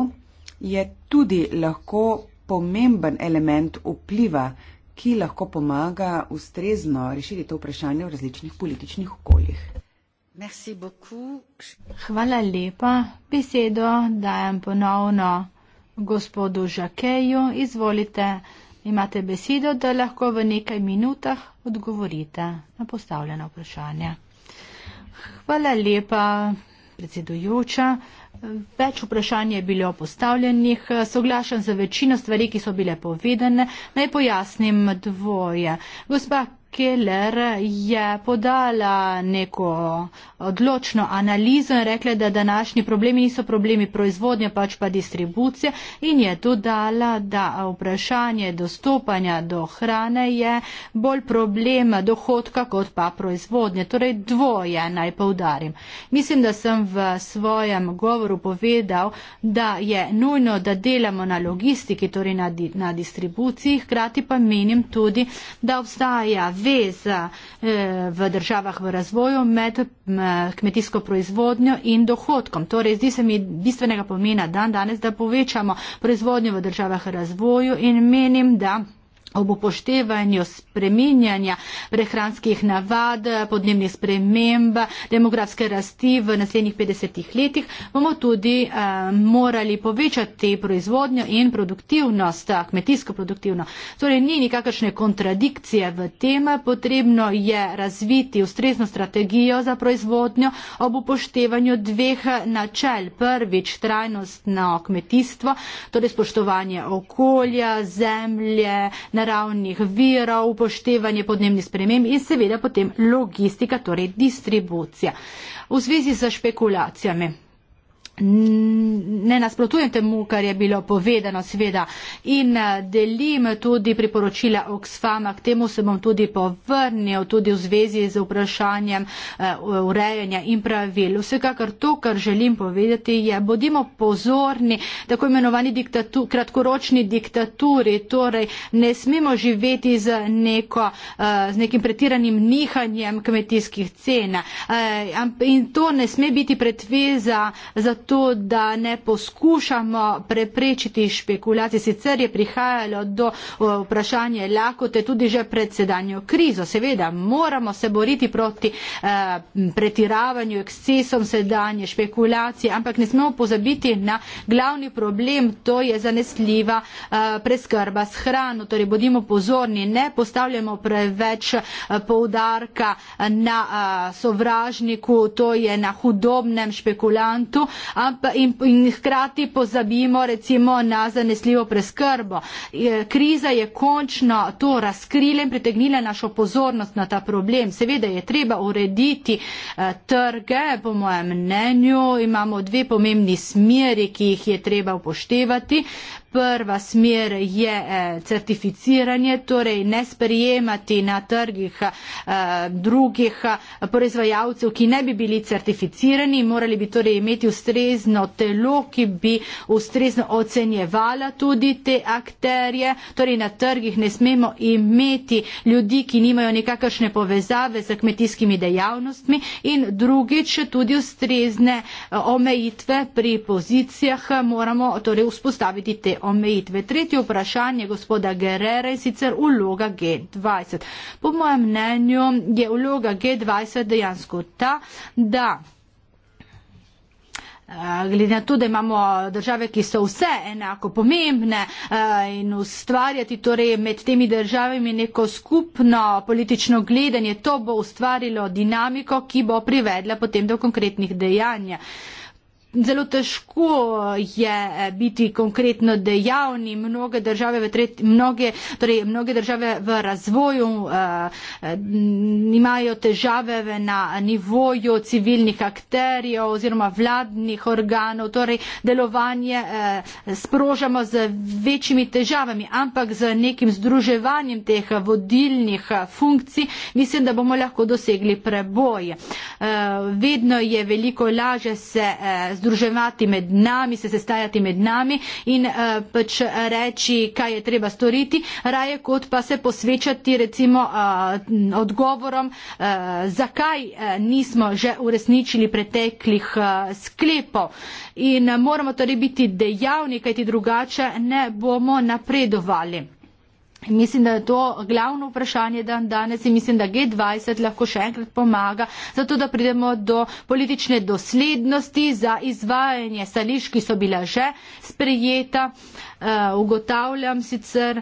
je tudi lahko pomemben element vpliva, ki lahko pomaga ustrezno rešiti to vprašanje v različnih političnih okoljih. Hvala lepa. Besedo dajem ponovno gospodu Žakeju. Izvolite, imate besedo, da lahko v nekaj minutah odgovorite na postavljeno vprašanje. Hvala lepa, predsedujoča. Več vprašanj je bilo postavljenih, soglašam za večino stvari, ki so bile povedane. Naj pojasnim dvoje. Gospa Keller je podala neko odločno analizo in rekla, da današnji problemi niso problemi proizvodnje, pač pa distribucije in je dodala, da vprašanje dostopanja do hrane je bolj problem dohodka kot pa proizvodnje. Torej dvoje naj povdarim. Mislim, da sem v svojem govoru povedal, da je nujno, da delamo na logistiki, torej na, di na distribuciji, hkrati pa menim tudi, da obstaja zveza eh, v državah v razvoju med kmetijsko proizvodnjo in dohodkom. Torej, zdi se mi bistvenega pomena dan danes, da povečamo proizvodnjo v državah v razvoju in menim, da ob upoštevanju spreminjanja prehranskih navad, podnebnih sprememb, demografske rasti v naslednjih 50 letih, bomo tudi eh, morali povečati proizvodnjo in produktivnost, kmetijsko produktivno. Torej, ni nikakršne kontradikcije v tem, potrebno je razviti ustrezno strategijo za proizvodnjo ob upoštevanju dveh načel. Prvič, trajnostno kmetijstvo, torej spoštovanje okolja, zemlje, naravnosti, naravnih virov, upoštevanje podnebnih sprememb in seveda potem logistika, torej distribucija. V zvezi s špekulacijami ne nasprotujem temu, kar je bilo povedano, sveda, in eh, delim tudi priporočila Oxfama, k temu se bom tudi povrnil, tudi v zvezi z vprašanjem uh, urejanja in pravil. Vsekakor to, kar želim povedati, je, bodimo pozorni, tako imenovani diktatu, kratkoročni diktaturi, torej ne smemo živeti z, neko, uh, z nekim pretiranim nihanjem kmetijskih cen. Uh, in to ne sme biti pretveza za to, to, da ne poskušamo preprečiti špekulacij. Sicer je prihajalo do vprašanja lakote tudi že pred sedanjo krizo. Seveda moramo se boriti proti eh, pretiravanju, ekscesom sedanje špekulacije, ampak ne smemo pozabiti na glavni problem, to je zanesljiva eh, preskrba s hrano. Torej bodimo pozorni, ne postavljamo preveč eh, poudarka eh, na eh, sovražniku, to je na hudobnem špekulantu, ampak in, in hkrati pozabimo recimo na zanesljivo preskrbo. Kriza je končno to razkrila in pritegnila našo pozornost na ta problem. Seveda je treba urediti eh, trge, po mojem mnenju imamo dve pomembni smeri, ki jih je treba upoštevati prva smer je eh, certificiranje, torej ne sprijemati na trgih eh, drugih eh, proizvajalcev, ki ne bi bili certificirani, morali bi torej imeti ustrezno telo, ki bi ustrezno ocenjevala tudi te akterje. Torej na trgih ne smemo imeti ljudi, ki nimajo nekakšne povezave z kmetijskimi dejavnostmi in drugič tudi ustrezne omejitve pri pozicijah moramo torej vzpostaviti te omejitve. Tretje vprašanje gospoda Gerere je sicer uloga G20. Po mojem mnenju je uloga G20 dejansko ta, da eh, glede na to, da imamo države, ki so vse enako pomembne eh, in ustvarjati torej med temi državami neko skupno politično gledanje, to bo ustvarilo dinamiko, ki bo privedla potem do konkretnih dejanja zelo težko je eh, biti konkretno dejavni. Mnoge države v, tretji, mnoge, torej mnoge države v razvoju uh, imajo težave na nivoju civilnih akterjev oziroma vladnih organov. Torej delovanje uh, sprožamo z večjimi težavami, ampak z nekim združevanjem teh vodilnih funkcij mislim, da bomo lahko dosegli preboj. Uh, vedno je veliko laže se uh, združiti združevati med nami, se sestajati med nami in uh, pač reči, kaj je treba storiti, raje kot pa se posvečati recimo uh, odgovorom, uh, zakaj uh, nismo že uresničili preteklih uh, sklepov. In uh, moramo torej biti dejavni, kajti drugače ne bomo napredovali. Mislim, da je to glavno vprašanje dan danes in mislim, da G20 lahko še enkrat pomaga, zato da pridemo do politične doslednosti za izvajanje stališč, ki so bila že sprejeta. Uh, ugotavljam sicer,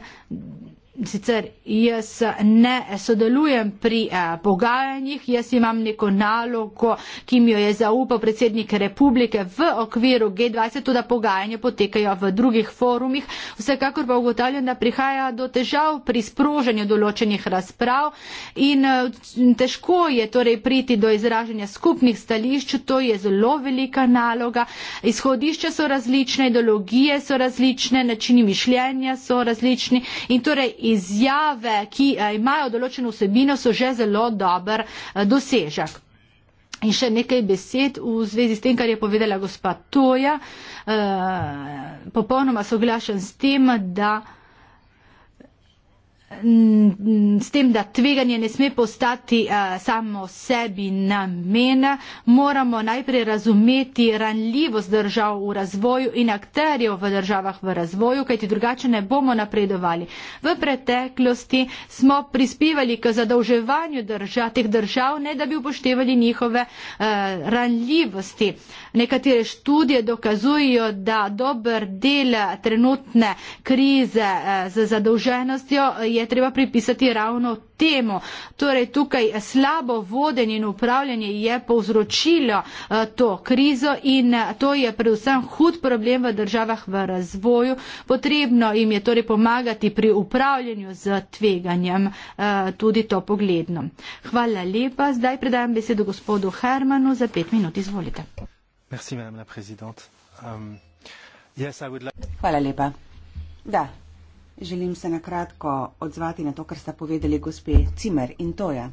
sicer jaz ne sodelujem pri eh, pogajanjih, jaz imam neko nalogo, ki mi jo je zaupal predsednik republike v okviru G20, tudi pogajanja potekajo v drugih forumih. Vsekakor pa ugotavljam, da prihaja do težav pri sproženju določenih razprav in eh, težko je torej priti do izražanja skupnih stališč, to je zelo velika naloga. Izhodišče so različne, ideologije so različne, načini mišljenja so različni in torej izjave, ki eh, imajo določeno vsebino, so že zelo dober eh, dosežek. In še nekaj besed v zvezi s tem, kar je povedala gospa Toja. Eh, popolnoma soglašam s tem, da. Mm, s tem, da tveganje ne sme postati uh, samo sebi namen, moramo najprej razumeti ranljivost držav v razvoju in akterjev v državah v razvoju, kajti drugače ne bomo napredovali. V preteklosti smo prispevali k zadolževanju držav, teh držav, ne da bi upoštevali njihove uh, ranljivosti. Nekatere študije dokazujo, da dober del eh, trenutne krize uh, z zadolženostjo je je treba pripisati ravno temu. Torej, tukaj slabo vodenje in upravljanje je povzročilo eh, to krizo in eh, to je predvsem hud problem v državah v razvoju. Potrebno jim je torej pomagati pri upravljanju z tveganjem, eh, tudi to pogledno. Hvala lepa. Zdaj predajam besedo gospodu Hermanu za pet minut. Izvolite. Um, Hvala lepa. Da, Želim se na kratko odzvati na to, kar sta povedali gospe Cimer in Toja.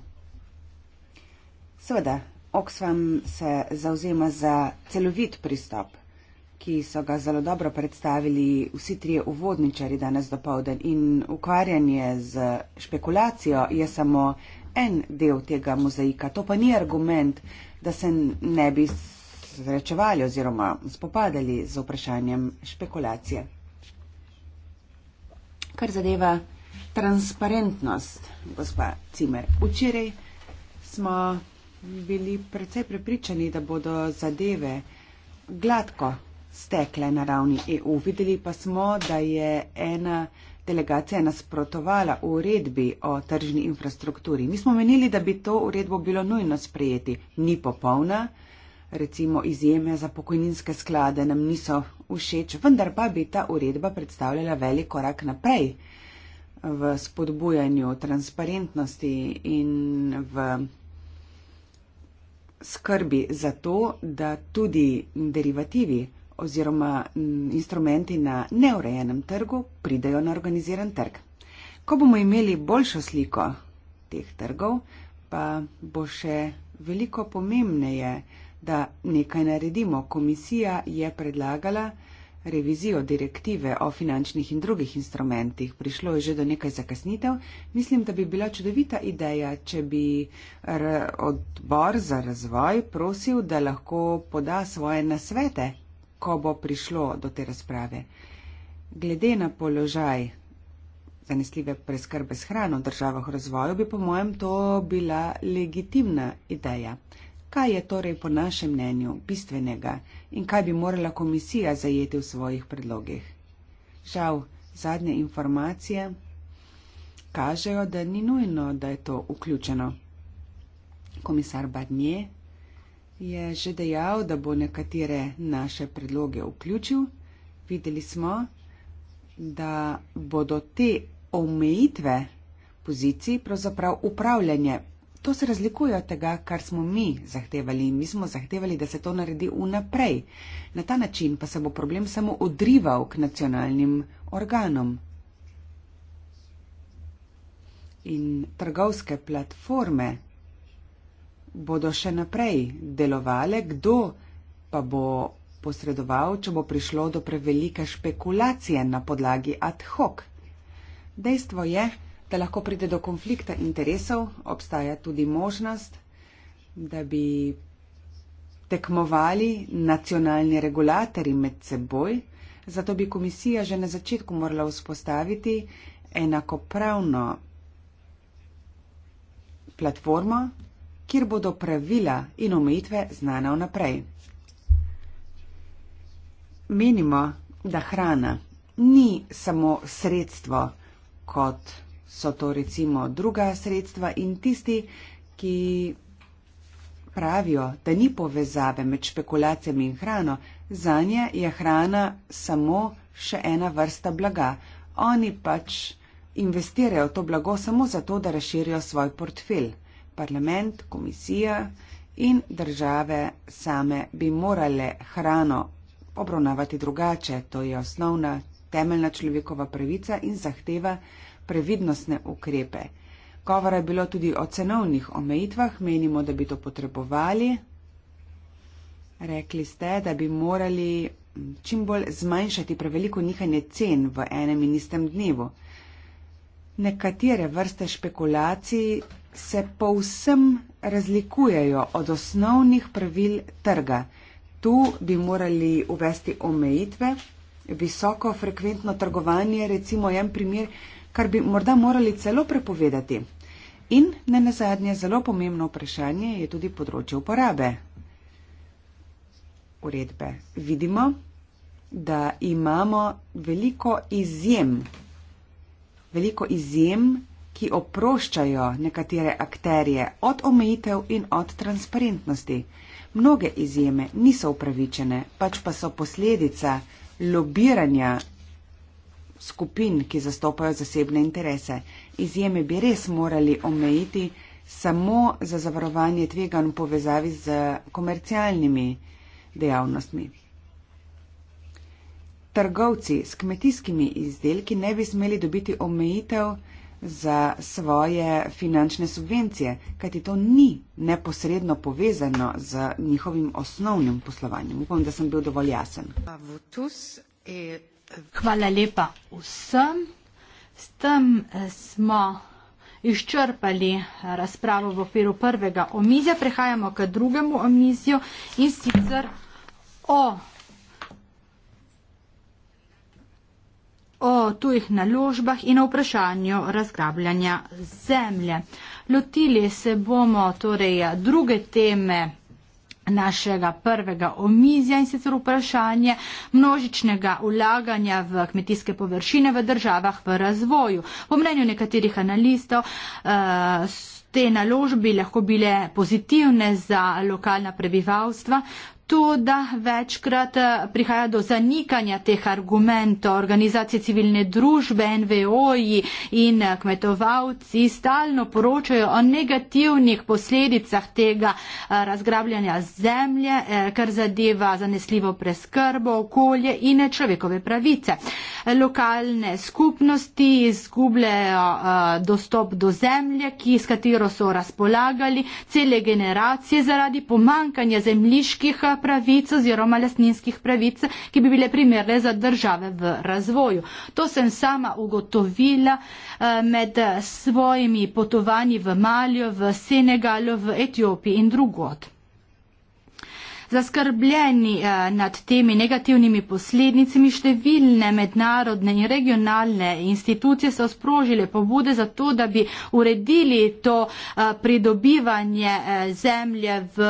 Seveda, Oxfam se zauzema za celovit pristop, ki so ga zelo dobro predstavili vsi trije uvodničari danes do povden in ukvarjanje z špekulacijo je samo en del tega mozaika. To pa ni argument, da se ne bi srečevali oziroma spopadali z vprašanjem špekulacije kar zadeva transparentnost, gospa Cimer. Včeraj smo bili precej prepričani, da bodo zadeve gladko stekle na ravni EU. Videli pa smo, da je ena delegacija nasprotovala uredbi o tržni infrastrukturi. Mi smo menili, da bi to uredbo bilo nujno sprejeti. Ni popolna. Recimo izjeme za pokojninske sklade nam niso všeč, vendar pa bi ta uredba predstavljala velik korak naprej v spodbujanju transparentnosti in v skrbi za to, da tudi derivativi oziroma instrumenti na neurejenem trgu pridejo na organiziran trg. Ko bomo imeli boljšo sliko teh trgov, pa bo še veliko pomembneje, da nekaj naredimo. Komisija je predlagala revizijo direktive o finančnih in drugih instrumentih. Prišlo je že do nekaj zakasnitev. Mislim, da bi bila čudovita ideja, če bi odbor za razvoj prosil, da lahko poda svoje nasvete, ko bo prišlo do te razprave. Glede na položaj zanesljive preskrbe s hrano v državah razvoju, bi po mojem to bila legitimna ideja. Kaj je torej po našem mnenju bistvenega in kaj bi morala komisija zajeti v svojih predlogih? Žal, zadnje informacije kažejo, da ni nujno, da je to vključeno. Komisar Barnier je že dejal, da bo nekatere naše predloge vključil. Videli smo, da bodo te omejitve pozicij pravzaprav upravljanje to se razlikuje od tega, kar smo mi zahtevali. Mi smo zahtevali, da se to naredi vnaprej. Na ta način pa se bo problem samo odrival k nacionalnim organom. In trgovske platforme bodo še naprej delovale, kdo pa bo posredoval, če bo prišlo do prevelike špekulacije na podlagi ad hoc. Dejstvo je, da lahko pride do konflikta interesov, obstaja tudi možnost, da bi tekmovali nacionalni regulatori med seboj, zato bi komisija že na začetku morala vzpostaviti enakopravno platformo, kjer bodo pravila in omejitve znane vnaprej. Menimo, da hrana ni samo sredstvo kot so to recimo druga sredstva in tisti, ki pravijo, da ni povezave med špekulacijami in hrano, za nje je hrana samo še ena vrsta blaga. Oni pač investirajo to blago samo zato, da razširijo svoj portfelj. Parlament, komisija in države same bi morale hrano obravnavati drugače. To je osnovna temeljna človekova pravica in zahteva, previdnostne ukrepe. Govora je bilo tudi o cenovnih omejitvah, menimo, da bi to potrebovali. Rekli ste, da bi morali čim bolj zmanjšati preveliko nihanje cen v enem in istem dnevu. Nekatere vrste špekulacij se povsem razlikujejo od osnovnih pravil trga. Tu bi morali uvesti omejitve. Visoko frekventno trgovanje, recimo en primer, kar bi morda morali celo prepovedati. In ne nazadnje zelo pomembno vprašanje je tudi področje uporabe uredbe. Vidimo, da imamo veliko izjem, veliko izjem, ki oproščajo nekatere akterje od omejitev in od transparentnosti. Mnoge izjeme niso upravičene, pač pa so posledica lobiranja skupin, ki zastopajo zasebne interese. Izjeme bi res morali omejiti samo za zavarovanje tvegan v povezavi z komercialnimi dejavnostmi. Trgovci s kmetijskimi izdelki ne bi smeli dobiti omejitev za svoje finančne subvencije, kajti to ni neposredno povezano z njihovim osnovnim poslovanjem. Upam, da sem bil dovolj jasen. Eh, Hvala lepa vsem. S tem eh, smo izčrpali eh, razpravo v okviru prvega omizja. Prehajamo k drugemu omizju in sicer o, o tujih naložbah in o vprašanju razgrabljanja zemlje. Lotili se bomo torej eh, druge teme našega prvega omizja in sicer vprašanje množičnega ulaganja v kmetijske površine v državah v razvoju. Po mnenju nekaterih analistov uh, te naložbi lahko bile pozitivne za lokalna prebivalstva, to, da večkrat eh, prihaja do zanikanja teh argumentov. Organizacije civilne družbe, NVO-ji in eh, kmetovalci stalno poročajo o negativnih posledicah tega eh, razgrabljanja zemlje, kar zadeva zanesljivo preskrbo, okolje in človekove pravice. Lokalne skupnosti izgubljajo dostop do zemlje, ki, s katero so razpolagali cele generacije zaradi pomankanja zemljiških pravic oziroma lastninskih pravic, ki bi bile primerne za države v razvoju. To sem sama ugotovila eh, med svojimi potovanji v Malijo, v Senegalo, v Etiopiji in drugod. Zaskrbljeni eh, nad temi negativnimi posledicami številne mednarodne in regionalne institucije so sprožile pobude za to, da bi uredili to eh, pridobivanje eh, zemlje v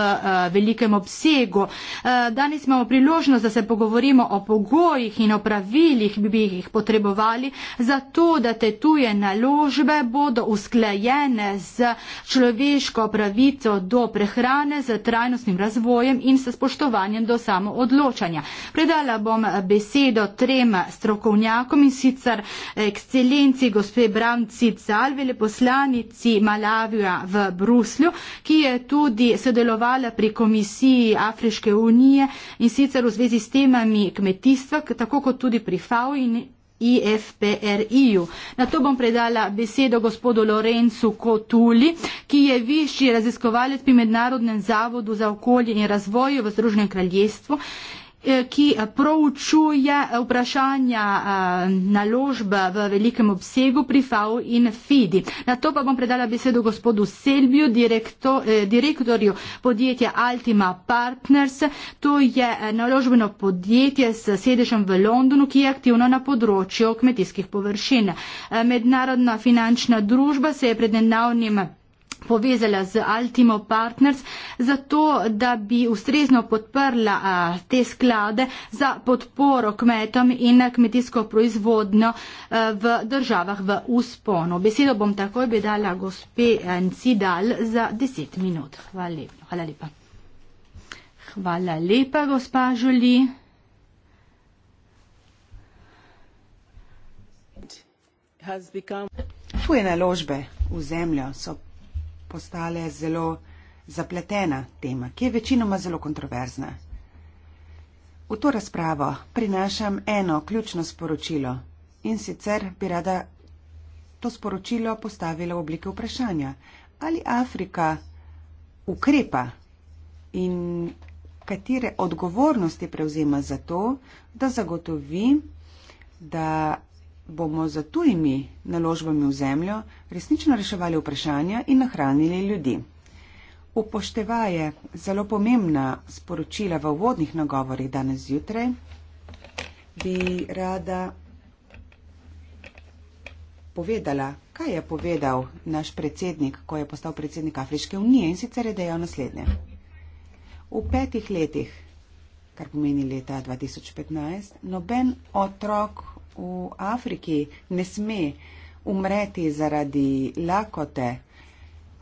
velikem obsegu. Danes imamo priložnost, da se pogovorimo o pogojih in o pravilih, ki bi jih potrebovali, zato da te tuje naložbe bodo usklajene z človeško pravico do prehrane, z trajnostnim razvojem in s spoštovanjem do samoodločanja. Predala bom eh, besedo trem strokovnjakom in sicer eh, ekscelenci gospe Bramci Calvele, poslanici Malavija v Bruslju, ki je tudi sodelovala pri komisiji Afriške unije in sicer v zvezi s temami kmetijstva, tako kot tudi pri FAO in IFPRI-ju. Na to bom predala besedo gospodu Lorencu Kotuli, ki je višji raziskovalec pri Mednarodnem zavodu za okolje in razvoj v Združenem kraljestvu. Eh, ki proučuje vprašanja eh, naložb v velikem obsegu pri FAO in FIDI. Na to pa bom predala besedo gospodu Selbiju, direktor, eh, direktorju podjetja Altima Partners. To je naložbeno podjetje s sedežem v Londonu, ki je aktivno na področju kmetijskih površin. Mednarodna finančna družba se je pred nedavnim povezala z Altimo Partners, zato da bi ustrezno podprla te sklade za podporo kmetom in kmetijsko proizvodno v državah v usponu. Besedo bom takoj bi dala gospe Cidal za 10 minut. Hvala lepa. Hvala lepa, Hvala lepa gospa Žuli. Tu je naložbe v zemljo, so postale zelo zapletena tema, ki je večinoma zelo kontroverzna. V to razpravo prinašam eno ključno sporočilo in sicer bi rada to sporočilo postavila v obliki vprašanja. Ali Afrika ukrepa in katere odgovornosti prevzema za to, da zagotovi, da bomo za tujimi naložbami v zemljo resnično reševali vprašanja in nahranili ljudi. Upoštevaje zelo pomembna sporočila v uvodnih nagovorih danes zjutraj, bi rada povedala, kaj je povedal naš predsednik, ko je postal predsednik Afriške unije in sicer je dejal naslednje. V petih letih, kar pomeni leta 2015, noben otrok v Afriki ne sme umreti zaradi lakote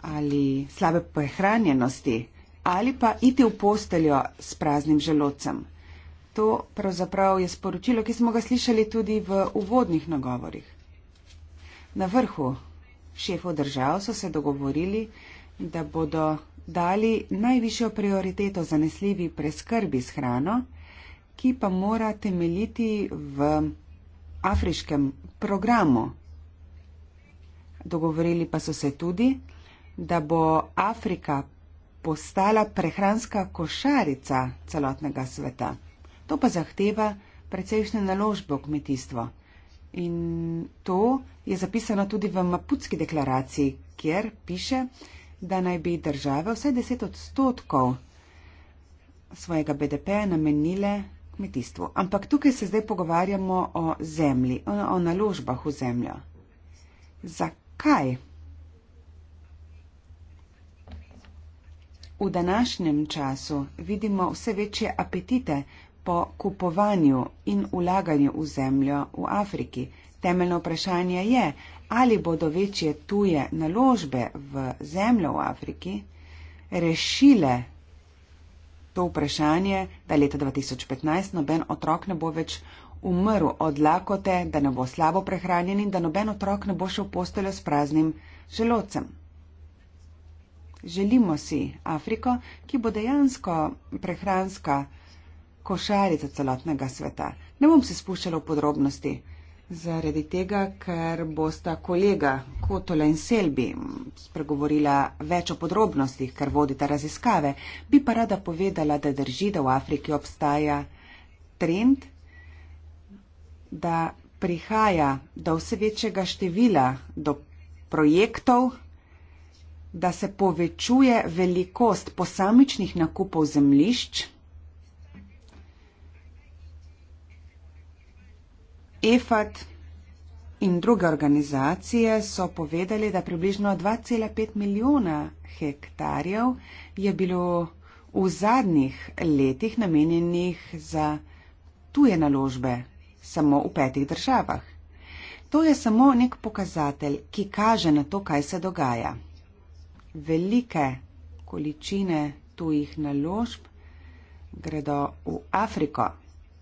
ali slabe prehranjenosti ali pa iti v posteljo s praznim želodcem. To pravzaprav je sporočilo, ki smo ga slišali tudi v uvodnih nagovorih. Na vrhu šefov držav so se dogovorili, da bodo dali najvišjo prioriteto zanesljivi preskrbi s hrano, ki pa mora temeljiti v afriškem programu. Dogovorili pa so se tudi, da bo Afrika postala prehranska košarica celotnega sveta. To pa zahteva precejšnje naložbe v kmetijstvo. In to je zapisano tudi v Maputski deklaraciji, kjer piše, da naj bi države vse deset odstotkov svojega BDP namenile kmetijstvu. Ampak tukaj se zdaj pogovarjamo o zemlji, o, o naložbah v zemljo. Zakaj? V današnjem času vidimo vse večje apetite po kupovanju in ulaganju v zemljo v Afriki. Temeljno vprašanje je, ali bodo večje tuje naložbe v zemljo v Afriki rešile to vprašanje, da leta 2015 noben otrok ne bo več umrl od lakote, da ne bo slabo prehranjen in da noben otrok ne bo šel v posteljo s praznim želodcem. Želimo si Afriko, ki bo dejansko prehranska košarica celotnega sveta. Ne bom se spuščala v podrobnosti zaradi tega, ker bosta kolega Kotola in Selbi spregovorila več o podrobnostih, ker vodita raziskave, bi pa rada povedala, da drži, da v Afriki obstaja trend, da prihaja do vse večjega števila, do projektov, da se povečuje velikost posamičnih nakupov zemlišč, EFAT in druge organizacije so povedali, da približno 2,5 milijona hektarjev je bilo v zadnjih letih namenjenih za tuje naložbe samo v petih državah. To je samo nek pokazatelj, ki kaže na to, kaj se dogaja. Velike količine tujih naložb gredo v Afriko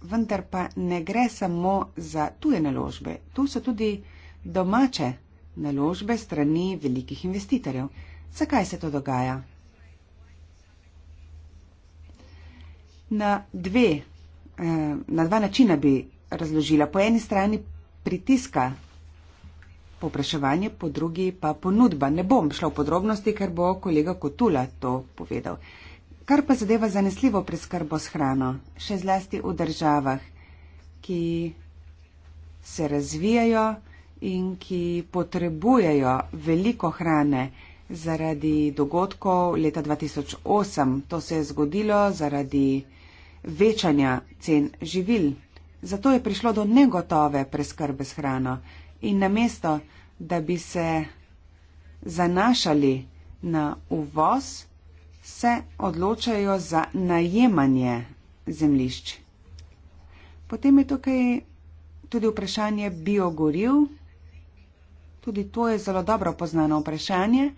vendar pa ne gre samo za tuje naložbe. Tu so tudi domače naložbe strani velikih investitorjev. Zakaj se to dogaja? Na, dve, eh, na dva načina bi razložila. Po eni strani pritiska popraševanje, po drugi pa ponudba. Ne bom šla v podrobnosti, ker bo kolega Kotula to povedal. Kar pa zadeva zanesljivo preskrbo s hrano, še zlasti v državah, ki se razvijajo in ki potrebujejo veliko hrane zaradi dogodkov leta 2008. To se je zgodilo zaradi večanja cen živil. Zato je prišlo do negotove preskrbe s hrano in namesto, da bi se zanašali na uvoz, se odločajo za najemanje zemlišč. Potem je tukaj tudi vprašanje biogoriv. Tudi to je zelo dobro poznano vprašanje.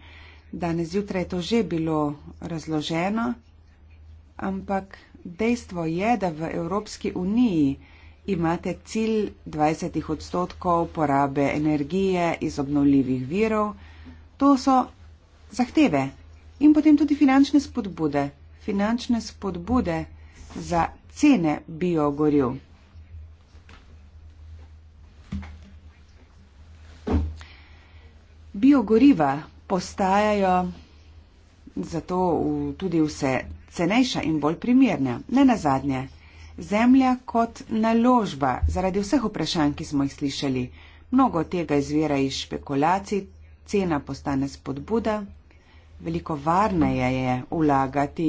Danes zjutraj je to že bilo razloženo, ampak dejstvo je, da v Evropski uniji imate cilj 20 odstotkov porabe energije iz obnovljivih virov. To so zahteve in potem tudi finančne spodbude, finančne spodbude za cene biogoril. Biogoriva postajajo zato tudi vse cenejša in bolj primerna. Ne na zadnje, zemlja kot naložba zaradi vseh vprašanj, ki smo jih slišali. Mnogo tega izvira iz špekulacij, cena postane spodbuda, veliko varneje je vlagati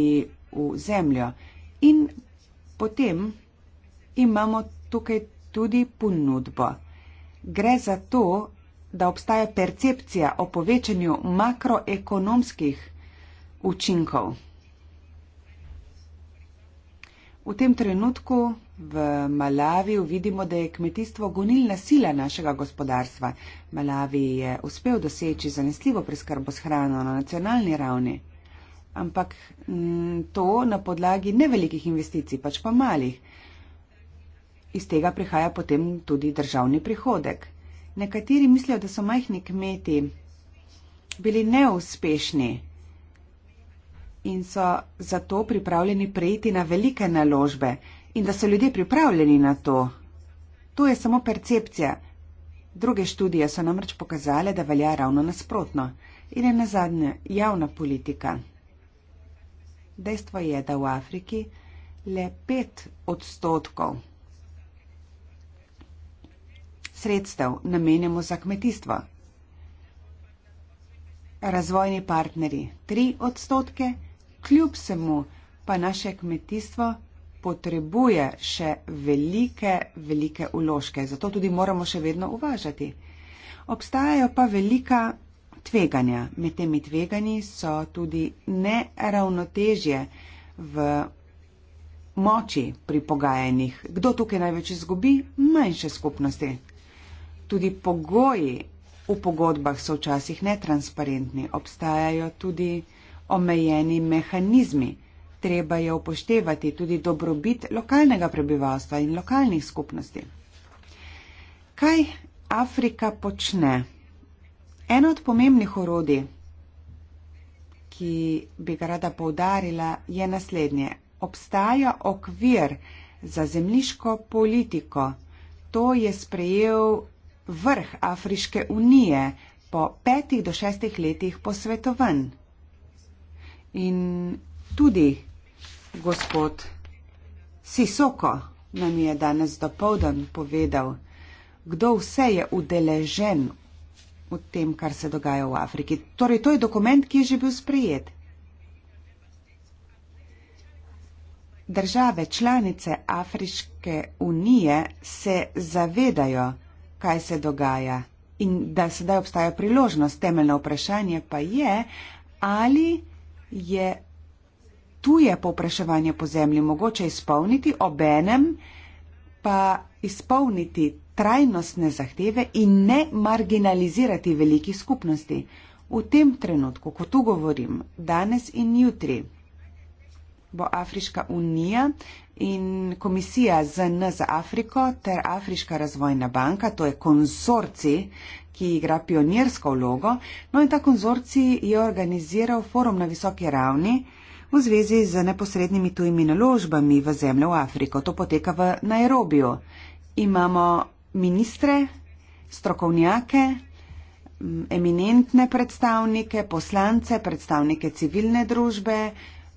v zemljo. In potem imamo tukaj tudi ponudbo. Gre za to, da obstaja percepcija o povečanju makroekonomskih učinkov. V tem trenutku v Malaviju vidimo, da je kmetijstvo gonilna sila našega gospodarstva. Malavi je uspel doseči zanesljivo preskrbo s hrano na nacionalni ravni, ampak mm, to na podlagi nevelikih investicij, pač pa malih. Iz tega prihaja potem tudi državni prihodek. Nekateri mislijo, da so majhni kmeti bili neuspešni in so zato pripravljeni prejeti na velike naložbe in da so ljudje pripravljeni na to. To je samo percepcija. Druge študije so namreč pokazale, da velja ravno nasprotno. In je na zadnje javna politika. Dejstvo je, da v Afriki le pet odstotkov sredstev namenjamo za kmetijstvo. Razvojni partneri tri odstotke kljub vsemu pa naše kmetijstvo potrebuje še velike, velike uložke. Zato tudi moramo še vedno uvažati. Obstajajo pa velika tveganja. Med temi tveganji so tudi neravnotežje v moči pri pogajanjih. Kdo tukaj največ izgubi? Manjše skupnosti. Tudi pogoji v pogodbah so včasih netransparentni. Obstajajo tudi omejeni mehanizmi. Treba je upoštevati tudi dobrobit lokalnega prebivalstva in lokalnih skupnosti. Kaj Afrika počne? Eno od pomembnih orodij, ki bi ga rada poudarila, je naslednje. Obstaja okvir za zemljiško politiko. To je sprejel vrh Afriške unije po petih do šestih letih posvetovanj. In tudi gospod Sisoko nam je danes dopoldan povedal, kdo vse je udeležen v tem, kar se dogaja v Afriki. Torej, to je dokument, ki je že bil sprejet. Države članice Afriške unije se zavedajo, kaj se dogaja in da sedaj obstaja priložnost. Temeljno vprašanje pa je, ali je tuje povpraševanje po zemlji mogoče izpolniti, obenem pa izpolniti trajnostne zahteve in ne marginalizirati velikih skupnosti. V tem trenutku, ko tu govorim, danes in jutri bo Afriška unija in komisija ZN za Afriko ter Afriška razvojna banka, to je konzorci, ki igra pionirsko vlogo. No in ta konzorci je organiziral forum na visoki ravni v zvezi z neposrednimi tujimi naložbami v zemlje v Afriko. To poteka v Nairobiju. Imamo ministre, strokovnjake, eminentne predstavnike, poslance, predstavnike civilne družbe,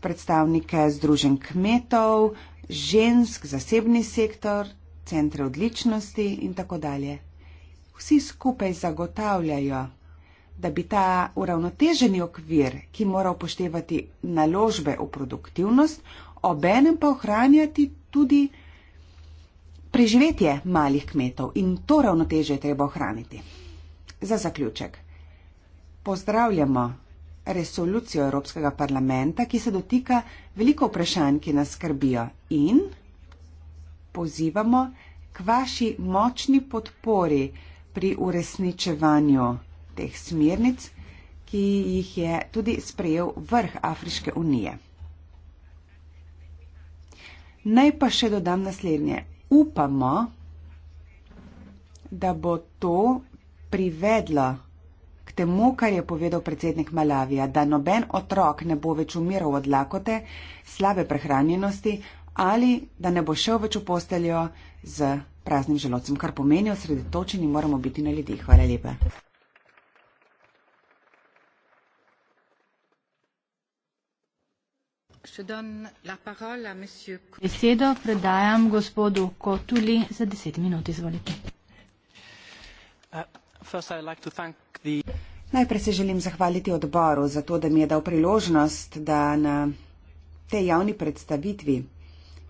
predstavnike Združen kmetov, žensk, zasebni sektor, centre odličnosti in tako dalje. Vsi skupaj zagotavljajo, da bi ta uravnoteženi okvir, ki mora upoštevati naložbe v produktivnost, obenem pa ohranjati tudi preživetje malih kmetov in to ravnoteže treba ohraniti. Za zaključek. Pozdravljamo resolucijo Evropskega parlamenta, ki se dotika veliko vprašanj, ki nas skrbijo in pozivamo k vaši močni podpori pri uresničevanju teh smernic, ki jih je tudi sprejel vrh Afriške unije. Naj pa še dodam naslednje. Upamo, da bo to privedlo temu, kar je povedal predsednik Malavija, da noben otrok ne bo več umiral od lakote, slabe prehranjenosti ali da ne bo šel več v posteljo z praznim želodcem, kar pomeni, osredotočeni moramo biti na ljudi. Hvala lepa. Besedo predajam gospodu Kotuli za deset minut. Izvolite. Uh, first I'd like to thank Najprej se želim zahvaliti odboru za to, da mi je dal priložnost, da na tej javni predstavitvi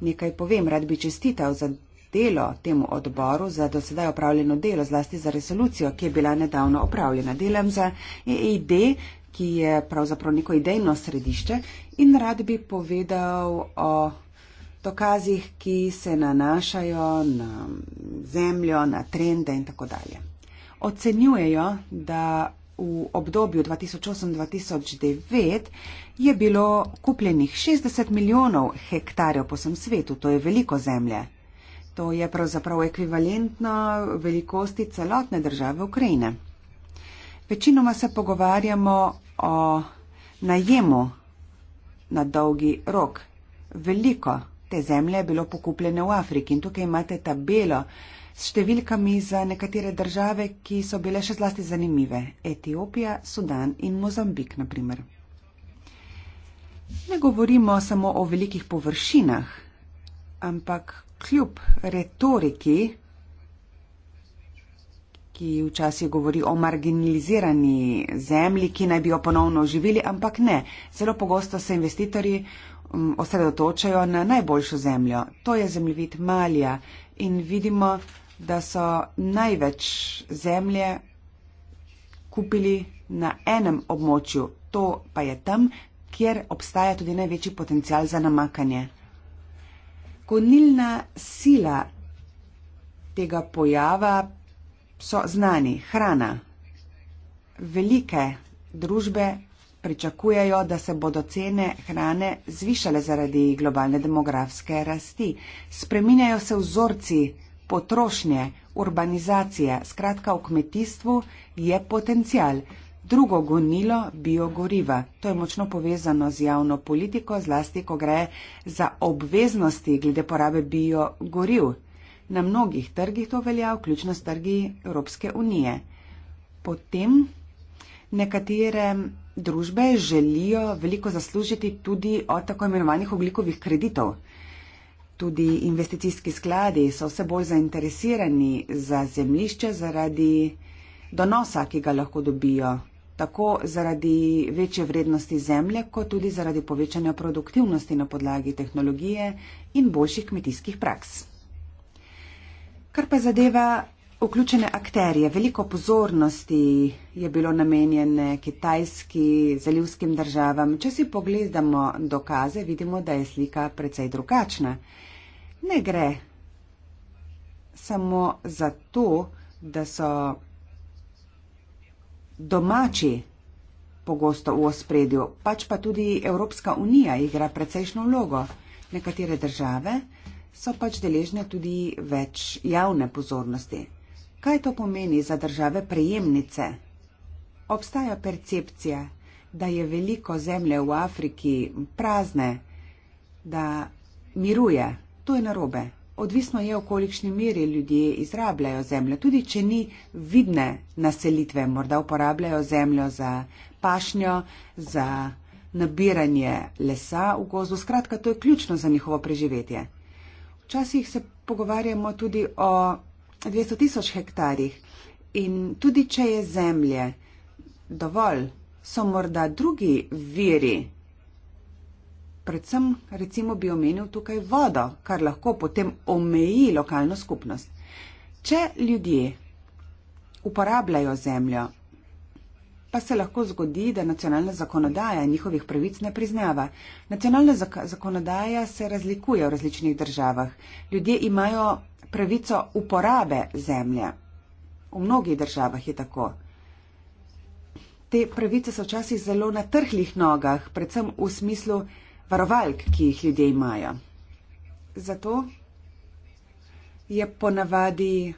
nekaj povem. Rad bi čestital za delo temu odboru, za dosedaj opravljeno delo, zlasti za resolucijo, ki je bila nedavno opravljena. Delam za EED, ki je pravzaprav neko idejno središče in rad bi povedal o dokazih, ki se nanašajo na zemljo, na trende in tako dalje ocenjujejo, da v obdobju 2008-2009 je bilo kupljenih 60 milijonov hektarjev po vsem svetu, to je veliko zemlje. To je pravzaprav ekvivalentno velikosti celotne države Ukrajine. Večinoma se pogovarjamo o najemu na dolgi rok. Veliko te zemlje je bilo pokupljene v Afriki in tukaj imate tabelo, s številkami za nekatere države, ki so bile še zlasti zanimive. Etiopija, Sudan in Mozambik, naprimer. Ne govorimo samo o velikih površinah, ampak kljub retoriki, ki včasih govori o marginalizirani zemlji, ki naj bi jo ponovno oživili, ampak ne. Zelo pogosto se investitorji mm, osredotočajo na najboljšo zemljo. To je zemljevid Malja in vidimo, da so največ zemlje kupili na enem območju, to pa je tam, kjer obstaja tudi največji potencial za namakanje. Konilna sila tega pojava so znani, hrana. Velike družbe pričakujejo, da se bodo cene hrane zvišale zaradi globalne demografske rasti. Spreminjajo se vzorci potrošnje, urbanizacije, skratka v kmetijstvu je potencial. Drugo gonilo biogoriva. To je močno povezano z javno politiko, zlasti, ko gre za obveznosti glede porabe biogoriv. Na mnogih trgih to velja, vključno s trgi Evropske unije. Potem nekatere družbe želijo veliko zaslužiti tudi od tako imenovanih oglikovih kreditov tudi investicijski skladi so vse bolj zainteresirani za zemljišče zaradi donosa, ki ga lahko dobijo, tako zaradi večje vrednosti zemlje, kot tudi zaradi povečanja produktivnosti na podlagi tehnologije in boljših kmetijskih praks. Kar pa zadeva vključene akterje, veliko pozornosti je bilo namenjene kitajski zalivskim državam. Če si pogledamo dokaze, vidimo, da je slika precej drugačna ne gre samo zato, da so domači pogosto v ospredju, pač pa tudi Evropska unija igra precejšno vlogo. Nekatere države so pač deležne tudi več javne pozornosti. Kaj to pomeni za države prejemnice? Obstaja percepcija, da je veliko zemlje v Afriki prazne, da miruje. To je narobe. Odvisno je, v kolikšni meri ljudje izrabljajo zemljo, tudi če ni vidne naselitve. Morda uporabljajo zemljo za pašnjo, za nabiranje lesa v gozdu. Skratka, to je ključno za njihovo preživetje. Včasih se pogovarjamo tudi o 200 tisoč hektarjih in tudi če je zemlje dovolj, so morda drugi viri predvsem recimo bi omenil tukaj vodo, kar lahko potem omeji lokalno skupnost. Če ljudje uporabljajo zemljo, pa se lahko zgodi, da nacionalna zakonodaja njihovih pravic ne priznava. Nacionalna zak zakonodaja se razlikuje v različnih državah. Ljudje imajo pravico uporabe zemlje. V mnogih državah je tako. Te pravice so včasih zelo na trhlih nogah, predvsem v smislu, da varovalk, ki jih ljudje imajo. Zato je ponavadi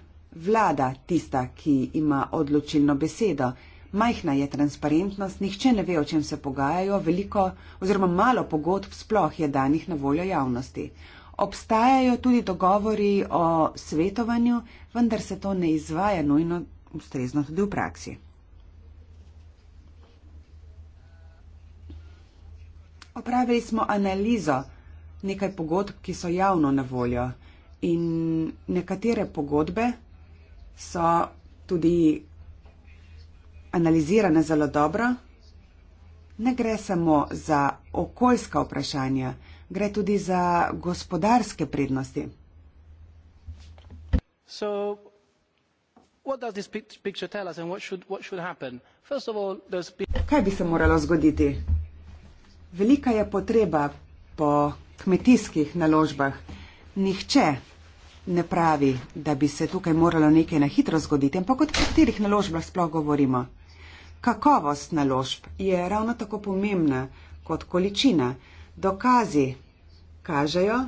vlada tista, ki ima odločilno besedo. Majhna je transparentnost, nihče ne ve, o čem se pogajajo, veliko oziroma malo pogodb sploh je danih na voljo javnosti. Obstajajo tudi dogovori o svetovanju, vendar se to ne izvaja nujno ustrezno tudi v praksi. Opravili smo analizo nekaj pogodb, ki so javno na voljo in nekatere pogodbe so tudi analizirane zelo dobro. Ne gre samo za okoljska vprašanja, gre tudi za gospodarske prednosti. So What does this picture tell us and what should, what should happen? First of all, there's... Kaj bi se moralo zgoditi? Velika je potreba po kmetijskih naložbah. Nihče ne pravi, da bi se tukaj moralo nekaj na hitro zgoditi, ampak o katerih naložbah sploh govorimo. Kakovost naložb je ravno tako pomembna kot količina. Dokazi kažejo,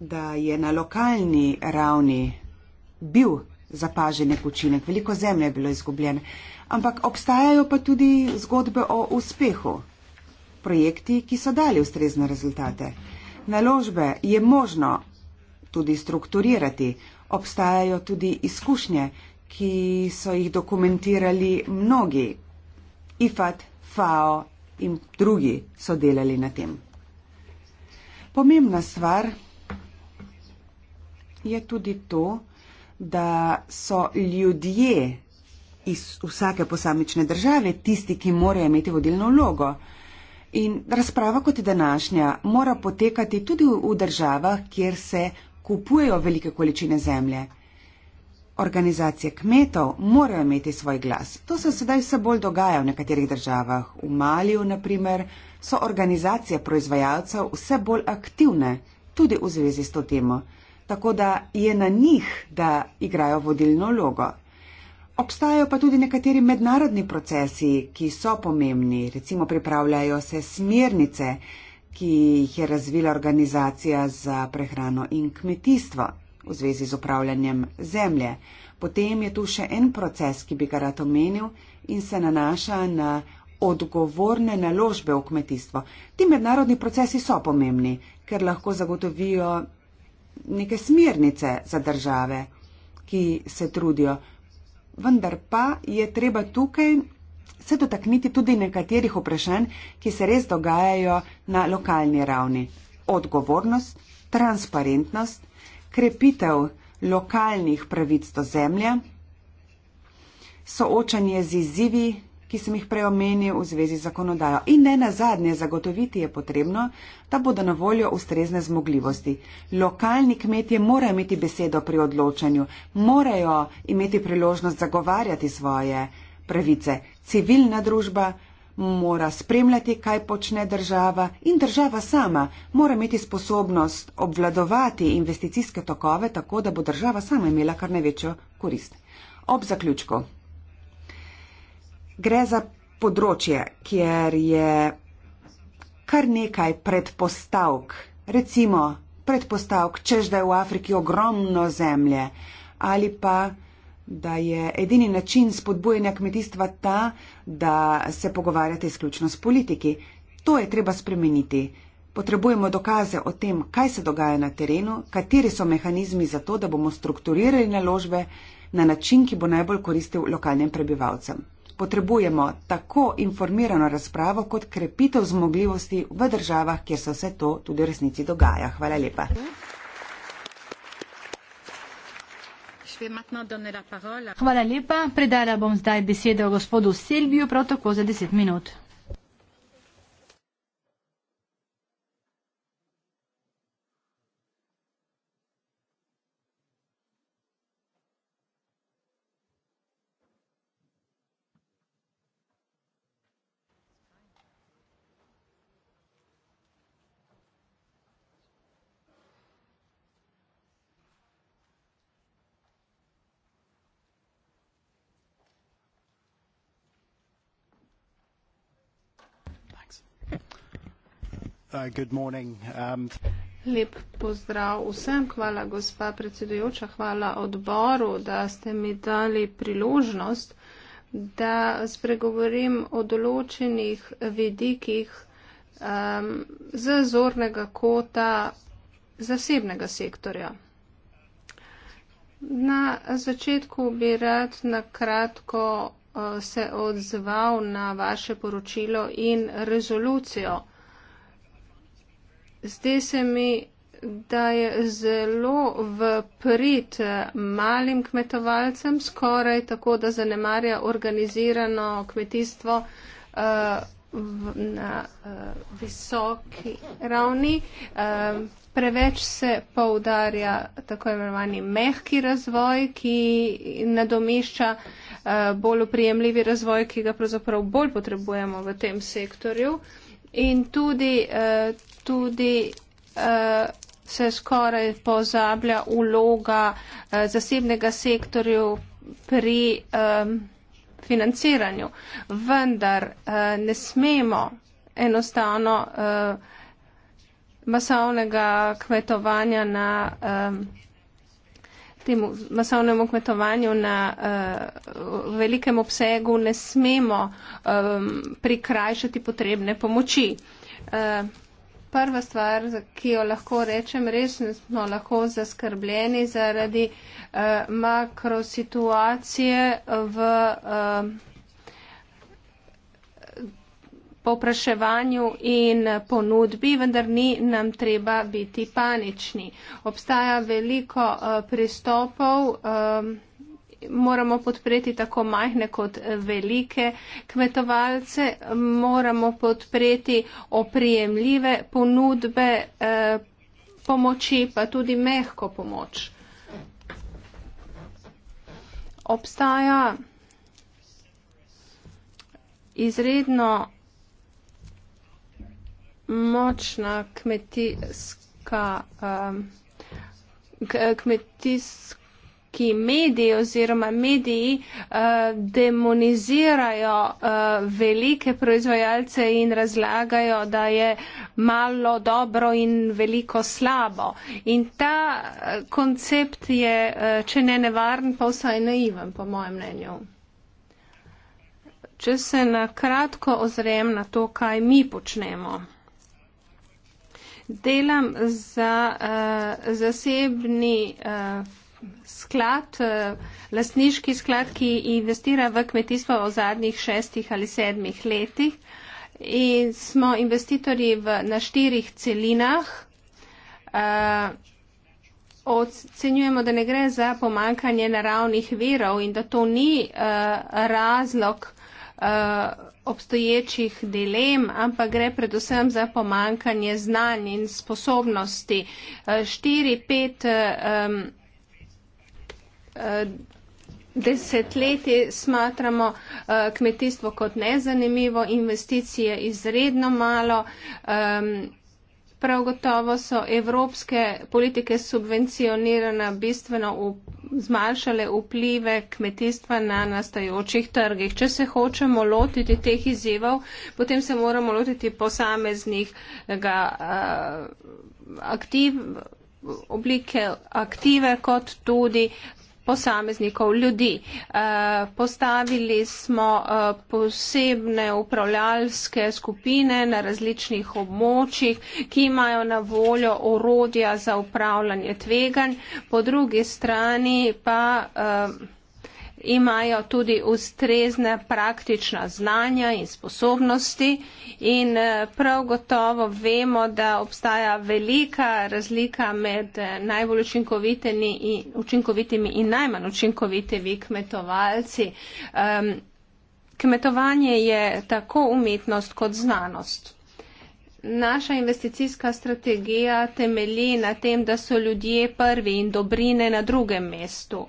da je na lokalni ravni bil zapažen nek učinek, veliko zemlje je bilo izgubljeno ampak obstajajo pa tudi zgodbe o uspehu. Projekti, ki so dali ustrezne rezultate. Naložbe je možno tudi strukturirati. Obstajajo tudi izkušnje, ki so jih dokumentirali mnogi. IFAT, FAO in drugi so delali na tem. Pomembna stvar je tudi to, da so ljudje iz vsake posamične države tisti, ki morajo imeti vodilno vlogo. In razprava kot je današnja mora potekati tudi v državah, kjer se kupujejo velike količine zemlje. Organizacije kmetov morajo imeti svoj glas. To se sedaj vse bolj dogaja v nekaterih državah. V Maliju, naprimer, so organizacije proizvajalcev vse bolj aktivne, tudi v zvezi s to temo. Tako da je na njih, da igrajo vodilno vlogo. Obstajajo pa tudi nekateri mednarodni procesi, ki so pomembni, recimo pripravljajo se smernice, ki jih je razvila organizacija za prehrano in kmetijstvo v zvezi z upravljanjem zemlje. Potem je tu še en proces, ki bi ga rad omenil in se nanaša na odgovorne naložbe v kmetijstvo. Ti mednarodni procesi so pomembni, ker lahko zagotovijo neke smernice za države, ki se trudijo vendar pa je treba tukaj se dotakniti tudi nekaterih vprašanj, ki se res dogajajo na lokalni ravni. Odgovornost, transparentnost, krepitev lokalnih pravic do zemlje, soočanje z izzivi ki sem jih preomenil v zvezi z zakonodajo. In ne na zadnje, zagotoviti je potrebno, da bodo na voljo ustrezne zmogljivosti. Lokalni kmetje morajo imeti besedo pri odločanju, morajo imeti priložnost zagovarjati svoje pravice. Civilna družba mora spremljati, kaj počne država in država sama mora imeti sposobnost obvladovati investicijske tokove, tako da bo država sama imela kar največjo korist. Ob zaključku gre za področje, kjer je kar nekaj predpostavk. Recimo predpostavk, čež da je v Afriki ogromno zemlje ali pa da je edini način spodbujanja kmetijstva ta, da se pogovarjate izključno s politiki. To je treba spremeniti. Potrebujemo dokaze o tem, kaj se dogaja na terenu, kateri so mehanizmi za to, da bomo strukturirali naložbe na način, ki bo najbolj koristil lokalnim prebivalcem potrebujemo tako informirano razpravo kot krepitev zmogljivosti v državah, kjer se vse to tudi v resnici dogaja. Hvala lepa. Hvala lepa. Predala bom zdaj besedo gospodu Silviju, prav tako za deset minut. Uh, good morning. Um, Lep pozdrav vsem, hvala gospa predsedujoča, hvala odboru, da ste mi dali priložnost, da spregovorim o določenih vidikih um, z zornega kota zasebnega sektorja. Na začetku bi rad na kratko uh, se odzval na vaše poročilo in rezolucijo zdi se mi, da je zelo v prid eh, malim kmetovalcem, skoraj tako, da zanemarja organizirano kmetijstvo eh, na eh, visoki ravni. Preveč se poudarja tako imenovani mehki razvoj, ki nadomešča bolj uprijemljivi razvoj, ki ga pravzaprav bolj potrebujemo v tem sektorju in tudi, eh, tudi eh, se skoraj pozablja uloga eh, zasebnega sektorju pri financiranju. Vendar ne smemo enostavno masovnega kmetovanja na um, temu masovnemu kmetovanju na uh, velikem obsegu ne smemo um, prikrajšati potrebne pomoči. Uh, prva stvar, ki jo lahko rečem, resno smo lahko zaskrbljeni zaradi uh, makrosituacije v. Uh, povpraševanju in ponudbi, vendar ni nam treba biti panični. Obstaja veliko eh, pristopov. Eh, moramo podpreti tako majhne kot velike kmetovalce, moramo podpreti oprijemljive ponudbe eh, pomoči, pa tudi mehko pomoč. Obstaja izredno močna kmetijska, um, kmetijski mediji oziroma mediji uh, demonizirajo uh, velike proizvajalce in razlagajo, da je malo dobro in veliko slabo. In ta uh, koncept je, uh, če ne nevaren, pa vsaj naiven, po mojem mnenju. Če se na kratko ozrem na to, kaj mi počnemo delam za uh, zasebni uh, sklad, uh, eh, lasniški sklad, ki investira v kmetijstvo v zadnjih šestih ali sedmih letih. In smo investitorji v, na štirih celinah. Uh, ocenjujemo, da ne gre za pomankanje naravnih verov in da to ni uh, razlog uh, obstoječih dilem, ampak gre predvsem za pomankanje znanj in sposobnosti. Eh, štiri, pet um, eh, desetletji smatramo eh, kmetijstvo kot nezanimivo, investicije izredno malo. Um, prav gotovo so evropske politike subvencionirane bistveno up, zmanjšale vplive kmetijstva na nastajočih trgih. Če se hočemo lotiti teh izzivov, potem se moramo lotiti posameznih ga, uh, eh, aktiv, oblike aktive, kot tudi posameznikov ljudi. Eh, postavili smo eh, posebne upravljalske skupine na različnih območjih, ki imajo na voljo orodja za upravljanje tveganj. Po drugi strani pa eh, imajo tudi ustrezne praktična znanja in sposobnosti in eh, prav gotovo vemo, da obstaja velika razlika med eh, najbolj učinkovitimi in, učinkovitimi in najmanj učinkovitimi kmetovalci. Um, kmetovanje je tako umetnost kot znanost. Naša investicijska strategija temelji na tem, da so ljudje prvi in dobrine na drugem mestu.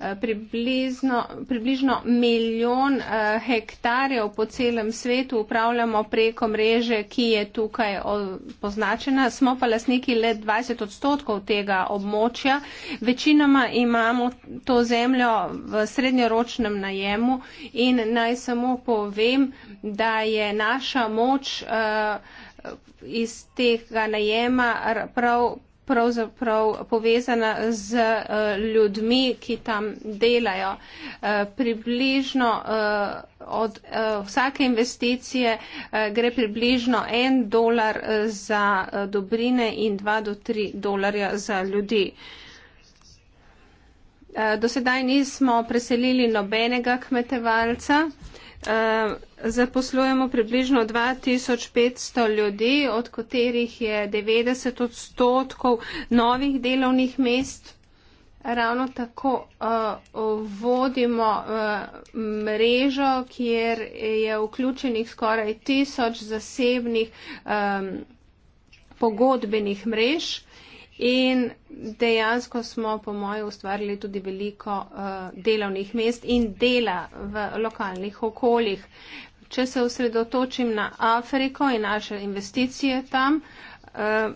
Eh, približno, približno milijon uh, hektarjev po celem svetu upravljamo preko mreže, ki je tukaj označena. Smo pa lasniki le 20 odstotkov tega območja. Večinoma imamo to zemljo v srednjeročnem najemu in naj samo povem, da je naša moč uh, iz tega najema prav pravzaprav povezana z eh, ljudmi, ki tam delajo. Eh, približno eh, od vsake investicije gre približno en dolar za dobrine in dva do tri dolarja za ljudi. Do sedaj nismo preselili nobenega kmetevalca. Eh, zaposlujemo približno 2500 ljudi, od katerih je 90 odstotkov novih delovnih mest. Ravno tako uh, eh, vodimo uh, eh, mrežo, kjer je vključenih skoraj tisoč zasebnih um, pogodbenih mrež. In dejansko smo, po mojem, ustvarili tudi veliko uh, delovnih mest in dela v lokalnih okoljih. Če se osredotočim na Afriko in naše investicije tam, uh,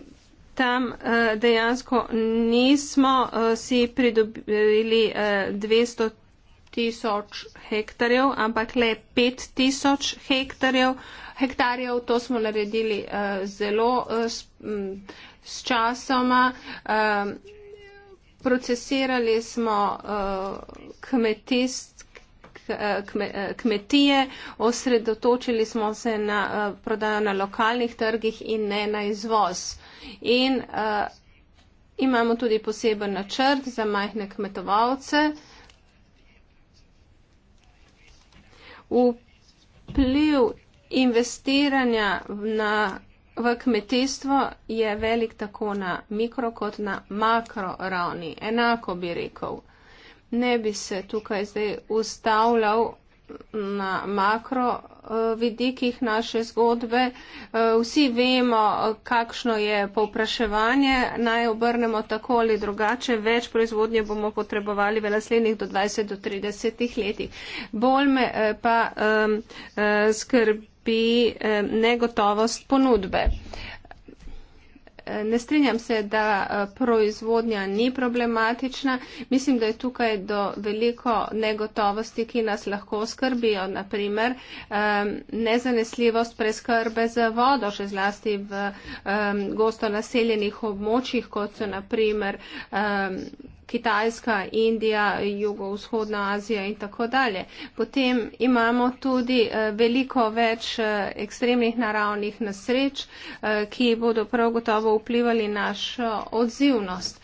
tam uh, dejansko nismo uh, si pridobili uh, 200 tisoč hektarjev, ampak le 5 tisoč hektarjev. hektarjev. To smo naredili uh, zelo. Uh, s časoma. Um, procesirali smo uh, eh, kmetist eh, kmetije, osredotočili smo se na prodajo na lokalnih trgih in ne na izvoz. In uh, imamo tudi poseben načrt za majhne kmetovalce. Vpliv investiranja na v kmetijstvu je velik tako na mikro kot na makro ravni. Enako bi rekel. Ne bi se tukaj zdaj ustavljal na makro eh, vidikih naše zgodbe. Eh, vsi vemo, kakšno je povpraševanje. Naj obrnemo tako ali drugače. Več proizvodnje bomo potrebovali v naslednjih do 20 do 30 letih. Bolj me eh, pa skrbi trpi negotovost ponudbe. Ne strinjam se, da e, proizvodnja ni problematična. Mislim, da je tukaj do veliko negotovosti, ki nas lahko skrbijo. Naprimer, nezanesljivost preskrbe z vodo, še zlasti v gosto naseljenih območjih, kot so naprimer Kitajska, Indija, jugovzhodna Azija in tako dalje. Potem imamo tudi eh, veliko več eh, ekstremnih naravnih nasreč, eh, ki bodo prav gotovo vplivali našo odzivnost.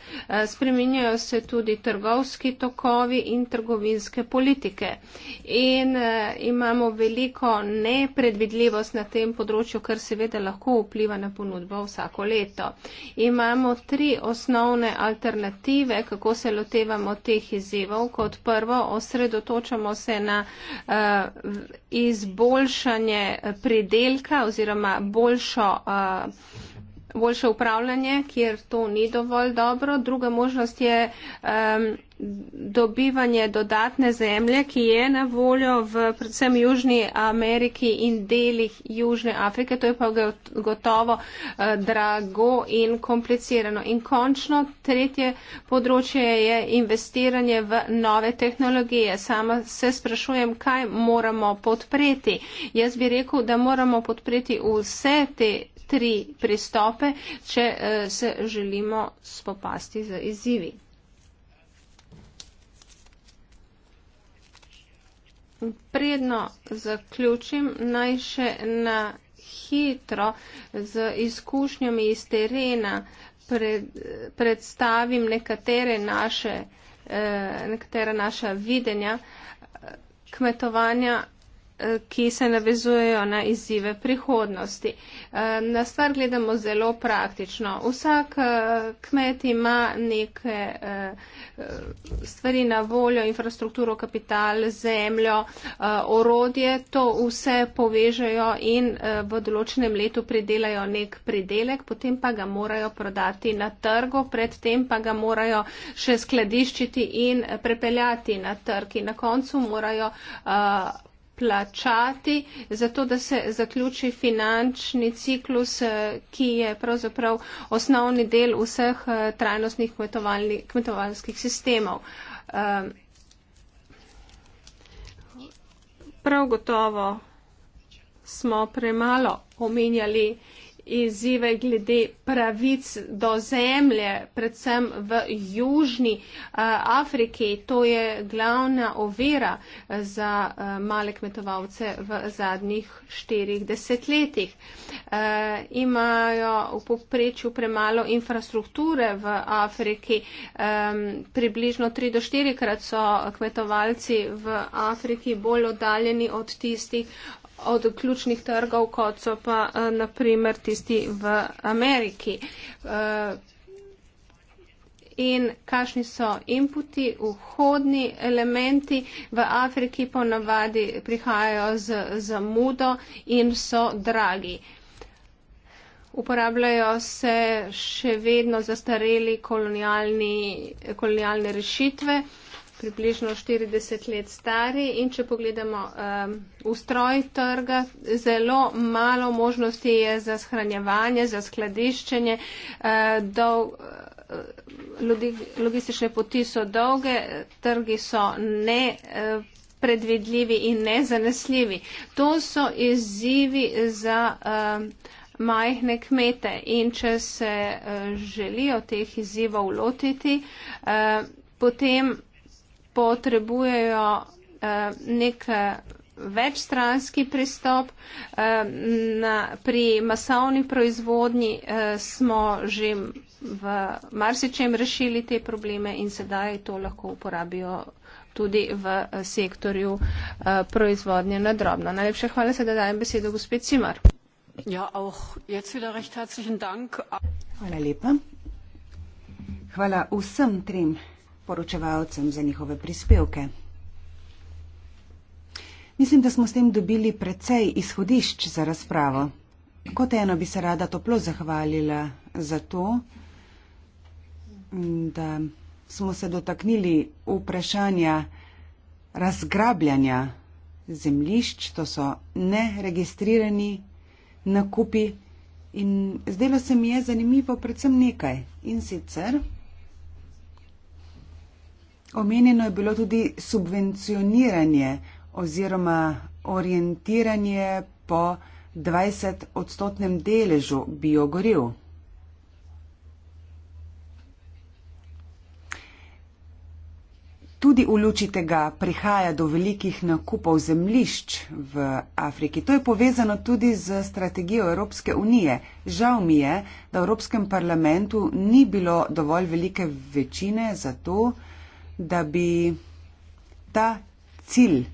Spreminjajo se tudi trgovski tokovi in trgovinske politike. In imamo veliko nepredvidljivost na tem področju, kar seveda lahko vpliva na ponudbo vsako leto. Imamo tri osnovne alternative, kako se lotevamo teh izzivov. Kot prvo, osredotočamo se na uh, izboljšanje pridelka oziroma boljšo. Uh, boljše upravljanje, kjer to ni dovolj dobro. Druga možnost je um, dobivanje dodatne zemlje, ki je na voljo v predvsem Južni Ameriki in delih Južne Afrike. To je pa gotovo uh, drago in komplicirano. In končno, tretje področje je investiranje v nove tehnologije. Sama se sprašujem, kaj moramo podpreti. Jaz bi rekel, da moramo podpreti vse te tri pristope, če eh, se želimo spopasti z izzivi. Predno zaključim, naj še na hitro z izkušnjami iz terena pred, predstavim nekatere naše, eh, nekatera naša videnja eh, kmetovanja ki se navezujejo na izzive prihodnosti. E, na stvar gledamo zelo praktično. Vsak e, kmet ima neke e, stvari na voljo, infrastrukturo, kapital, zemljo, orodje. To vse povežejo in v določenem letu pridelajo nek pridelek, potem pa ga morajo prodati na trgu, predtem pa ga morajo še skladiščiti in prepeljati na trg. In na koncu morajo plačati, zato da se zaključi finančni ciklus, eh, ki je pravzaprav osnovni del vseh eh, trajnostnih kmetovalskih sistemov. Ehm, prav gotovo smo premalo omenjali izzive glede pravic do zemlje, predvsem v Južni eh, Afriki. To je glavna ovira eh, za eh, male kmetovalce v zadnjih štirih desetletjih. Imajo v poprečju premalo infrastrukture v Afriki. Približno tri do štirikrat so kmetovalci v Afriki bolj oddaljeni od tistih, od ključnih trgov, kot so pa eh, naprimer tisti v Ameriki. Eh, in kakšni so inputi, vhodni elementi v Afriki ponavadi prihajajo z zamudo in so dragi. Uporabljajo se še vedno zastareli kolonialni, kolonialne rešitve. Uh, približno 40 let stari in če pogledamo um, ustroj trga, zelo malo možnosti je za shranjevanje, za skladiščenje. Uh, do, uh, logistične poti so dolge, trgi so ne. Uh, predvidljivi in nezanesljivi. To so izzivi za uh, majhne kmete in če se uh, želijo teh izzivov lotiti, uh, potem potrebujejo eh, nek eh, večstranski pristop. Eh, pri masovni proizvodnji smo že v marsičem rešili te probleme in sedaj to lahko uporabijo tudi v sektorju proizvodnje na drobno. Najlepše hvala se, da dajem besedo gospod Cimar. Ja, auch jetzt wieder recht herzlichen Dank. Hvala lepa. Hvala vsem trem poročevalcem za njihove prispevke. Mislim, da smo s tem dobili precej izhodišč za razpravo. Kot eno bi se rada toplo zahvalila za to, da smo se dotaknili vprašanja razgrabljanja zemlišč, to so neregistrirani nakupi. In zdelo se mi je zanimivo predvsem nekaj in sicer. Omenjeno je bilo tudi subvencioniranje oziroma orientiranje po 20 odstotnem deležu biogoriv. Tudi v luči tega prihaja do velikih nakupov zemlišč v Afriki. To je povezano tudi z strategijo Evropske unije. Žal mi je, da v Evropskem parlamentu ni bilo dovolj velike večine za to, da da bi ta cilj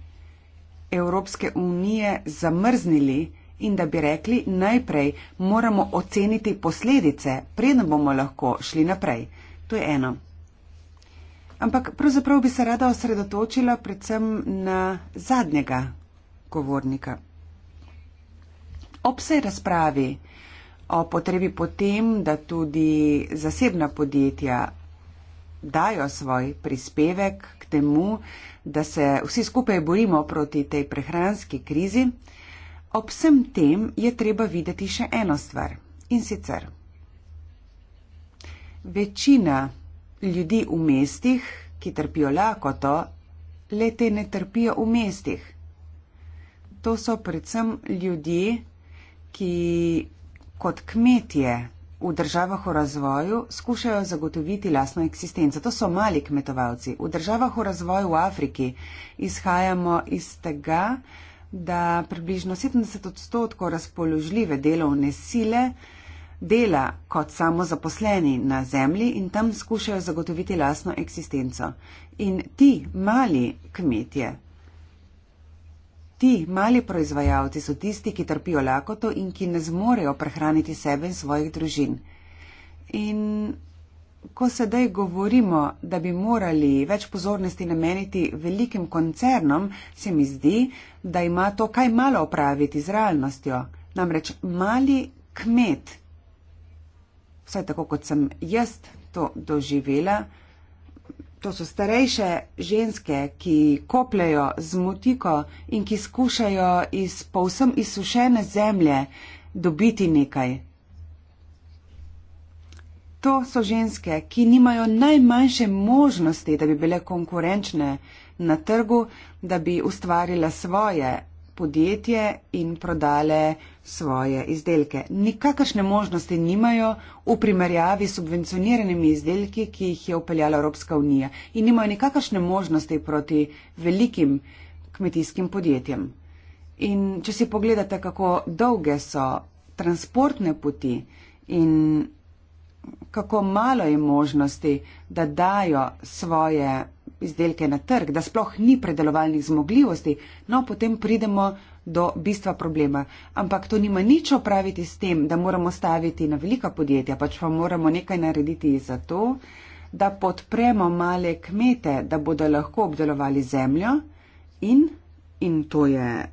Evropske unije zamrznili in da bi rekli najprej moramo oceniti posledice, preden bomo lahko šli naprej. To je eno. Ampak pravzaprav bi se rada osredotočila predvsem na zadnjega govornika. Ob vsej razpravi o potrebi potem, da tudi zasebna podjetja dajo svoj prispevek k temu, da se vsi skupaj borimo proti tej prehranski krizi. Ob vsem tem je treba videti še eno stvar in sicer. Večina ljudi v mestih, ki trpijo lakoto, lete ne trpijo v mestih. To so predvsem ljudje, ki kot kmetje v državah v razvoju skušajo zagotoviti lastno eksistenco. To so mali kmetovalci. V državah v razvoju v Afriki izhajamo iz tega, da približno 70 odstotkov razpoložljive delovne sile dela kot samozaposleni na zemlji in tam skušajo zagotoviti lastno eksistenco. In ti mali kmetje Ti mali proizvajalci so tisti, ki trpijo lakoto in ki ne zmorejo prehraniti sebe in svojih družin. In ko sedaj govorimo, da bi morali več pozornosti nameniti velikim koncernom, se mi zdi, da ima to kaj malo opraviti z realnostjo. Namreč mali kmet, vsaj tako kot sem jaz to doživela, To so starejše ženske, ki kopljajo z motiko in ki skušajo iz povsem izsušene zemlje dobiti nekaj. To so ženske, ki nimajo najmanjše možnosti, da bi bile konkurenčne na trgu, da bi ustvarile svoje podjetje in prodale svoje izdelke. Nikakršne možnosti nimajo v primerjavi s subvencioniranimi izdelki, ki jih je upeljala Evropska unija in nimajo nikakršne možnosti proti velikim kmetijskim podjetjem. In če si pogledate, kako dolge so transportne poti in kako malo je možnosti, da dajo svoje izdelke na trg, da sploh ni predelovalnih zmogljivosti, no potem pridemo do bistva problema. Ampak to nima nič opraviti s tem, da moramo staviti na velika podjetja, pač pa moramo nekaj narediti za to, da podpremo male kmete, da bodo lahko obdelovali zemljo in, in to je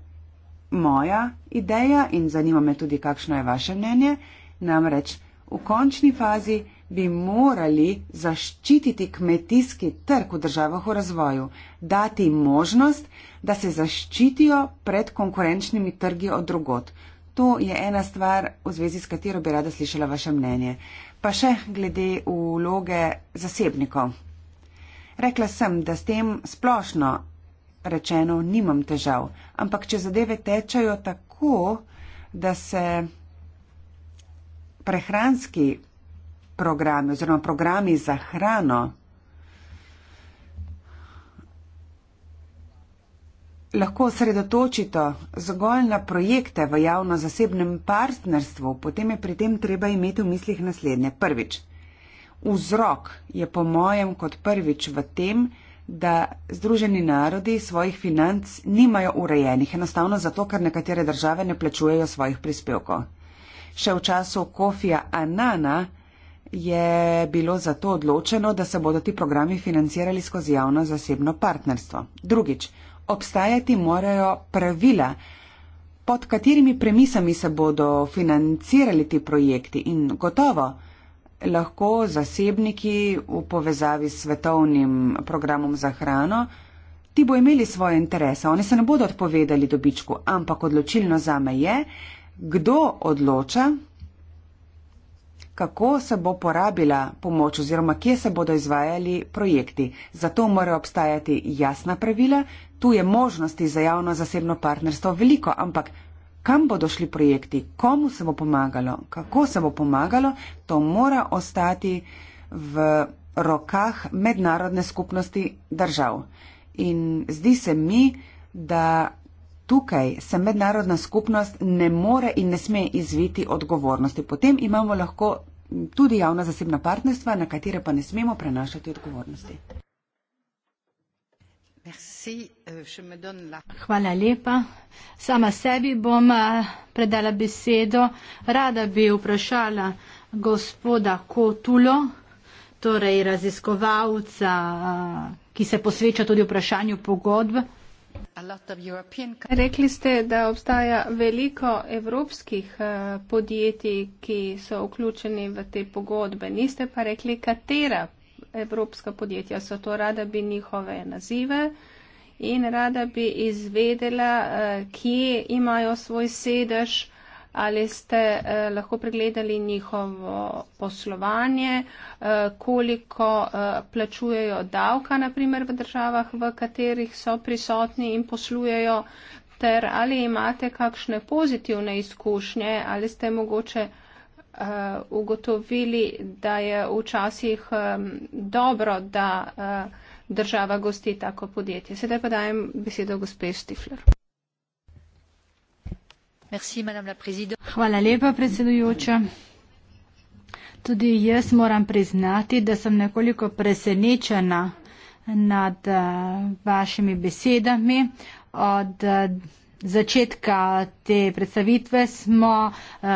moja ideja in zanima me tudi, kakšno je vaše mnenje, namreč v končni fazi bi morali zaščititi kmetijski trg v državah v razvoju, dati možnost, da se zaščitijo pred konkurenčnimi trgi od drugot. To je ena stvar, v zvezi s katero bi rada slišala vaše mnenje. Pa še glede vloge zasebnikov. Rekla sem, da s tem splošno rečeno nimam težav, ampak če zadeve tečajo tako, da se prehranski programi oziroma programi za hrano. Lahko osredotočite zgolj na projekte v javno-zasebnem partnerstvu, potem je pri tem treba imeti v mislih naslednje. Prvič, vzrok je po mojem kot prvič v tem, da Združeni narodi svojih financ nimajo urejenih, enostavno zato, ker nekatere države ne plačujejo svojih prispevkov. Še v času Kofija Anana je bilo zato odločeno, da se bodo ti programi financirali skozi javno-zasebno partnerstvo. Drugič, obstajati morajo pravila, pod katerimi premisami se bodo financirali ti projekti in gotovo lahko zasebniki v povezavi s svetovnim programom za hrano, ti bo imeli svoje interese, oni se ne bodo odpovedali dobičku, ampak odločilno zame je, kdo odloča, kako se bo porabila pomoč oziroma kje se bodo izvajali projekti. Zato morajo obstajati jasna pravila, tu je možnosti za javno-zasebno partnerstvo veliko, ampak kam bodo šli projekti, komu se bo pomagalo, kako se bo pomagalo, to mora ostati v rokah mednarodne skupnosti držav. In zdi se mi, da Tukaj se mednarodna skupnost ne more in ne sme izviti odgovornosti. Potem imamo lahko tudi javna zasebna partnerstva, na katere pa ne smemo prenašati odgovornosti. Euh, Hvala lepa. Sama sebi bom eh, predala besedo. Rada bi vprašala gospoda Kotulo, torej raziskovalca, eh, ki se posveča tudi vprašanju pogodb. Rekli ste, da obstaja veliko evropskih eh, podjetij, ki so vključeni v te pogodbe. Niste pa rekli, katera evropska podjetja so to. Rada bi njihove nazive in rada bi izvedela, eh, kje imajo svoj sedež ali ste eh, lahko pregledali njihovo poslovanje, eh, koliko eh, plačujejo davka, naprimer v državah, v katerih so prisotni in poslujejo, ter ali imate kakšne pozitivne izkušnje, ali ste mogoče eh, ugotovili, da je včasih eh, dobro, da. Eh, država gosti tako podjetje. Sedaj pa dajem besedo gospe Štifler. Hvala lepa, predsedujoča. Tudi jaz moram priznati, da sem nekoliko presenečena nad eh, vašimi besedami od začetka te predstavitve smo uh,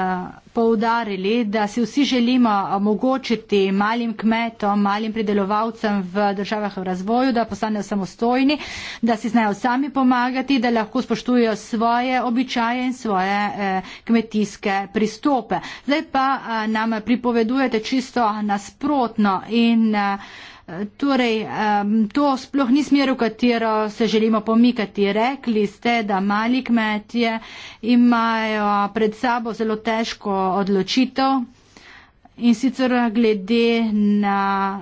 poudarili, da si vsi želimo omogočiti malim kmetom, malim pridelovalcem v državah v razvoju, da postanejo samostojni, da si znajo sami pomagati, da lahko spoštujejo svoje običaje in svoje uh, kmetijske pristope. Zdaj pa uh, nam pripovedujete čisto nasprotno in uh, Torej, to sploh ni smer, v katero se želimo pomikati. Rekli ste, da mali kmetje imajo pred sabo zelo težko odločitev, In sicer glede na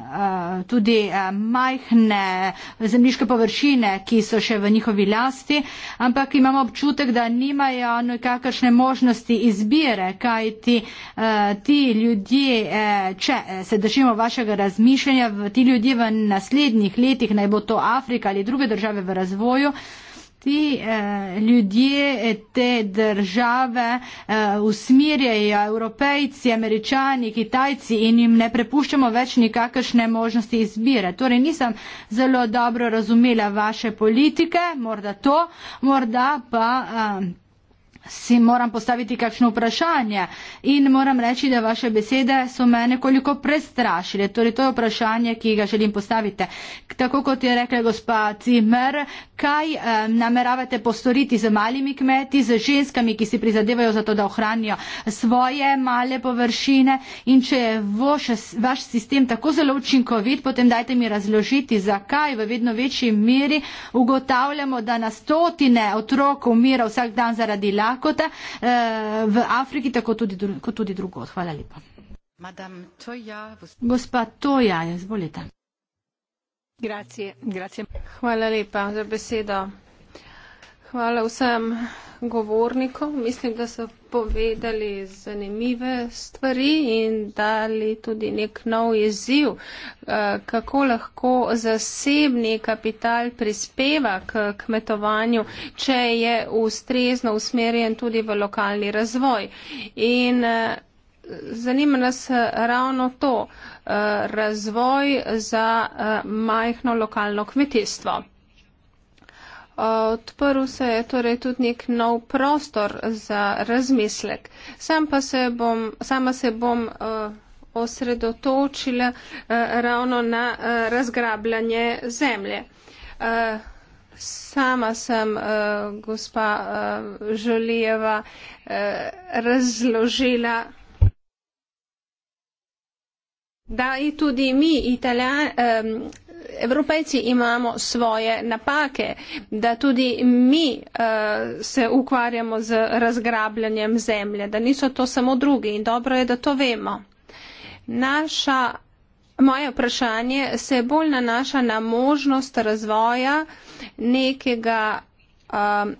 uh, tudi uh, majhne zemljiške površine, ki so še v njihovi lasti, ampak imamo občutek, da nimajo nekakršne možnosti izbire, kaj ti, uh, eh, ti ljudje, uh, če se držimo vašega razmišljanja, ti ljudje v naslednjih letih, naj bo to Afrika ali druge države v razvoju, uh, ti eh, ljudje, eh, te države eh, usmirjajo, evropejci, američani, kitajci in jim ne prepuščamo več nikakršne možnosti izbire. Torej nisem zelo dobro razumela vaše politike, morda to, morda pa. Eh, si moram postaviti kakšno vprašanje in moram reči, da vaše besede so me nekoliko prestrašile. Torej, to je vprašanje, ki ga želim postaviti. Tako kot je rekla gospa Cimer, kaj eh, nameravate postoriti z malimi kmeti, z ženskami, ki si prizadevajo za to, da ohranijo svoje male površine in če je voš, vaš sistem tako zelo učinkovit, potem dajte mi razložiti, zakaj v vedno večji meri ugotavljamo, da na stotine otrok umira vsak dan zaradi lahkih lakota eh, v Afriki, tako tudi, kot tudi drugod. Hvala lepa. Toja, Gospa Toja, izvolite. Grazie, grazie. Hvala lepa za besedo. Hvala vsem govornikom. Mislim, da so povedali zanimive stvari in dali tudi nek nov jeziv, eh, kako lahko zasebni kapital prispeva k kmetovanju, če je ustrezno usmerjen tudi v lokalni razvoj. In eh, Zanima nas eh, ravno to, razvoj za majhno lokalno kmetijstvo. Eh, odprl se je torej tudi nek nov prostor za razmislek. Sam pa se bom, sama se bom uh, osredotočila uh, ravno na uh, razgrabljanje zemlje. Uh, sama sem, uh, gospa uh, Žolijeva, uh, razložila. Da, in tudi mi, Italijani, Evropejci imamo svoje napake, da tudi mi uh, se ukvarjamo z razgrabljanjem zemlje, da niso to samo drugi in dobro je, da to vemo. Naša, moje vprašanje se bolj nanaša na možnost razvoja nekega um,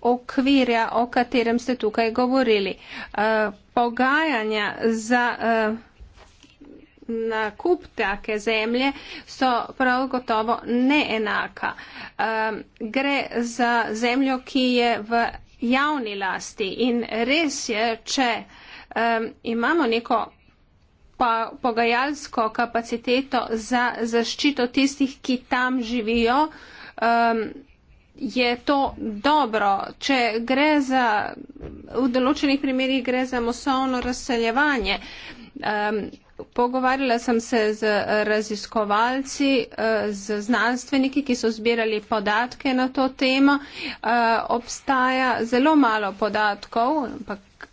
okvirja, o katerem ste tukaj govorili. Uh, pogajanja za. Uh, na kup take zemlje so prav gotovo neenaka. Um, gre za zemljo, ki je v javni lasti in res je, če um, imamo neko pa pogajalsko kapaciteto za zaščito tistih, ki tam živijo, um, je to dobro. Če gre za, v določenih primerjih gre za mosovno razseljevanje, um, Pogovarjala sem se z eh, raziskovalci, eh, z znanstveniki, ki so zbirali podatke na to temo. Eh, obstaja zelo malo podatkov, ampak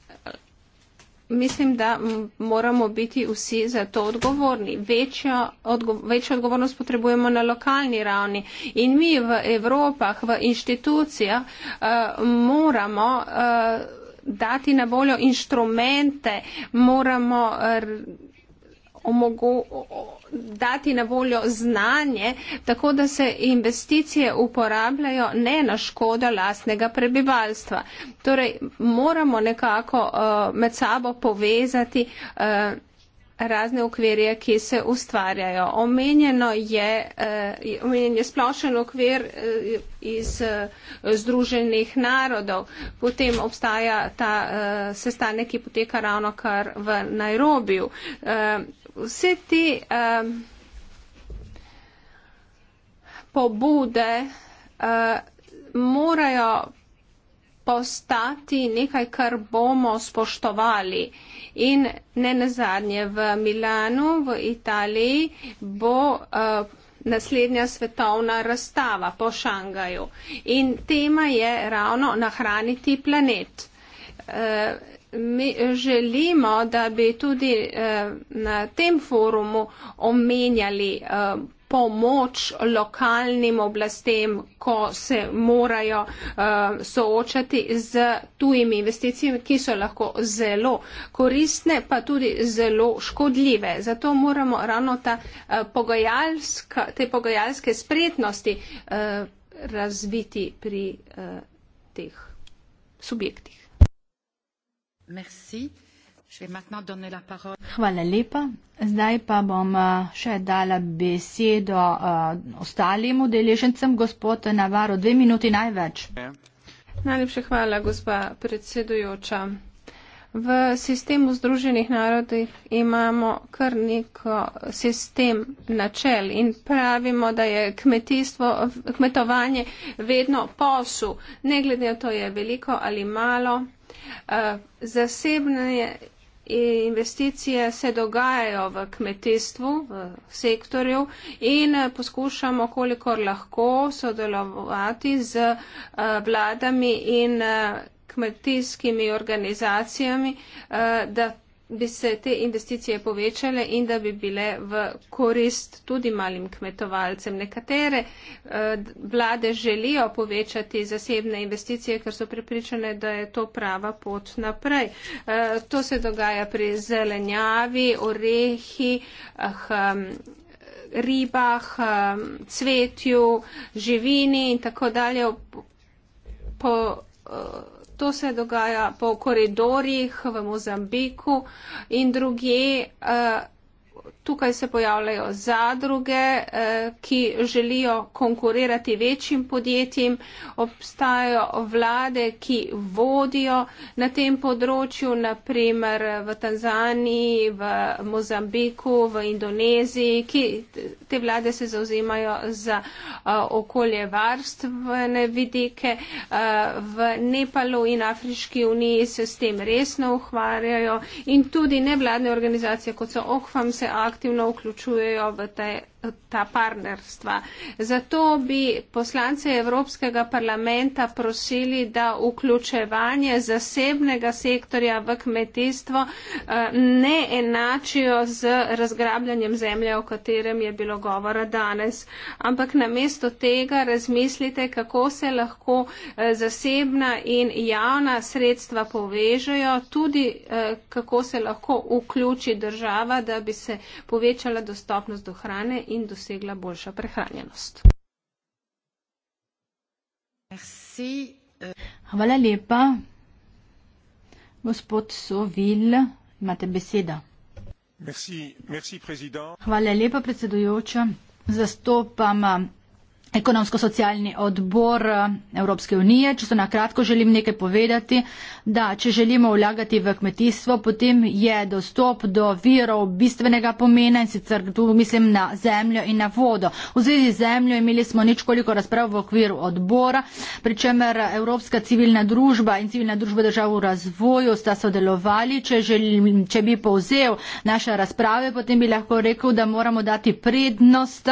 mislim, da moramo biti vsi za to odgovorni. Večjo, odgo, večjo odgovornost potrebujemo na lokalni ravni in mi v Evropah, v inštitucijah moramo dati na voljo inštrumente, moramo omogo dati na voljo znanje, tako da se investicije uporabljajo ne na škodo lastnega prebivalstva. Torej, moramo nekako uh, med sabo povezati. Uh, razne okvirje, ki se ustvarjajo. Omenjeno je, eh, omenjen je splošen okvir eh, iz eh, Združenih narodov, potem obstaja ta eh, sestanek, ki poteka ravno kar v Nairobiju. Eh, vse te um, pobude uh, morajo postati nekaj, kar bomo spoštovali. In ne nazadnje v Milanu, v Italiji, bo uh, naslednja svetovna razstava po Šangaju. In tema je ravno nahraniti planet. Uh, mi želimo, da bi tudi eh, na tem forumu omenjali eh, pomoč lokalnim oblastem, ko se morajo uh, soočati z tujimi investicijami, ki so lahko zelo koristne, pa tudi zelo škodljive. Zato moramo ravno ta, uh, pogajalska, te pogajalske spretnosti uh, razviti pri uh, teh subjektih. Hvala lepa. Zdaj pa bom eh, še dala besedo eh, ostalim udeležencem. Gospod Navaro, dve minuti največ. Najlepša hvala, gospa predsedujoča. V sistemu Združenih narodih imamo kar neko sistem načel in pravimo, da je kmetijstvo, kmetovanje vedno posu, ne glede na to, je veliko ali malo. Eh, zasebne investicije se dogajajo v kmetijstvu, v sektorju in eh, poskušamo, kolikor lahko, sodelovati z eh, vladami in kmetijskimi organizacijami, da bi se te investicije povečale in da bi bile v korist tudi malim kmetovalcem. Nekatere eh, vlade želijo povečati zasebne investicije, ker so pripričane, da je to prava pot naprej. Eh, to se dogaja pri zelenjavi, orehi. Eh, hm, ribah, hm, cvetju, živini in tako dalje. Po, po, eh, To se dogaja po koridorjih v Mozambiku in druge. Uh, eh, Tukaj se pojavljajo zadruge, eh, ki želijo konkurirati večjim podjetjem, obstajajo vlade, ki vodijo na tem področju, naprimer v Tanzaniji, v Mozambiku, v Indoneziji, ki te vlade se zauzimajo za eh, okoljevarstvene vidike. Eh, v Nepalu in Afriški uniji se s tem resno ukvarjajo in tudi nevladne organizacije, kot so Okfam, se akcijo aktivno vključujejo v te ta partnerstva. Zato bi poslance Evropskega parlamenta prosili, da vključevanje zasebnega sektorja v kmetijstvo eh, ne enačijo z razgrabljanjem zemlje, o katerem je bilo govora danes. Ampak namesto tega razmislite, kako se lahko eh, zasebna in javna sredstva povežejo, tudi eh, kako se lahko vključi država, da bi se povečala dostopnost do hrane in dosegla boljša prehranjenost. Merci. Hvala lepa. Gospod Sovil, imate besedo. Merci, merci, Hvala lepa, predsedujoča. Zastopam ekonomsko-socialni odbor eh, Evropske unije. Če se na kratko želim nekaj povedati, da če želimo vlagati v kmetijstvo, potem je dostop do virov bistvenega pomena in sicer tu mislim na zemljo in na vodo. V zvezi z zemljo imeli smo ničkoliko razprav v okviru odbora, pričemer Evropska civilna družba in civilna družba držav v razvoju sta sodelovali. Če, želim, če bi povzel naše razprave, potem bi lahko rekel, da moramo dati prednost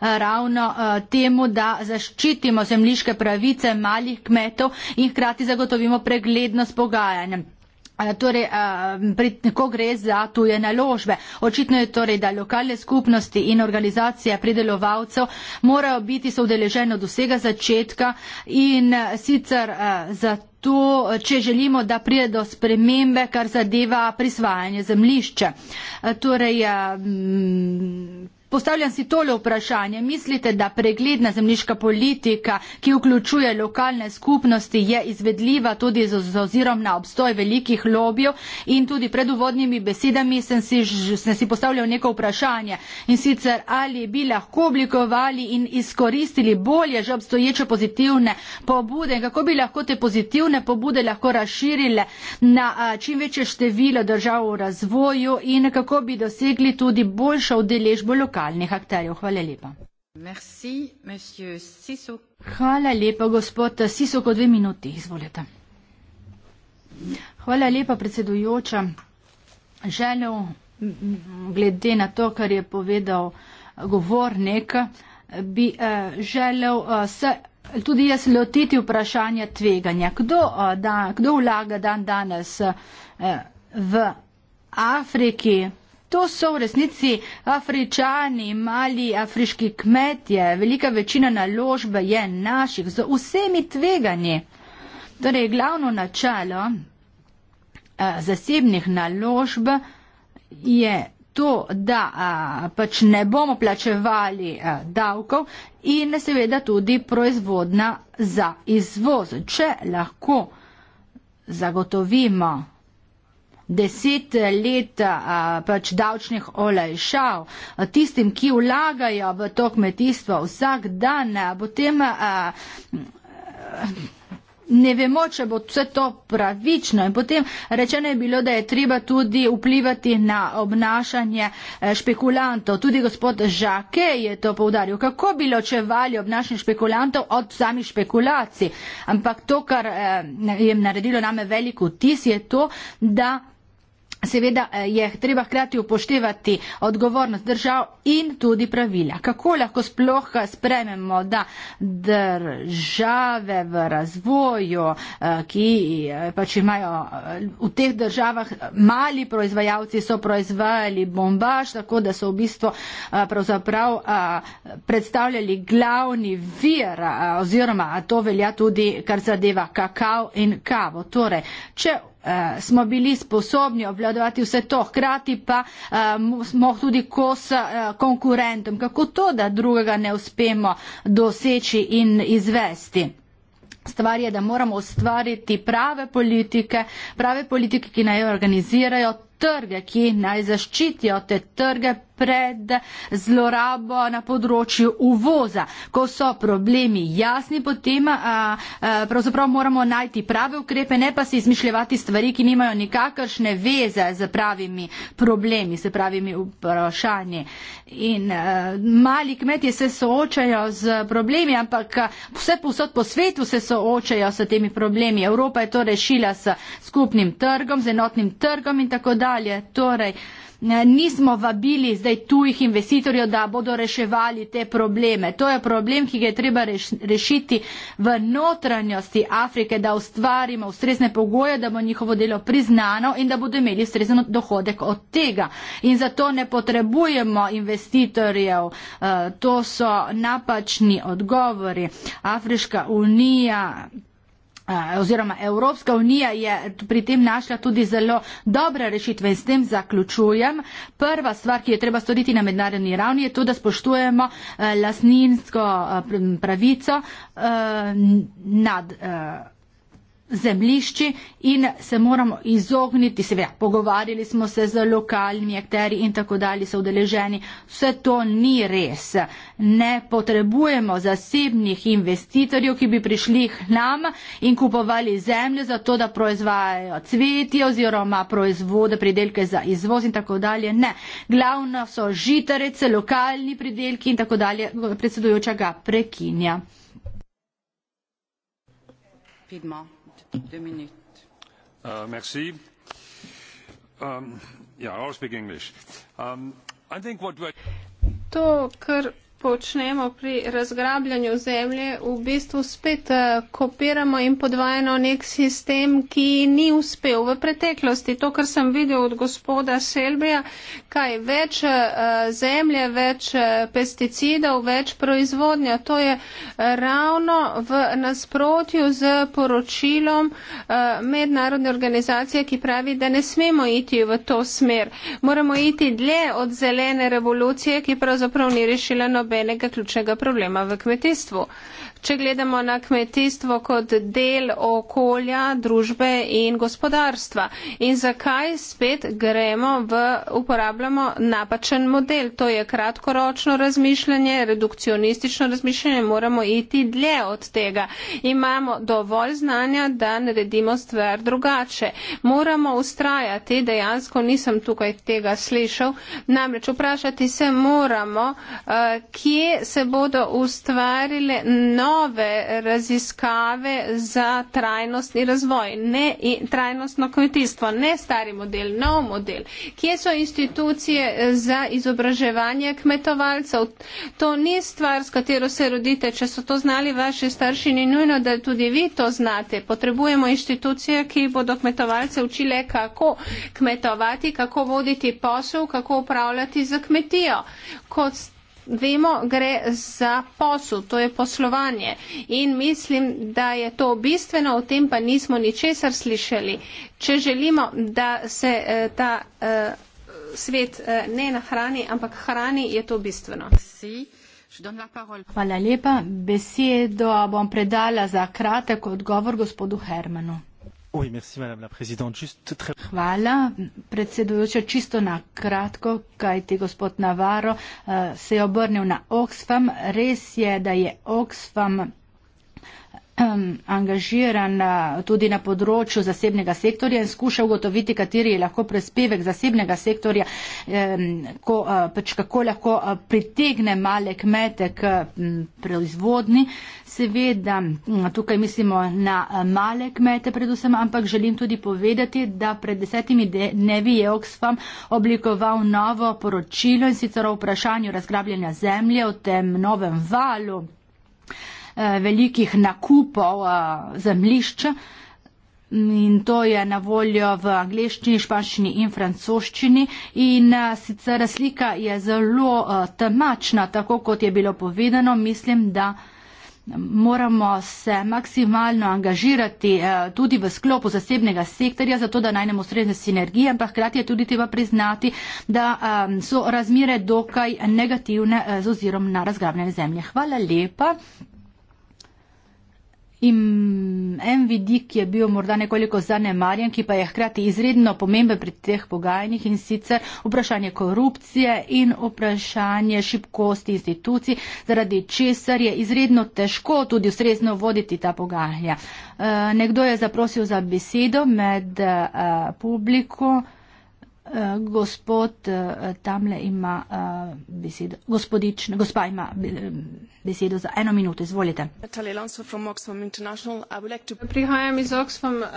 Eh, ravno eh, temu, da zaščitimo zemljiške pravice malih kmetov in hkrati zagotovimo preglednost pogajanj. Eh, torej, pri, ko gre za tuje naložbe. Očitno je torej, da lokalne skupnosti in organizacije pridelovalcev morajo biti soudeležene od vsega začetka in sicer za to, če želimo, da prije do spremembe, kar zadeva prisvajanje zemlišče. Torej, Postavljam si tole vprašanje. Mislite, da pregledna zemljiška politika, ki vključuje lokalne skupnosti, je izvedljiva tudi z ozirom na obstoj velikih lobijev? In tudi pred uvodnimi besedami sem si, sem si postavljal neko vprašanje. In sicer, ali bi lahko oblikovali in izkoristili bolje že obstoječe pozitivne pobude? Kako bi lahko te pozitivne pobude lahko razširile na a, čim večje število držav v razvoju in kako bi dosegli tudi boljšo udeležbo lokalnih? lokalnih akterjev. Hvala lepa. Merci, monsieur Sisok. Hvala lepa, gospod Sisok, dve minuti, izvolite. Hvala lepa, predsedujoča. Želel glede na to, kar je povedal govornik, bi eh, želel eh, se tudi jaz lotiti vprašanja tveganja. Kdo, eh, da, kdo vlaga dan danes eh, v Afriki, To so v resnici afričani, mali afriški kmetje. Velika večina naložbe je naših z vsemi tveganji. Torej, glavno načelo a, eh, zasebnih naložb je to, da a, eh, pač ne bomo plačevali a, eh, davkov in seveda tudi proizvodna za izvoz. Če lahko zagotovimo deset let eh, pač davčnih olajšav tistim, ki vlagajo v to kmetijstvo vsak dan, eh, potem eh, ne vemo, če bo vse to pravično. In potem rečeno je bilo, da je treba tudi vplivati na obnašanje špekulantov. Tudi gospod Žake je to povdaril. Kako bi ločevali obnašanje špekulantov od samih špekulacij? Ampak to, kar je naredilo name veliko tis, je to, da Seveda eh, je treba hkrati upoštevati odgovornost držav in tudi pravila. Kako lahko sploh eh, sprememo, da države v razvoju, eh, ki pač imajo v teh državah mali proizvajalci, so proizvajali bombaž, tako da so v bistvu pravzaprav predstavljali glavni vir oziroma to velja tudi, kar zadeva kakav in kavo. Torej, Uh, smo bili sposobni obvladovati vse to, hkrati pa uh, smo tudi kos uh, konkurentom. Kako to, da drugega ne uspemo doseči in izvesti? Stvar je, da moramo ustvariti prave politike, prave politike, ki naj organizirajo trge, ki naj zaščitijo te trge pred zlorabo na področju uvoza. Ko so problemi jasni, potem a, a, pravzaprav moramo najti prave ukrepe, ne pa si izmišljevati stvari, ki nimajo nikakršne veze z pravimi problemi, z pravimi vprašanji. In a, mali kmetje se soočajo z problemi, ampak vse posod po svetu se soočajo s temi problemi. Evropa je to rešila s skupnim trgom, z enotnim trgom in tako dalje dalje. Torej, nismo vabili zdaj tujih investitorjev, da bodo reševali te probleme. To je problem, ki ga je treba reš rešiti v notranjosti Afrike, da ustvarimo ustrezne pogoje, da bo njihovo delo priznano in da bodo imeli ustrezen dohodek od tega. In zato ne potrebujemo investitorjev. Eh, to so napačni odgovori. Afriška unija Eh, oziroma Evropska unija je pri tem našla tudi zelo dobre rešitve in s tem zaključujem. Prva stvar, ki jo treba storiti na mednarodni ravni, je to, da spoštujemo eh, lasninsko eh, pravico nad zemlišči in se moramo izogniti, seveda, pogovarjali smo se z lokalnimi akteri in tako dalje, so udeleženi. Vse to ni res. Ne potrebujemo zasebnih investitorjev, ki bi prišli k nam in kupovali zemljo za to, da proizvajajo cvetje oziroma proizvode, pridelke za izvoz in tako dalje. Ne. Glavno so žitarece, lokalni pridelki in tako dalje. Predsedujoča ga prekinja. Piedmont. Euh, um, um, to kar počnemo pri razgrabljanju zemlje, v bistvu spet eh, kopiramo in podvajamo nek sistem, ki ni uspel v preteklosti. To, kar sem videl od gospoda Selbija, kaj več eh, zemlje, več eh, pesticidov, več proizvodnja, to je ravno v nasprotju z poročilom mednarodne organizacije, ki pravi, da ne smemo iti v to smer. Moramo iti dlje od zelene revolucije, ki pravzaprav ni rešila nobenega nobenega ključnega problema v kmetijstvu. Če gledamo na kmetijstvo kot del okolja, družbe in gospodarstva. In zakaj spet gremo v uporabljamo napačen model? To je kratkoročno razmišljanje, redukcionistično razmišljanje, moramo iti dlje od tega. Imamo dovolj znanja, da naredimo stvar drugače. Moramo ustrajati, dejansko nisem tukaj tega slišal, namreč vprašati se moramo, eh, kje se bodo ustvarile no nove raziskave za trajnostni razvoj, ne trajnostno kmetijstvo, ne stari model, nov model. Kje so institucije za izobraževanje kmetovalcev? To ni stvar, s katero se rodite. Če so to znali vaši starši, ni nujno, da tudi vi to znate. Potrebujemo institucije, ki bodo kmetovalce učile, kako kmetovati, kako voditi posel, kako upravljati za kmetijo. Kot vemo, gre za posel, to je poslovanje. In mislim, da je to bistveno, o tem pa nismo ničesar slišali. Če želimo, da se eh, ta eh, svet eh, ne nahrani, ampak hrani, je to bistveno. Hvala lepa. Besedo bom predala za kratek odgovor gospodu Hermanu. Hvala, predsedujoča. Čisto na kratko, kaj ti gospod Navaro eh, se je obrnil na Oxfam. Res je, da je Oxfam um, angažiran uh, tudi na področju zasebnega sektorja in skuša ugotoviti, kateri je lahko prispevek zasebnega sektorja, um, ko, uh, pač kako lahko uh, pritegne male kmete k um, proizvodni. Seveda, tukaj mislimo na male kmete predvsem, ampak želim tudi povedati, da pred desetimi dnevi je Oxfam oblikoval novo poročilo in sicer o vprašanju razgrabljanja zemlje v tem novem valu. Eh, velikih nakupov eh, zemljišč. In to je na voljo v angliščini, španščini in francoščini. In eh, sicer slika je zelo temačna, tako kot je bilo povedano. Mislim, da moramo se maksimalno angažirati tudi v sklopu zasebnega sektorja, zato da najnemo srednje sinergije, ampak hkrati je tudi treba priznati, da so razmire dokaj negativne z ozirom na razgrabljene zemlje. Hvala lepa. In en vidik je bil morda nekoliko zanemarjen, ki pa je hkrati izredno pomemben pri teh pogajanjih in sicer vprašanje korupcije in vprašanje šibkosti institucij, zaradi česar je izredno težko tudi ustrezno voditi ta pogajanja. Eh, nekdo je zaprosil za besedo med eh, publiko. Eh, gospod uh, tamle ima uh, besedo, gospodična, gospa ima besedo za eno minuto, izvolite. Prihajam iz Oxfam uh,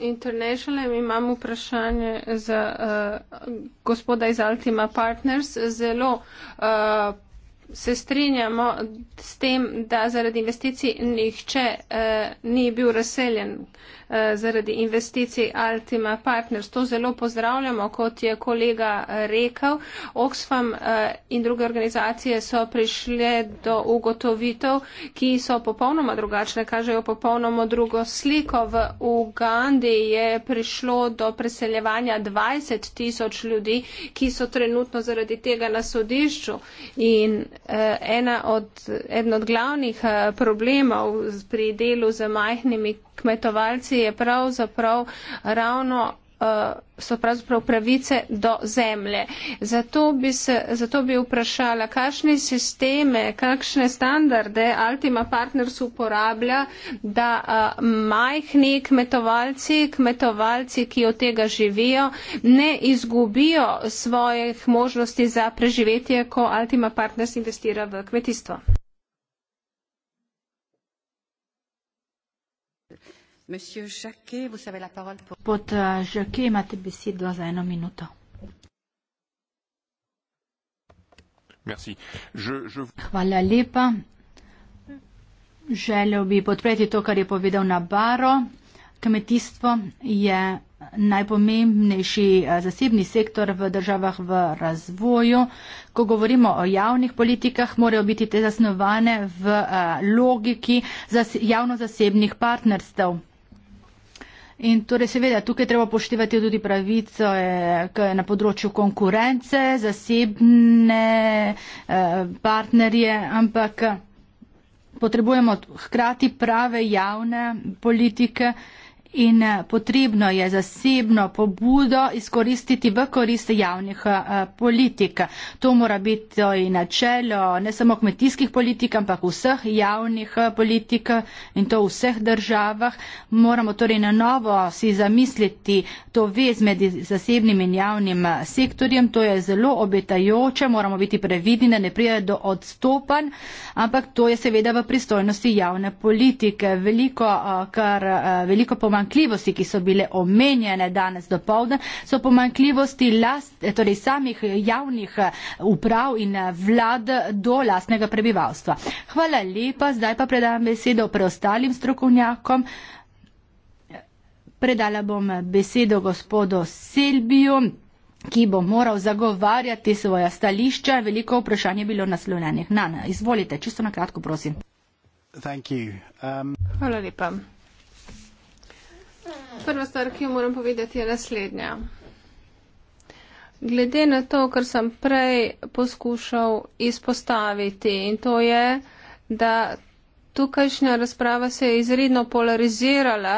International in imam vprašanje za uh, gospoda iz Altima Partners. Zelo uh, se strinjamo s tem, da zaradi investicij nihče uh, ni bil razseljen. Uh, Eh, zaradi investicij Altima Partners. To zelo pozdravljamo, kot je kolega rekel. Oxfam eh, in druge organizacije so prišle do ugotovitev, ki so popolnoma drugačne, kažejo popolnoma drugo sliko. V Ugandi je prišlo do preseljevanja 20 tisoč ljudi, ki so trenutno zaradi tega na sodišču. In eh, ena od, eden od glavnih problemov pri delu z majhnimi kmetovalci je pravzaprav ravno eh, so pravzaprav pravice do zemlje. Zato bi, se, zato bi vprašala, kakšne sisteme, kakšne standarde Altima Partners uporablja, da eh, majhni kmetovalci, kmetovalci, ki od tega živijo, ne izgubijo svojih možnosti za preživetje, ko Altima Partners investira v kmetijstvo. Gospod Žake, eh, imate besedo za eno minuto. Hvala lepa. Želel bi podpreti to, kar je povedal Nabaro. Kmetijstvo je najpomembnejši eh, zasebni sektor v državah v razvoju. Ko govorimo o javnih politikah, morajo biti te zasnovane v eh, logiki javno-zasebnih partnerstv. In torej seveda tukaj treba poštevati tudi pravico eh, na področju konkurence, zasebne eh, partnerje, ampak eh, potrebujemo hkrati prave javne politike in eh, potrebno je zasebno pobudo izkoristiti v korist javnih eh, politik. To mora biti tudi torej načelo ne samo kmetijskih politik, ampak vseh javnih eh, politik in to v vseh državah. Moramo torej na novo si zamisliti to vez med zasebnim in javnim sektorjem. To je zelo obetajoče, moramo biti previdni, da ne prije do odstopanj, ampak to je seveda v pristojnosti javne politike. Veliko, kar, veliko pomanjka pomankljivosti, ki so bile omenjene danes do povdne, so pomankljivosti last, torej samih javnih eh, uprav in eh, vlad do lastnega prebivalstva. Hvala lepa, zdaj pa predam besedo preostalim strokovnjakom. Predala bom besedo gospodu Selbiju ki bo moral zagovarjati svoja stališča. Veliko vprašanj je bilo naslovljenih. Nana, izvolite, čisto na kratko, prosim. Um, Hvala lepa. Prva stvar, ki jo moram povedati, je naslednja. Glede na to, kar sem prej poskušal izpostaviti in to je, da tukajšnja razprava se je izredno polarizirala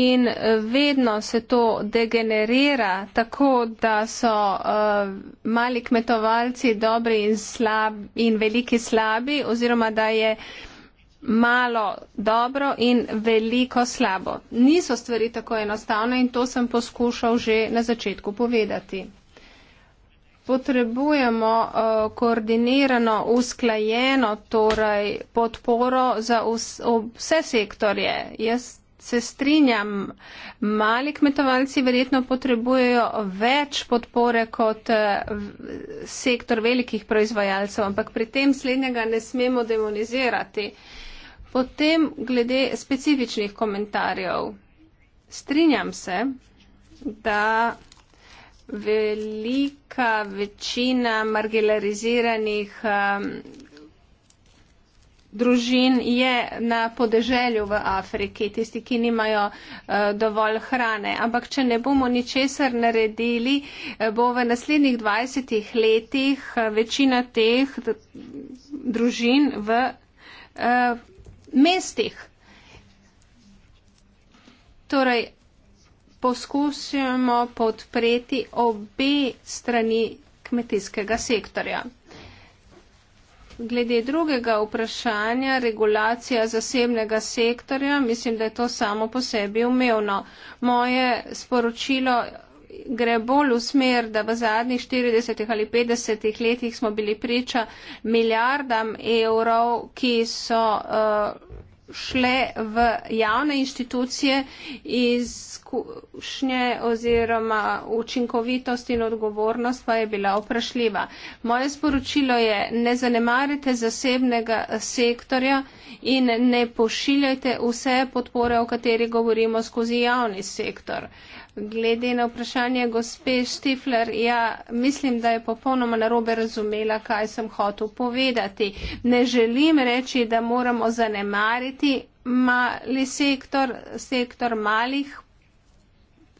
in eh, vedno se to degenerira tako, da so uh, mali kmetovalci dobri in, slab, in veliki slabi oziroma da je malo dobro in veliko slabo. Niso stvari tako enostavne in to sem poskušal že na začetku povedati. Potrebujemo uh, koordinirano, usklajeno torej podporo za vse sektorje. Jaz se strinjam, mali kmetovalci verjetno potrebujejo več podpore kot uh, sektor velikih proizvajalcev, ampak pri tem slednjega ne smemo demonizirati. Uh, Potem glede specifičnih komentarjev. Strinjam se, da velika večina marginaliziranih um, družin je na podeželju v Afriki, tisti, ki nimajo uh, dovolj hrane. Ampak, če ne bomo ničesar naredili, eh, bo v naslednjih 20 letih eh, večina teh družin v. Uh, mestih. Torej, poskusimo podpreti obe strani kmetijskega sektorja. Glede drugega vprašanja, regulacija zasebnega sektorja, mislim, da je to samo po sebi umevno. Moje sporočilo gre bolj v smer, da v zadnjih 40 ali 50 letih smo bili priča milijardam evrov, ki so uh, šle v javne institucije izkušnje oziroma učinkovitost in odgovornost pa je bila vprašljiva. Moje sporočilo je, ne zanemarite zasebnega sektorja in ne pošiljajte vse podpore, o kateri govorimo skozi javni sektor. Uh, Glede na vprašanje gospe Štifler, ja, mislim, da je popolnoma narobe razumela, kaj sem hotel povedati. Ne želim reči, da moramo zanemariti mali sektor, sektor malih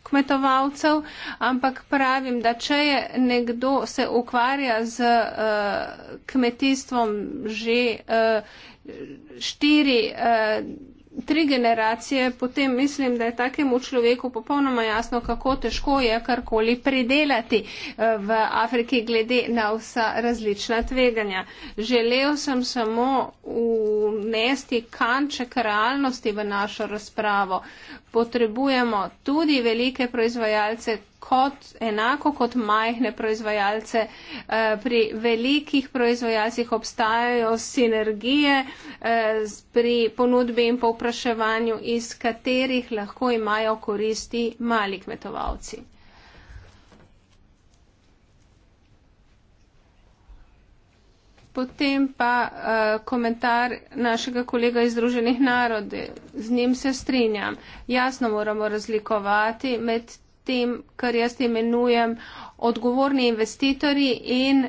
kmetovalcev, ampak pravim, da če je nekdo se ukvarja z uh, kmetijstvom že uh, štiri. Uh, tri generacije, potem mislim, da je takemu človeku popolnoma jasno, kako težko je karkoli pridelati eh, v Afriki glede na vsa različna tveganja. Želel sem samo unesti kanček realnosti v našo razpravo potrebujemo tudi velike proizvajalce, kot, enako kot majhne proizvajalce. Eh, pri velikih proizvajalcih obstajajo sinergije eh, pri ponudbi in povpraševanju, iz katerih lahko imajo koristi mali kmetovalci. potem pa uh, komentar našega kolega iz Združenih narodi. Z njim se strinjam. Jasno moramo razlikovati med tem, kar jaz imenujem odgovorni investitorji in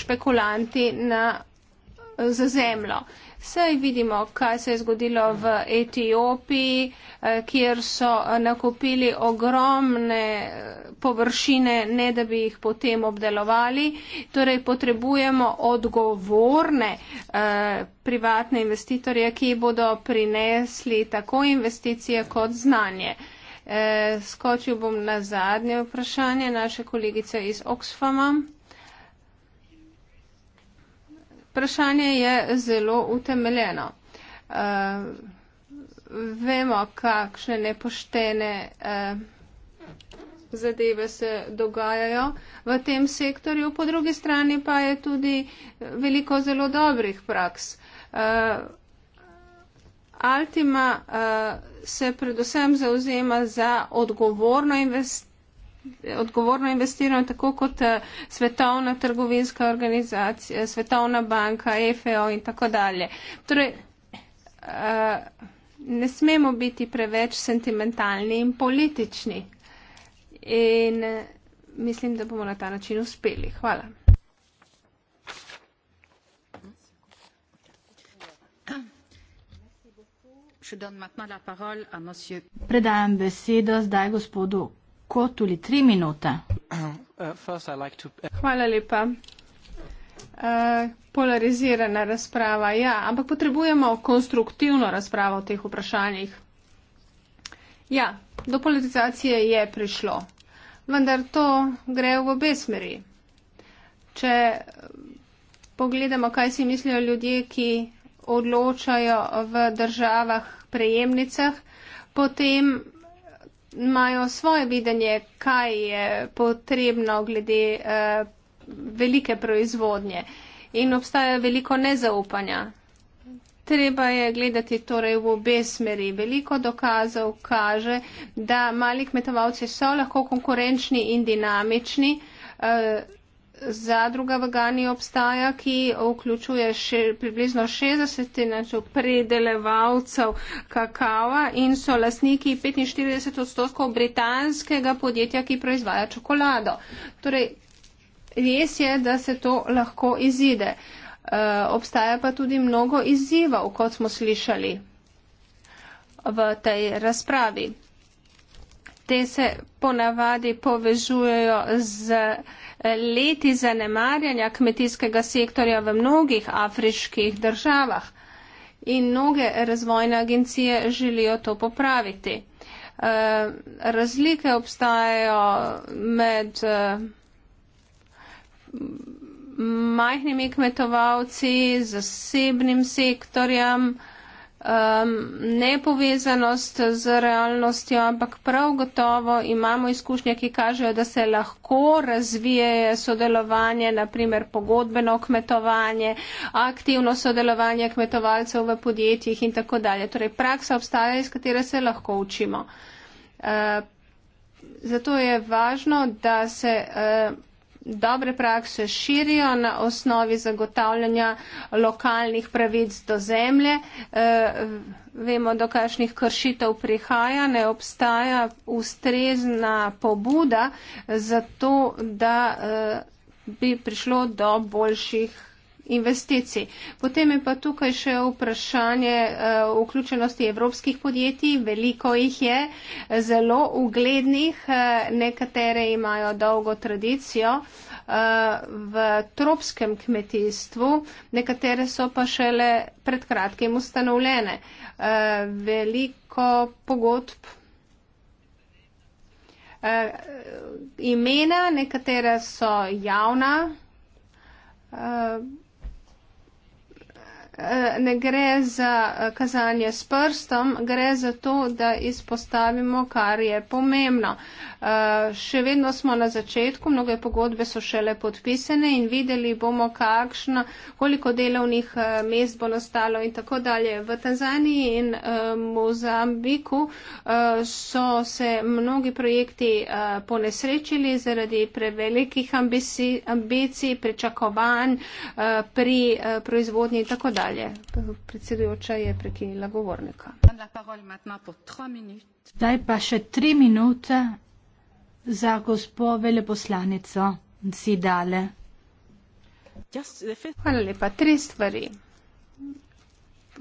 špekulanti na, za zemljo. Uh, Sej vidimo, kaj se je zgodilo v Etiopiji, eh, kjer so eh, nakupili ogromne eh, površine, ne da bi jih potem obdelovali. Torej, potrebujemo odgovorne privatne investitorje, ki bodo prinesli tako investicije kot znanje. Skočil bom na zadnje vprašanje naše kolegice iz Oxfama. Vprašanje je zelo utemeljeno. Uh, vemo, kakšne nepoštene uh, zadeve se dogajajo v tem sektorju, po drugi strani pa je tudi veliko zelo dobrih praks. Uh, Altima uh, se predvsem zauzema za odgovorno investicijo odgovorno investirajo tako kot eh, svetovna trgovinska organizacija, svetovna banka, e FEO in tako dalje. Torej, eh, ne smemo biti preveč sentimentalni in politični in eh, mislim, da bomo na ta način uspeli. Hvala. Predajam besedo zdaj gospodu lahko tudi tri minute. Uh, Hvala lepa. Uh, polarizirana razprava, ja, ampak potrebujemo konstruktivno razpravo o teh vprašanjih. Ja, do politizacije je prišlo, vendar to gre v obe smeri. Če eh, pogledamo, kaj si mislijo ljudje, ki odločajo v državah prejemnicah, potem imajo svoje videnje, kaj je potrebno glede uh, velike proizvodnje in obstaja veliko nezaupanja. Treba je gledati torej v obe smeri. Veliko dokazov kaže, da mali kmetovalci so lahko konkurenčni in dinamični. Uh, zadruga v Gani obstaja, ki vključuje še, približno 60 inaču, predelevalcev kakava in so lastniki 45 odstotkov britanskega podjetja, ki proizvaja čokolado. Torej, res je, da se to lahko izide. E, obstaja pa tudi mnogo izzivov, kot smo slišali v tej razpravi. Te se ponavadi povežujejo z eh, leti zanemarjanja kmetijskega sektorja v mnogih afriških državah in mnoge razvojne agencije želijo to popraviti. Eh, razlike obstajajo med eh, majhnimi kmetovalci, zasebnim sektorjem, um, nepovezanost z realnostjo, ampak prav gotovo imamo izkušnje, ki kažejo, da se lahko razvije sodelovanje, naprimer pogodbeno kmetovanje, aktivno sodelovanje kmetovalcev v podjetjih in tako dalje. Torej, praksa obstaja, iz katere se lahko učimo. Uh, zato je važno, da se. Uh, dobre prakse širijo na osnovi zagotavljanja lokalnih pravic do zemlje. Eh, vemo, do kakšnih kršitev prihaja, ne obstaja ustrezna pobuda za to, da eh, bi prišlo do boljših investicij. Potem je pa tukaj še vprašanje uh, vključenosti evropskih podjetij. Veliko jih je, eh, zelo uglednih, uh, nekatere imajo dolgo tradicijo uh, v tropskem kmetijstvu, nekatere so pa šele pred kratkim ustanovljene. Uh, veliko pogodb. Uh, imena, nekatera so javna. Uh, Eh, ne gre za eh, kazanje s prstom, gre za to, da izpostavimo, kar je pomembno. Uh, Eh, še vedno smo na začetku, mnoge pogodbe so šele podpisane in videli bomo, kakšno, koliko delovnih eh, mest bo nastalo in tako dalje. V Tanzaniji in eh, Mozambiku so se mnogi projekti ponesrečili zaradi prevelikih ambici, ambicij, pričakovanj pri proizvodnji in tako dalje. Predsedujoča je prekinila govornika. Zdaj pa še tri minute za gospo veleposlanico si dale? Hvala lepa. Tri stvari.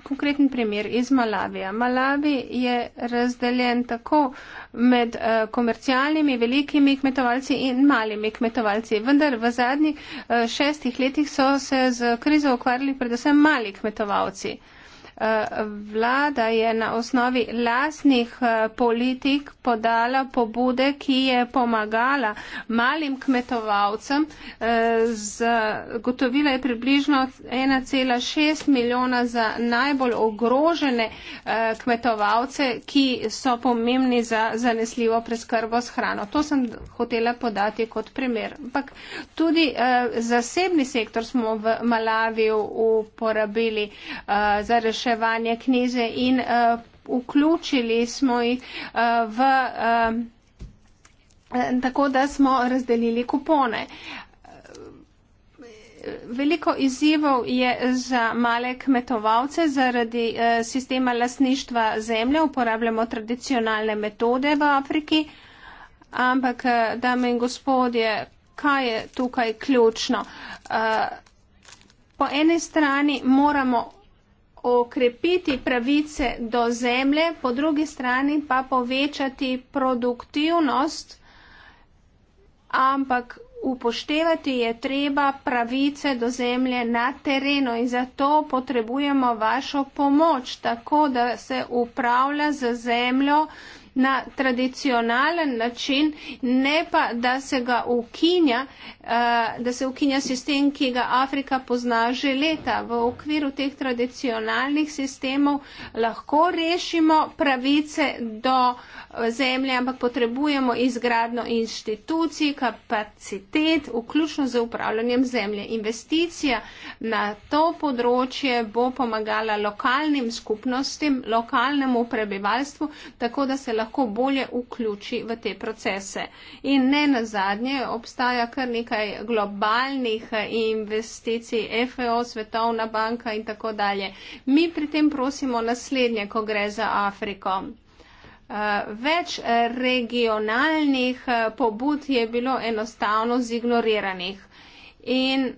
Konkreten primer iz Malavija. Malavi je razdeljen tako med eh, komercialnimi velikimi kmetovalci in malimi kmetovalci. Vendar v zadnjih eh, šestih letih so se z krizo ukvarjali predvsem mali kmetovalci. Eh, vlada je na osnovi lasnih eh, politik podala pobude, ki je pomagala malim kmetovalcem. Eh, gotovila je približno 1,6 milijona za najbolj ogrožene kmetovalce, ki so pomembni za zanesljivo preskrbo s hrano. To sem hotela podati kot primer. Ampak tudi zasebni sektor smo v Malaviju uporabili za rešitev reševanje knjize in uh, vključili smo jih uh, v. Uh, Tako da smo razdelili kupone. Veliko izzivov je za male kmetovalce zaradi sistema lasništva zemlje. Uporabljamo tradicionalne metode v Afriki. Ampak, dame in gospodje, kaj je tukaj ključno? Po eni strani moramo okrepiti pravice do zemlje, po drugi strani pa povečati produktivnost, ampak upoštevati je treba pravice do zemlje na terenu in zato potrebujemo vašo pomoč, tako da se upravlja z zemljo na tradicionalen način, ne pa, da se ga ukinja, eh, da se ukinja sistem, ki ga Afrika pozna že leta. V okviru teh tradicionalnih sistemov lahko rešimo pravice do eh, zemlje, ampak potrebujemo izgradno inštitucij, kapacitet, vključno z upravljanjem zemlje. Investicija na to področje bo pomagala lokalnim skupnostim, lokalnemu prebivalstvu, tako da se lahko lahko bolje vključi v te procese. In ne na zadnje, obstaja kar nekaj globalnih investicij, FEO, Svetovna banka in tako dalje. Mi pri tem prosimo naslednje, ko gre za Afriko. Eh, več regionalnih eh, pobud je bilo enostavno zignoriranih. In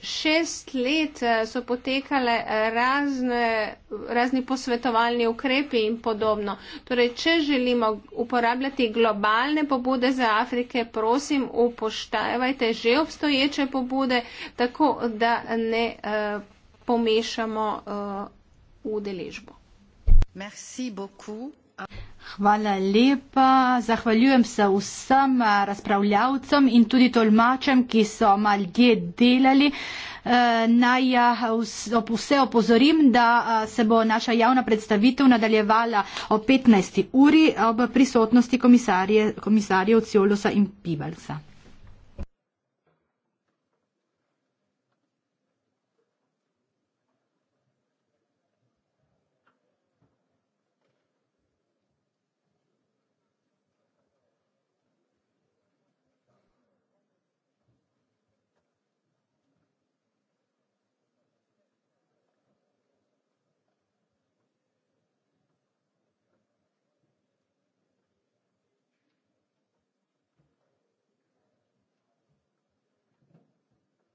šest let eh, so potekale eh, razne, razni posvetovalni ukrepi in podobno. Torej, če želimo uporabljati globalne pobude za Afrike, prosim, upoštevajte že obstoječe pobude, tako da ne uh, pomešamo uh, udeležbo. Merci beaucoup. Hvala lepa, zahvaljujem se vsem eh, razpravljavcem in tudi tolmačem, ki so malje delali. Eh, naj eh, vse opozorim, da se bo naša javna predstavitev nadaljevala o 15. uri ob prisotnosti komisarjev Ciolosa in Pivalca.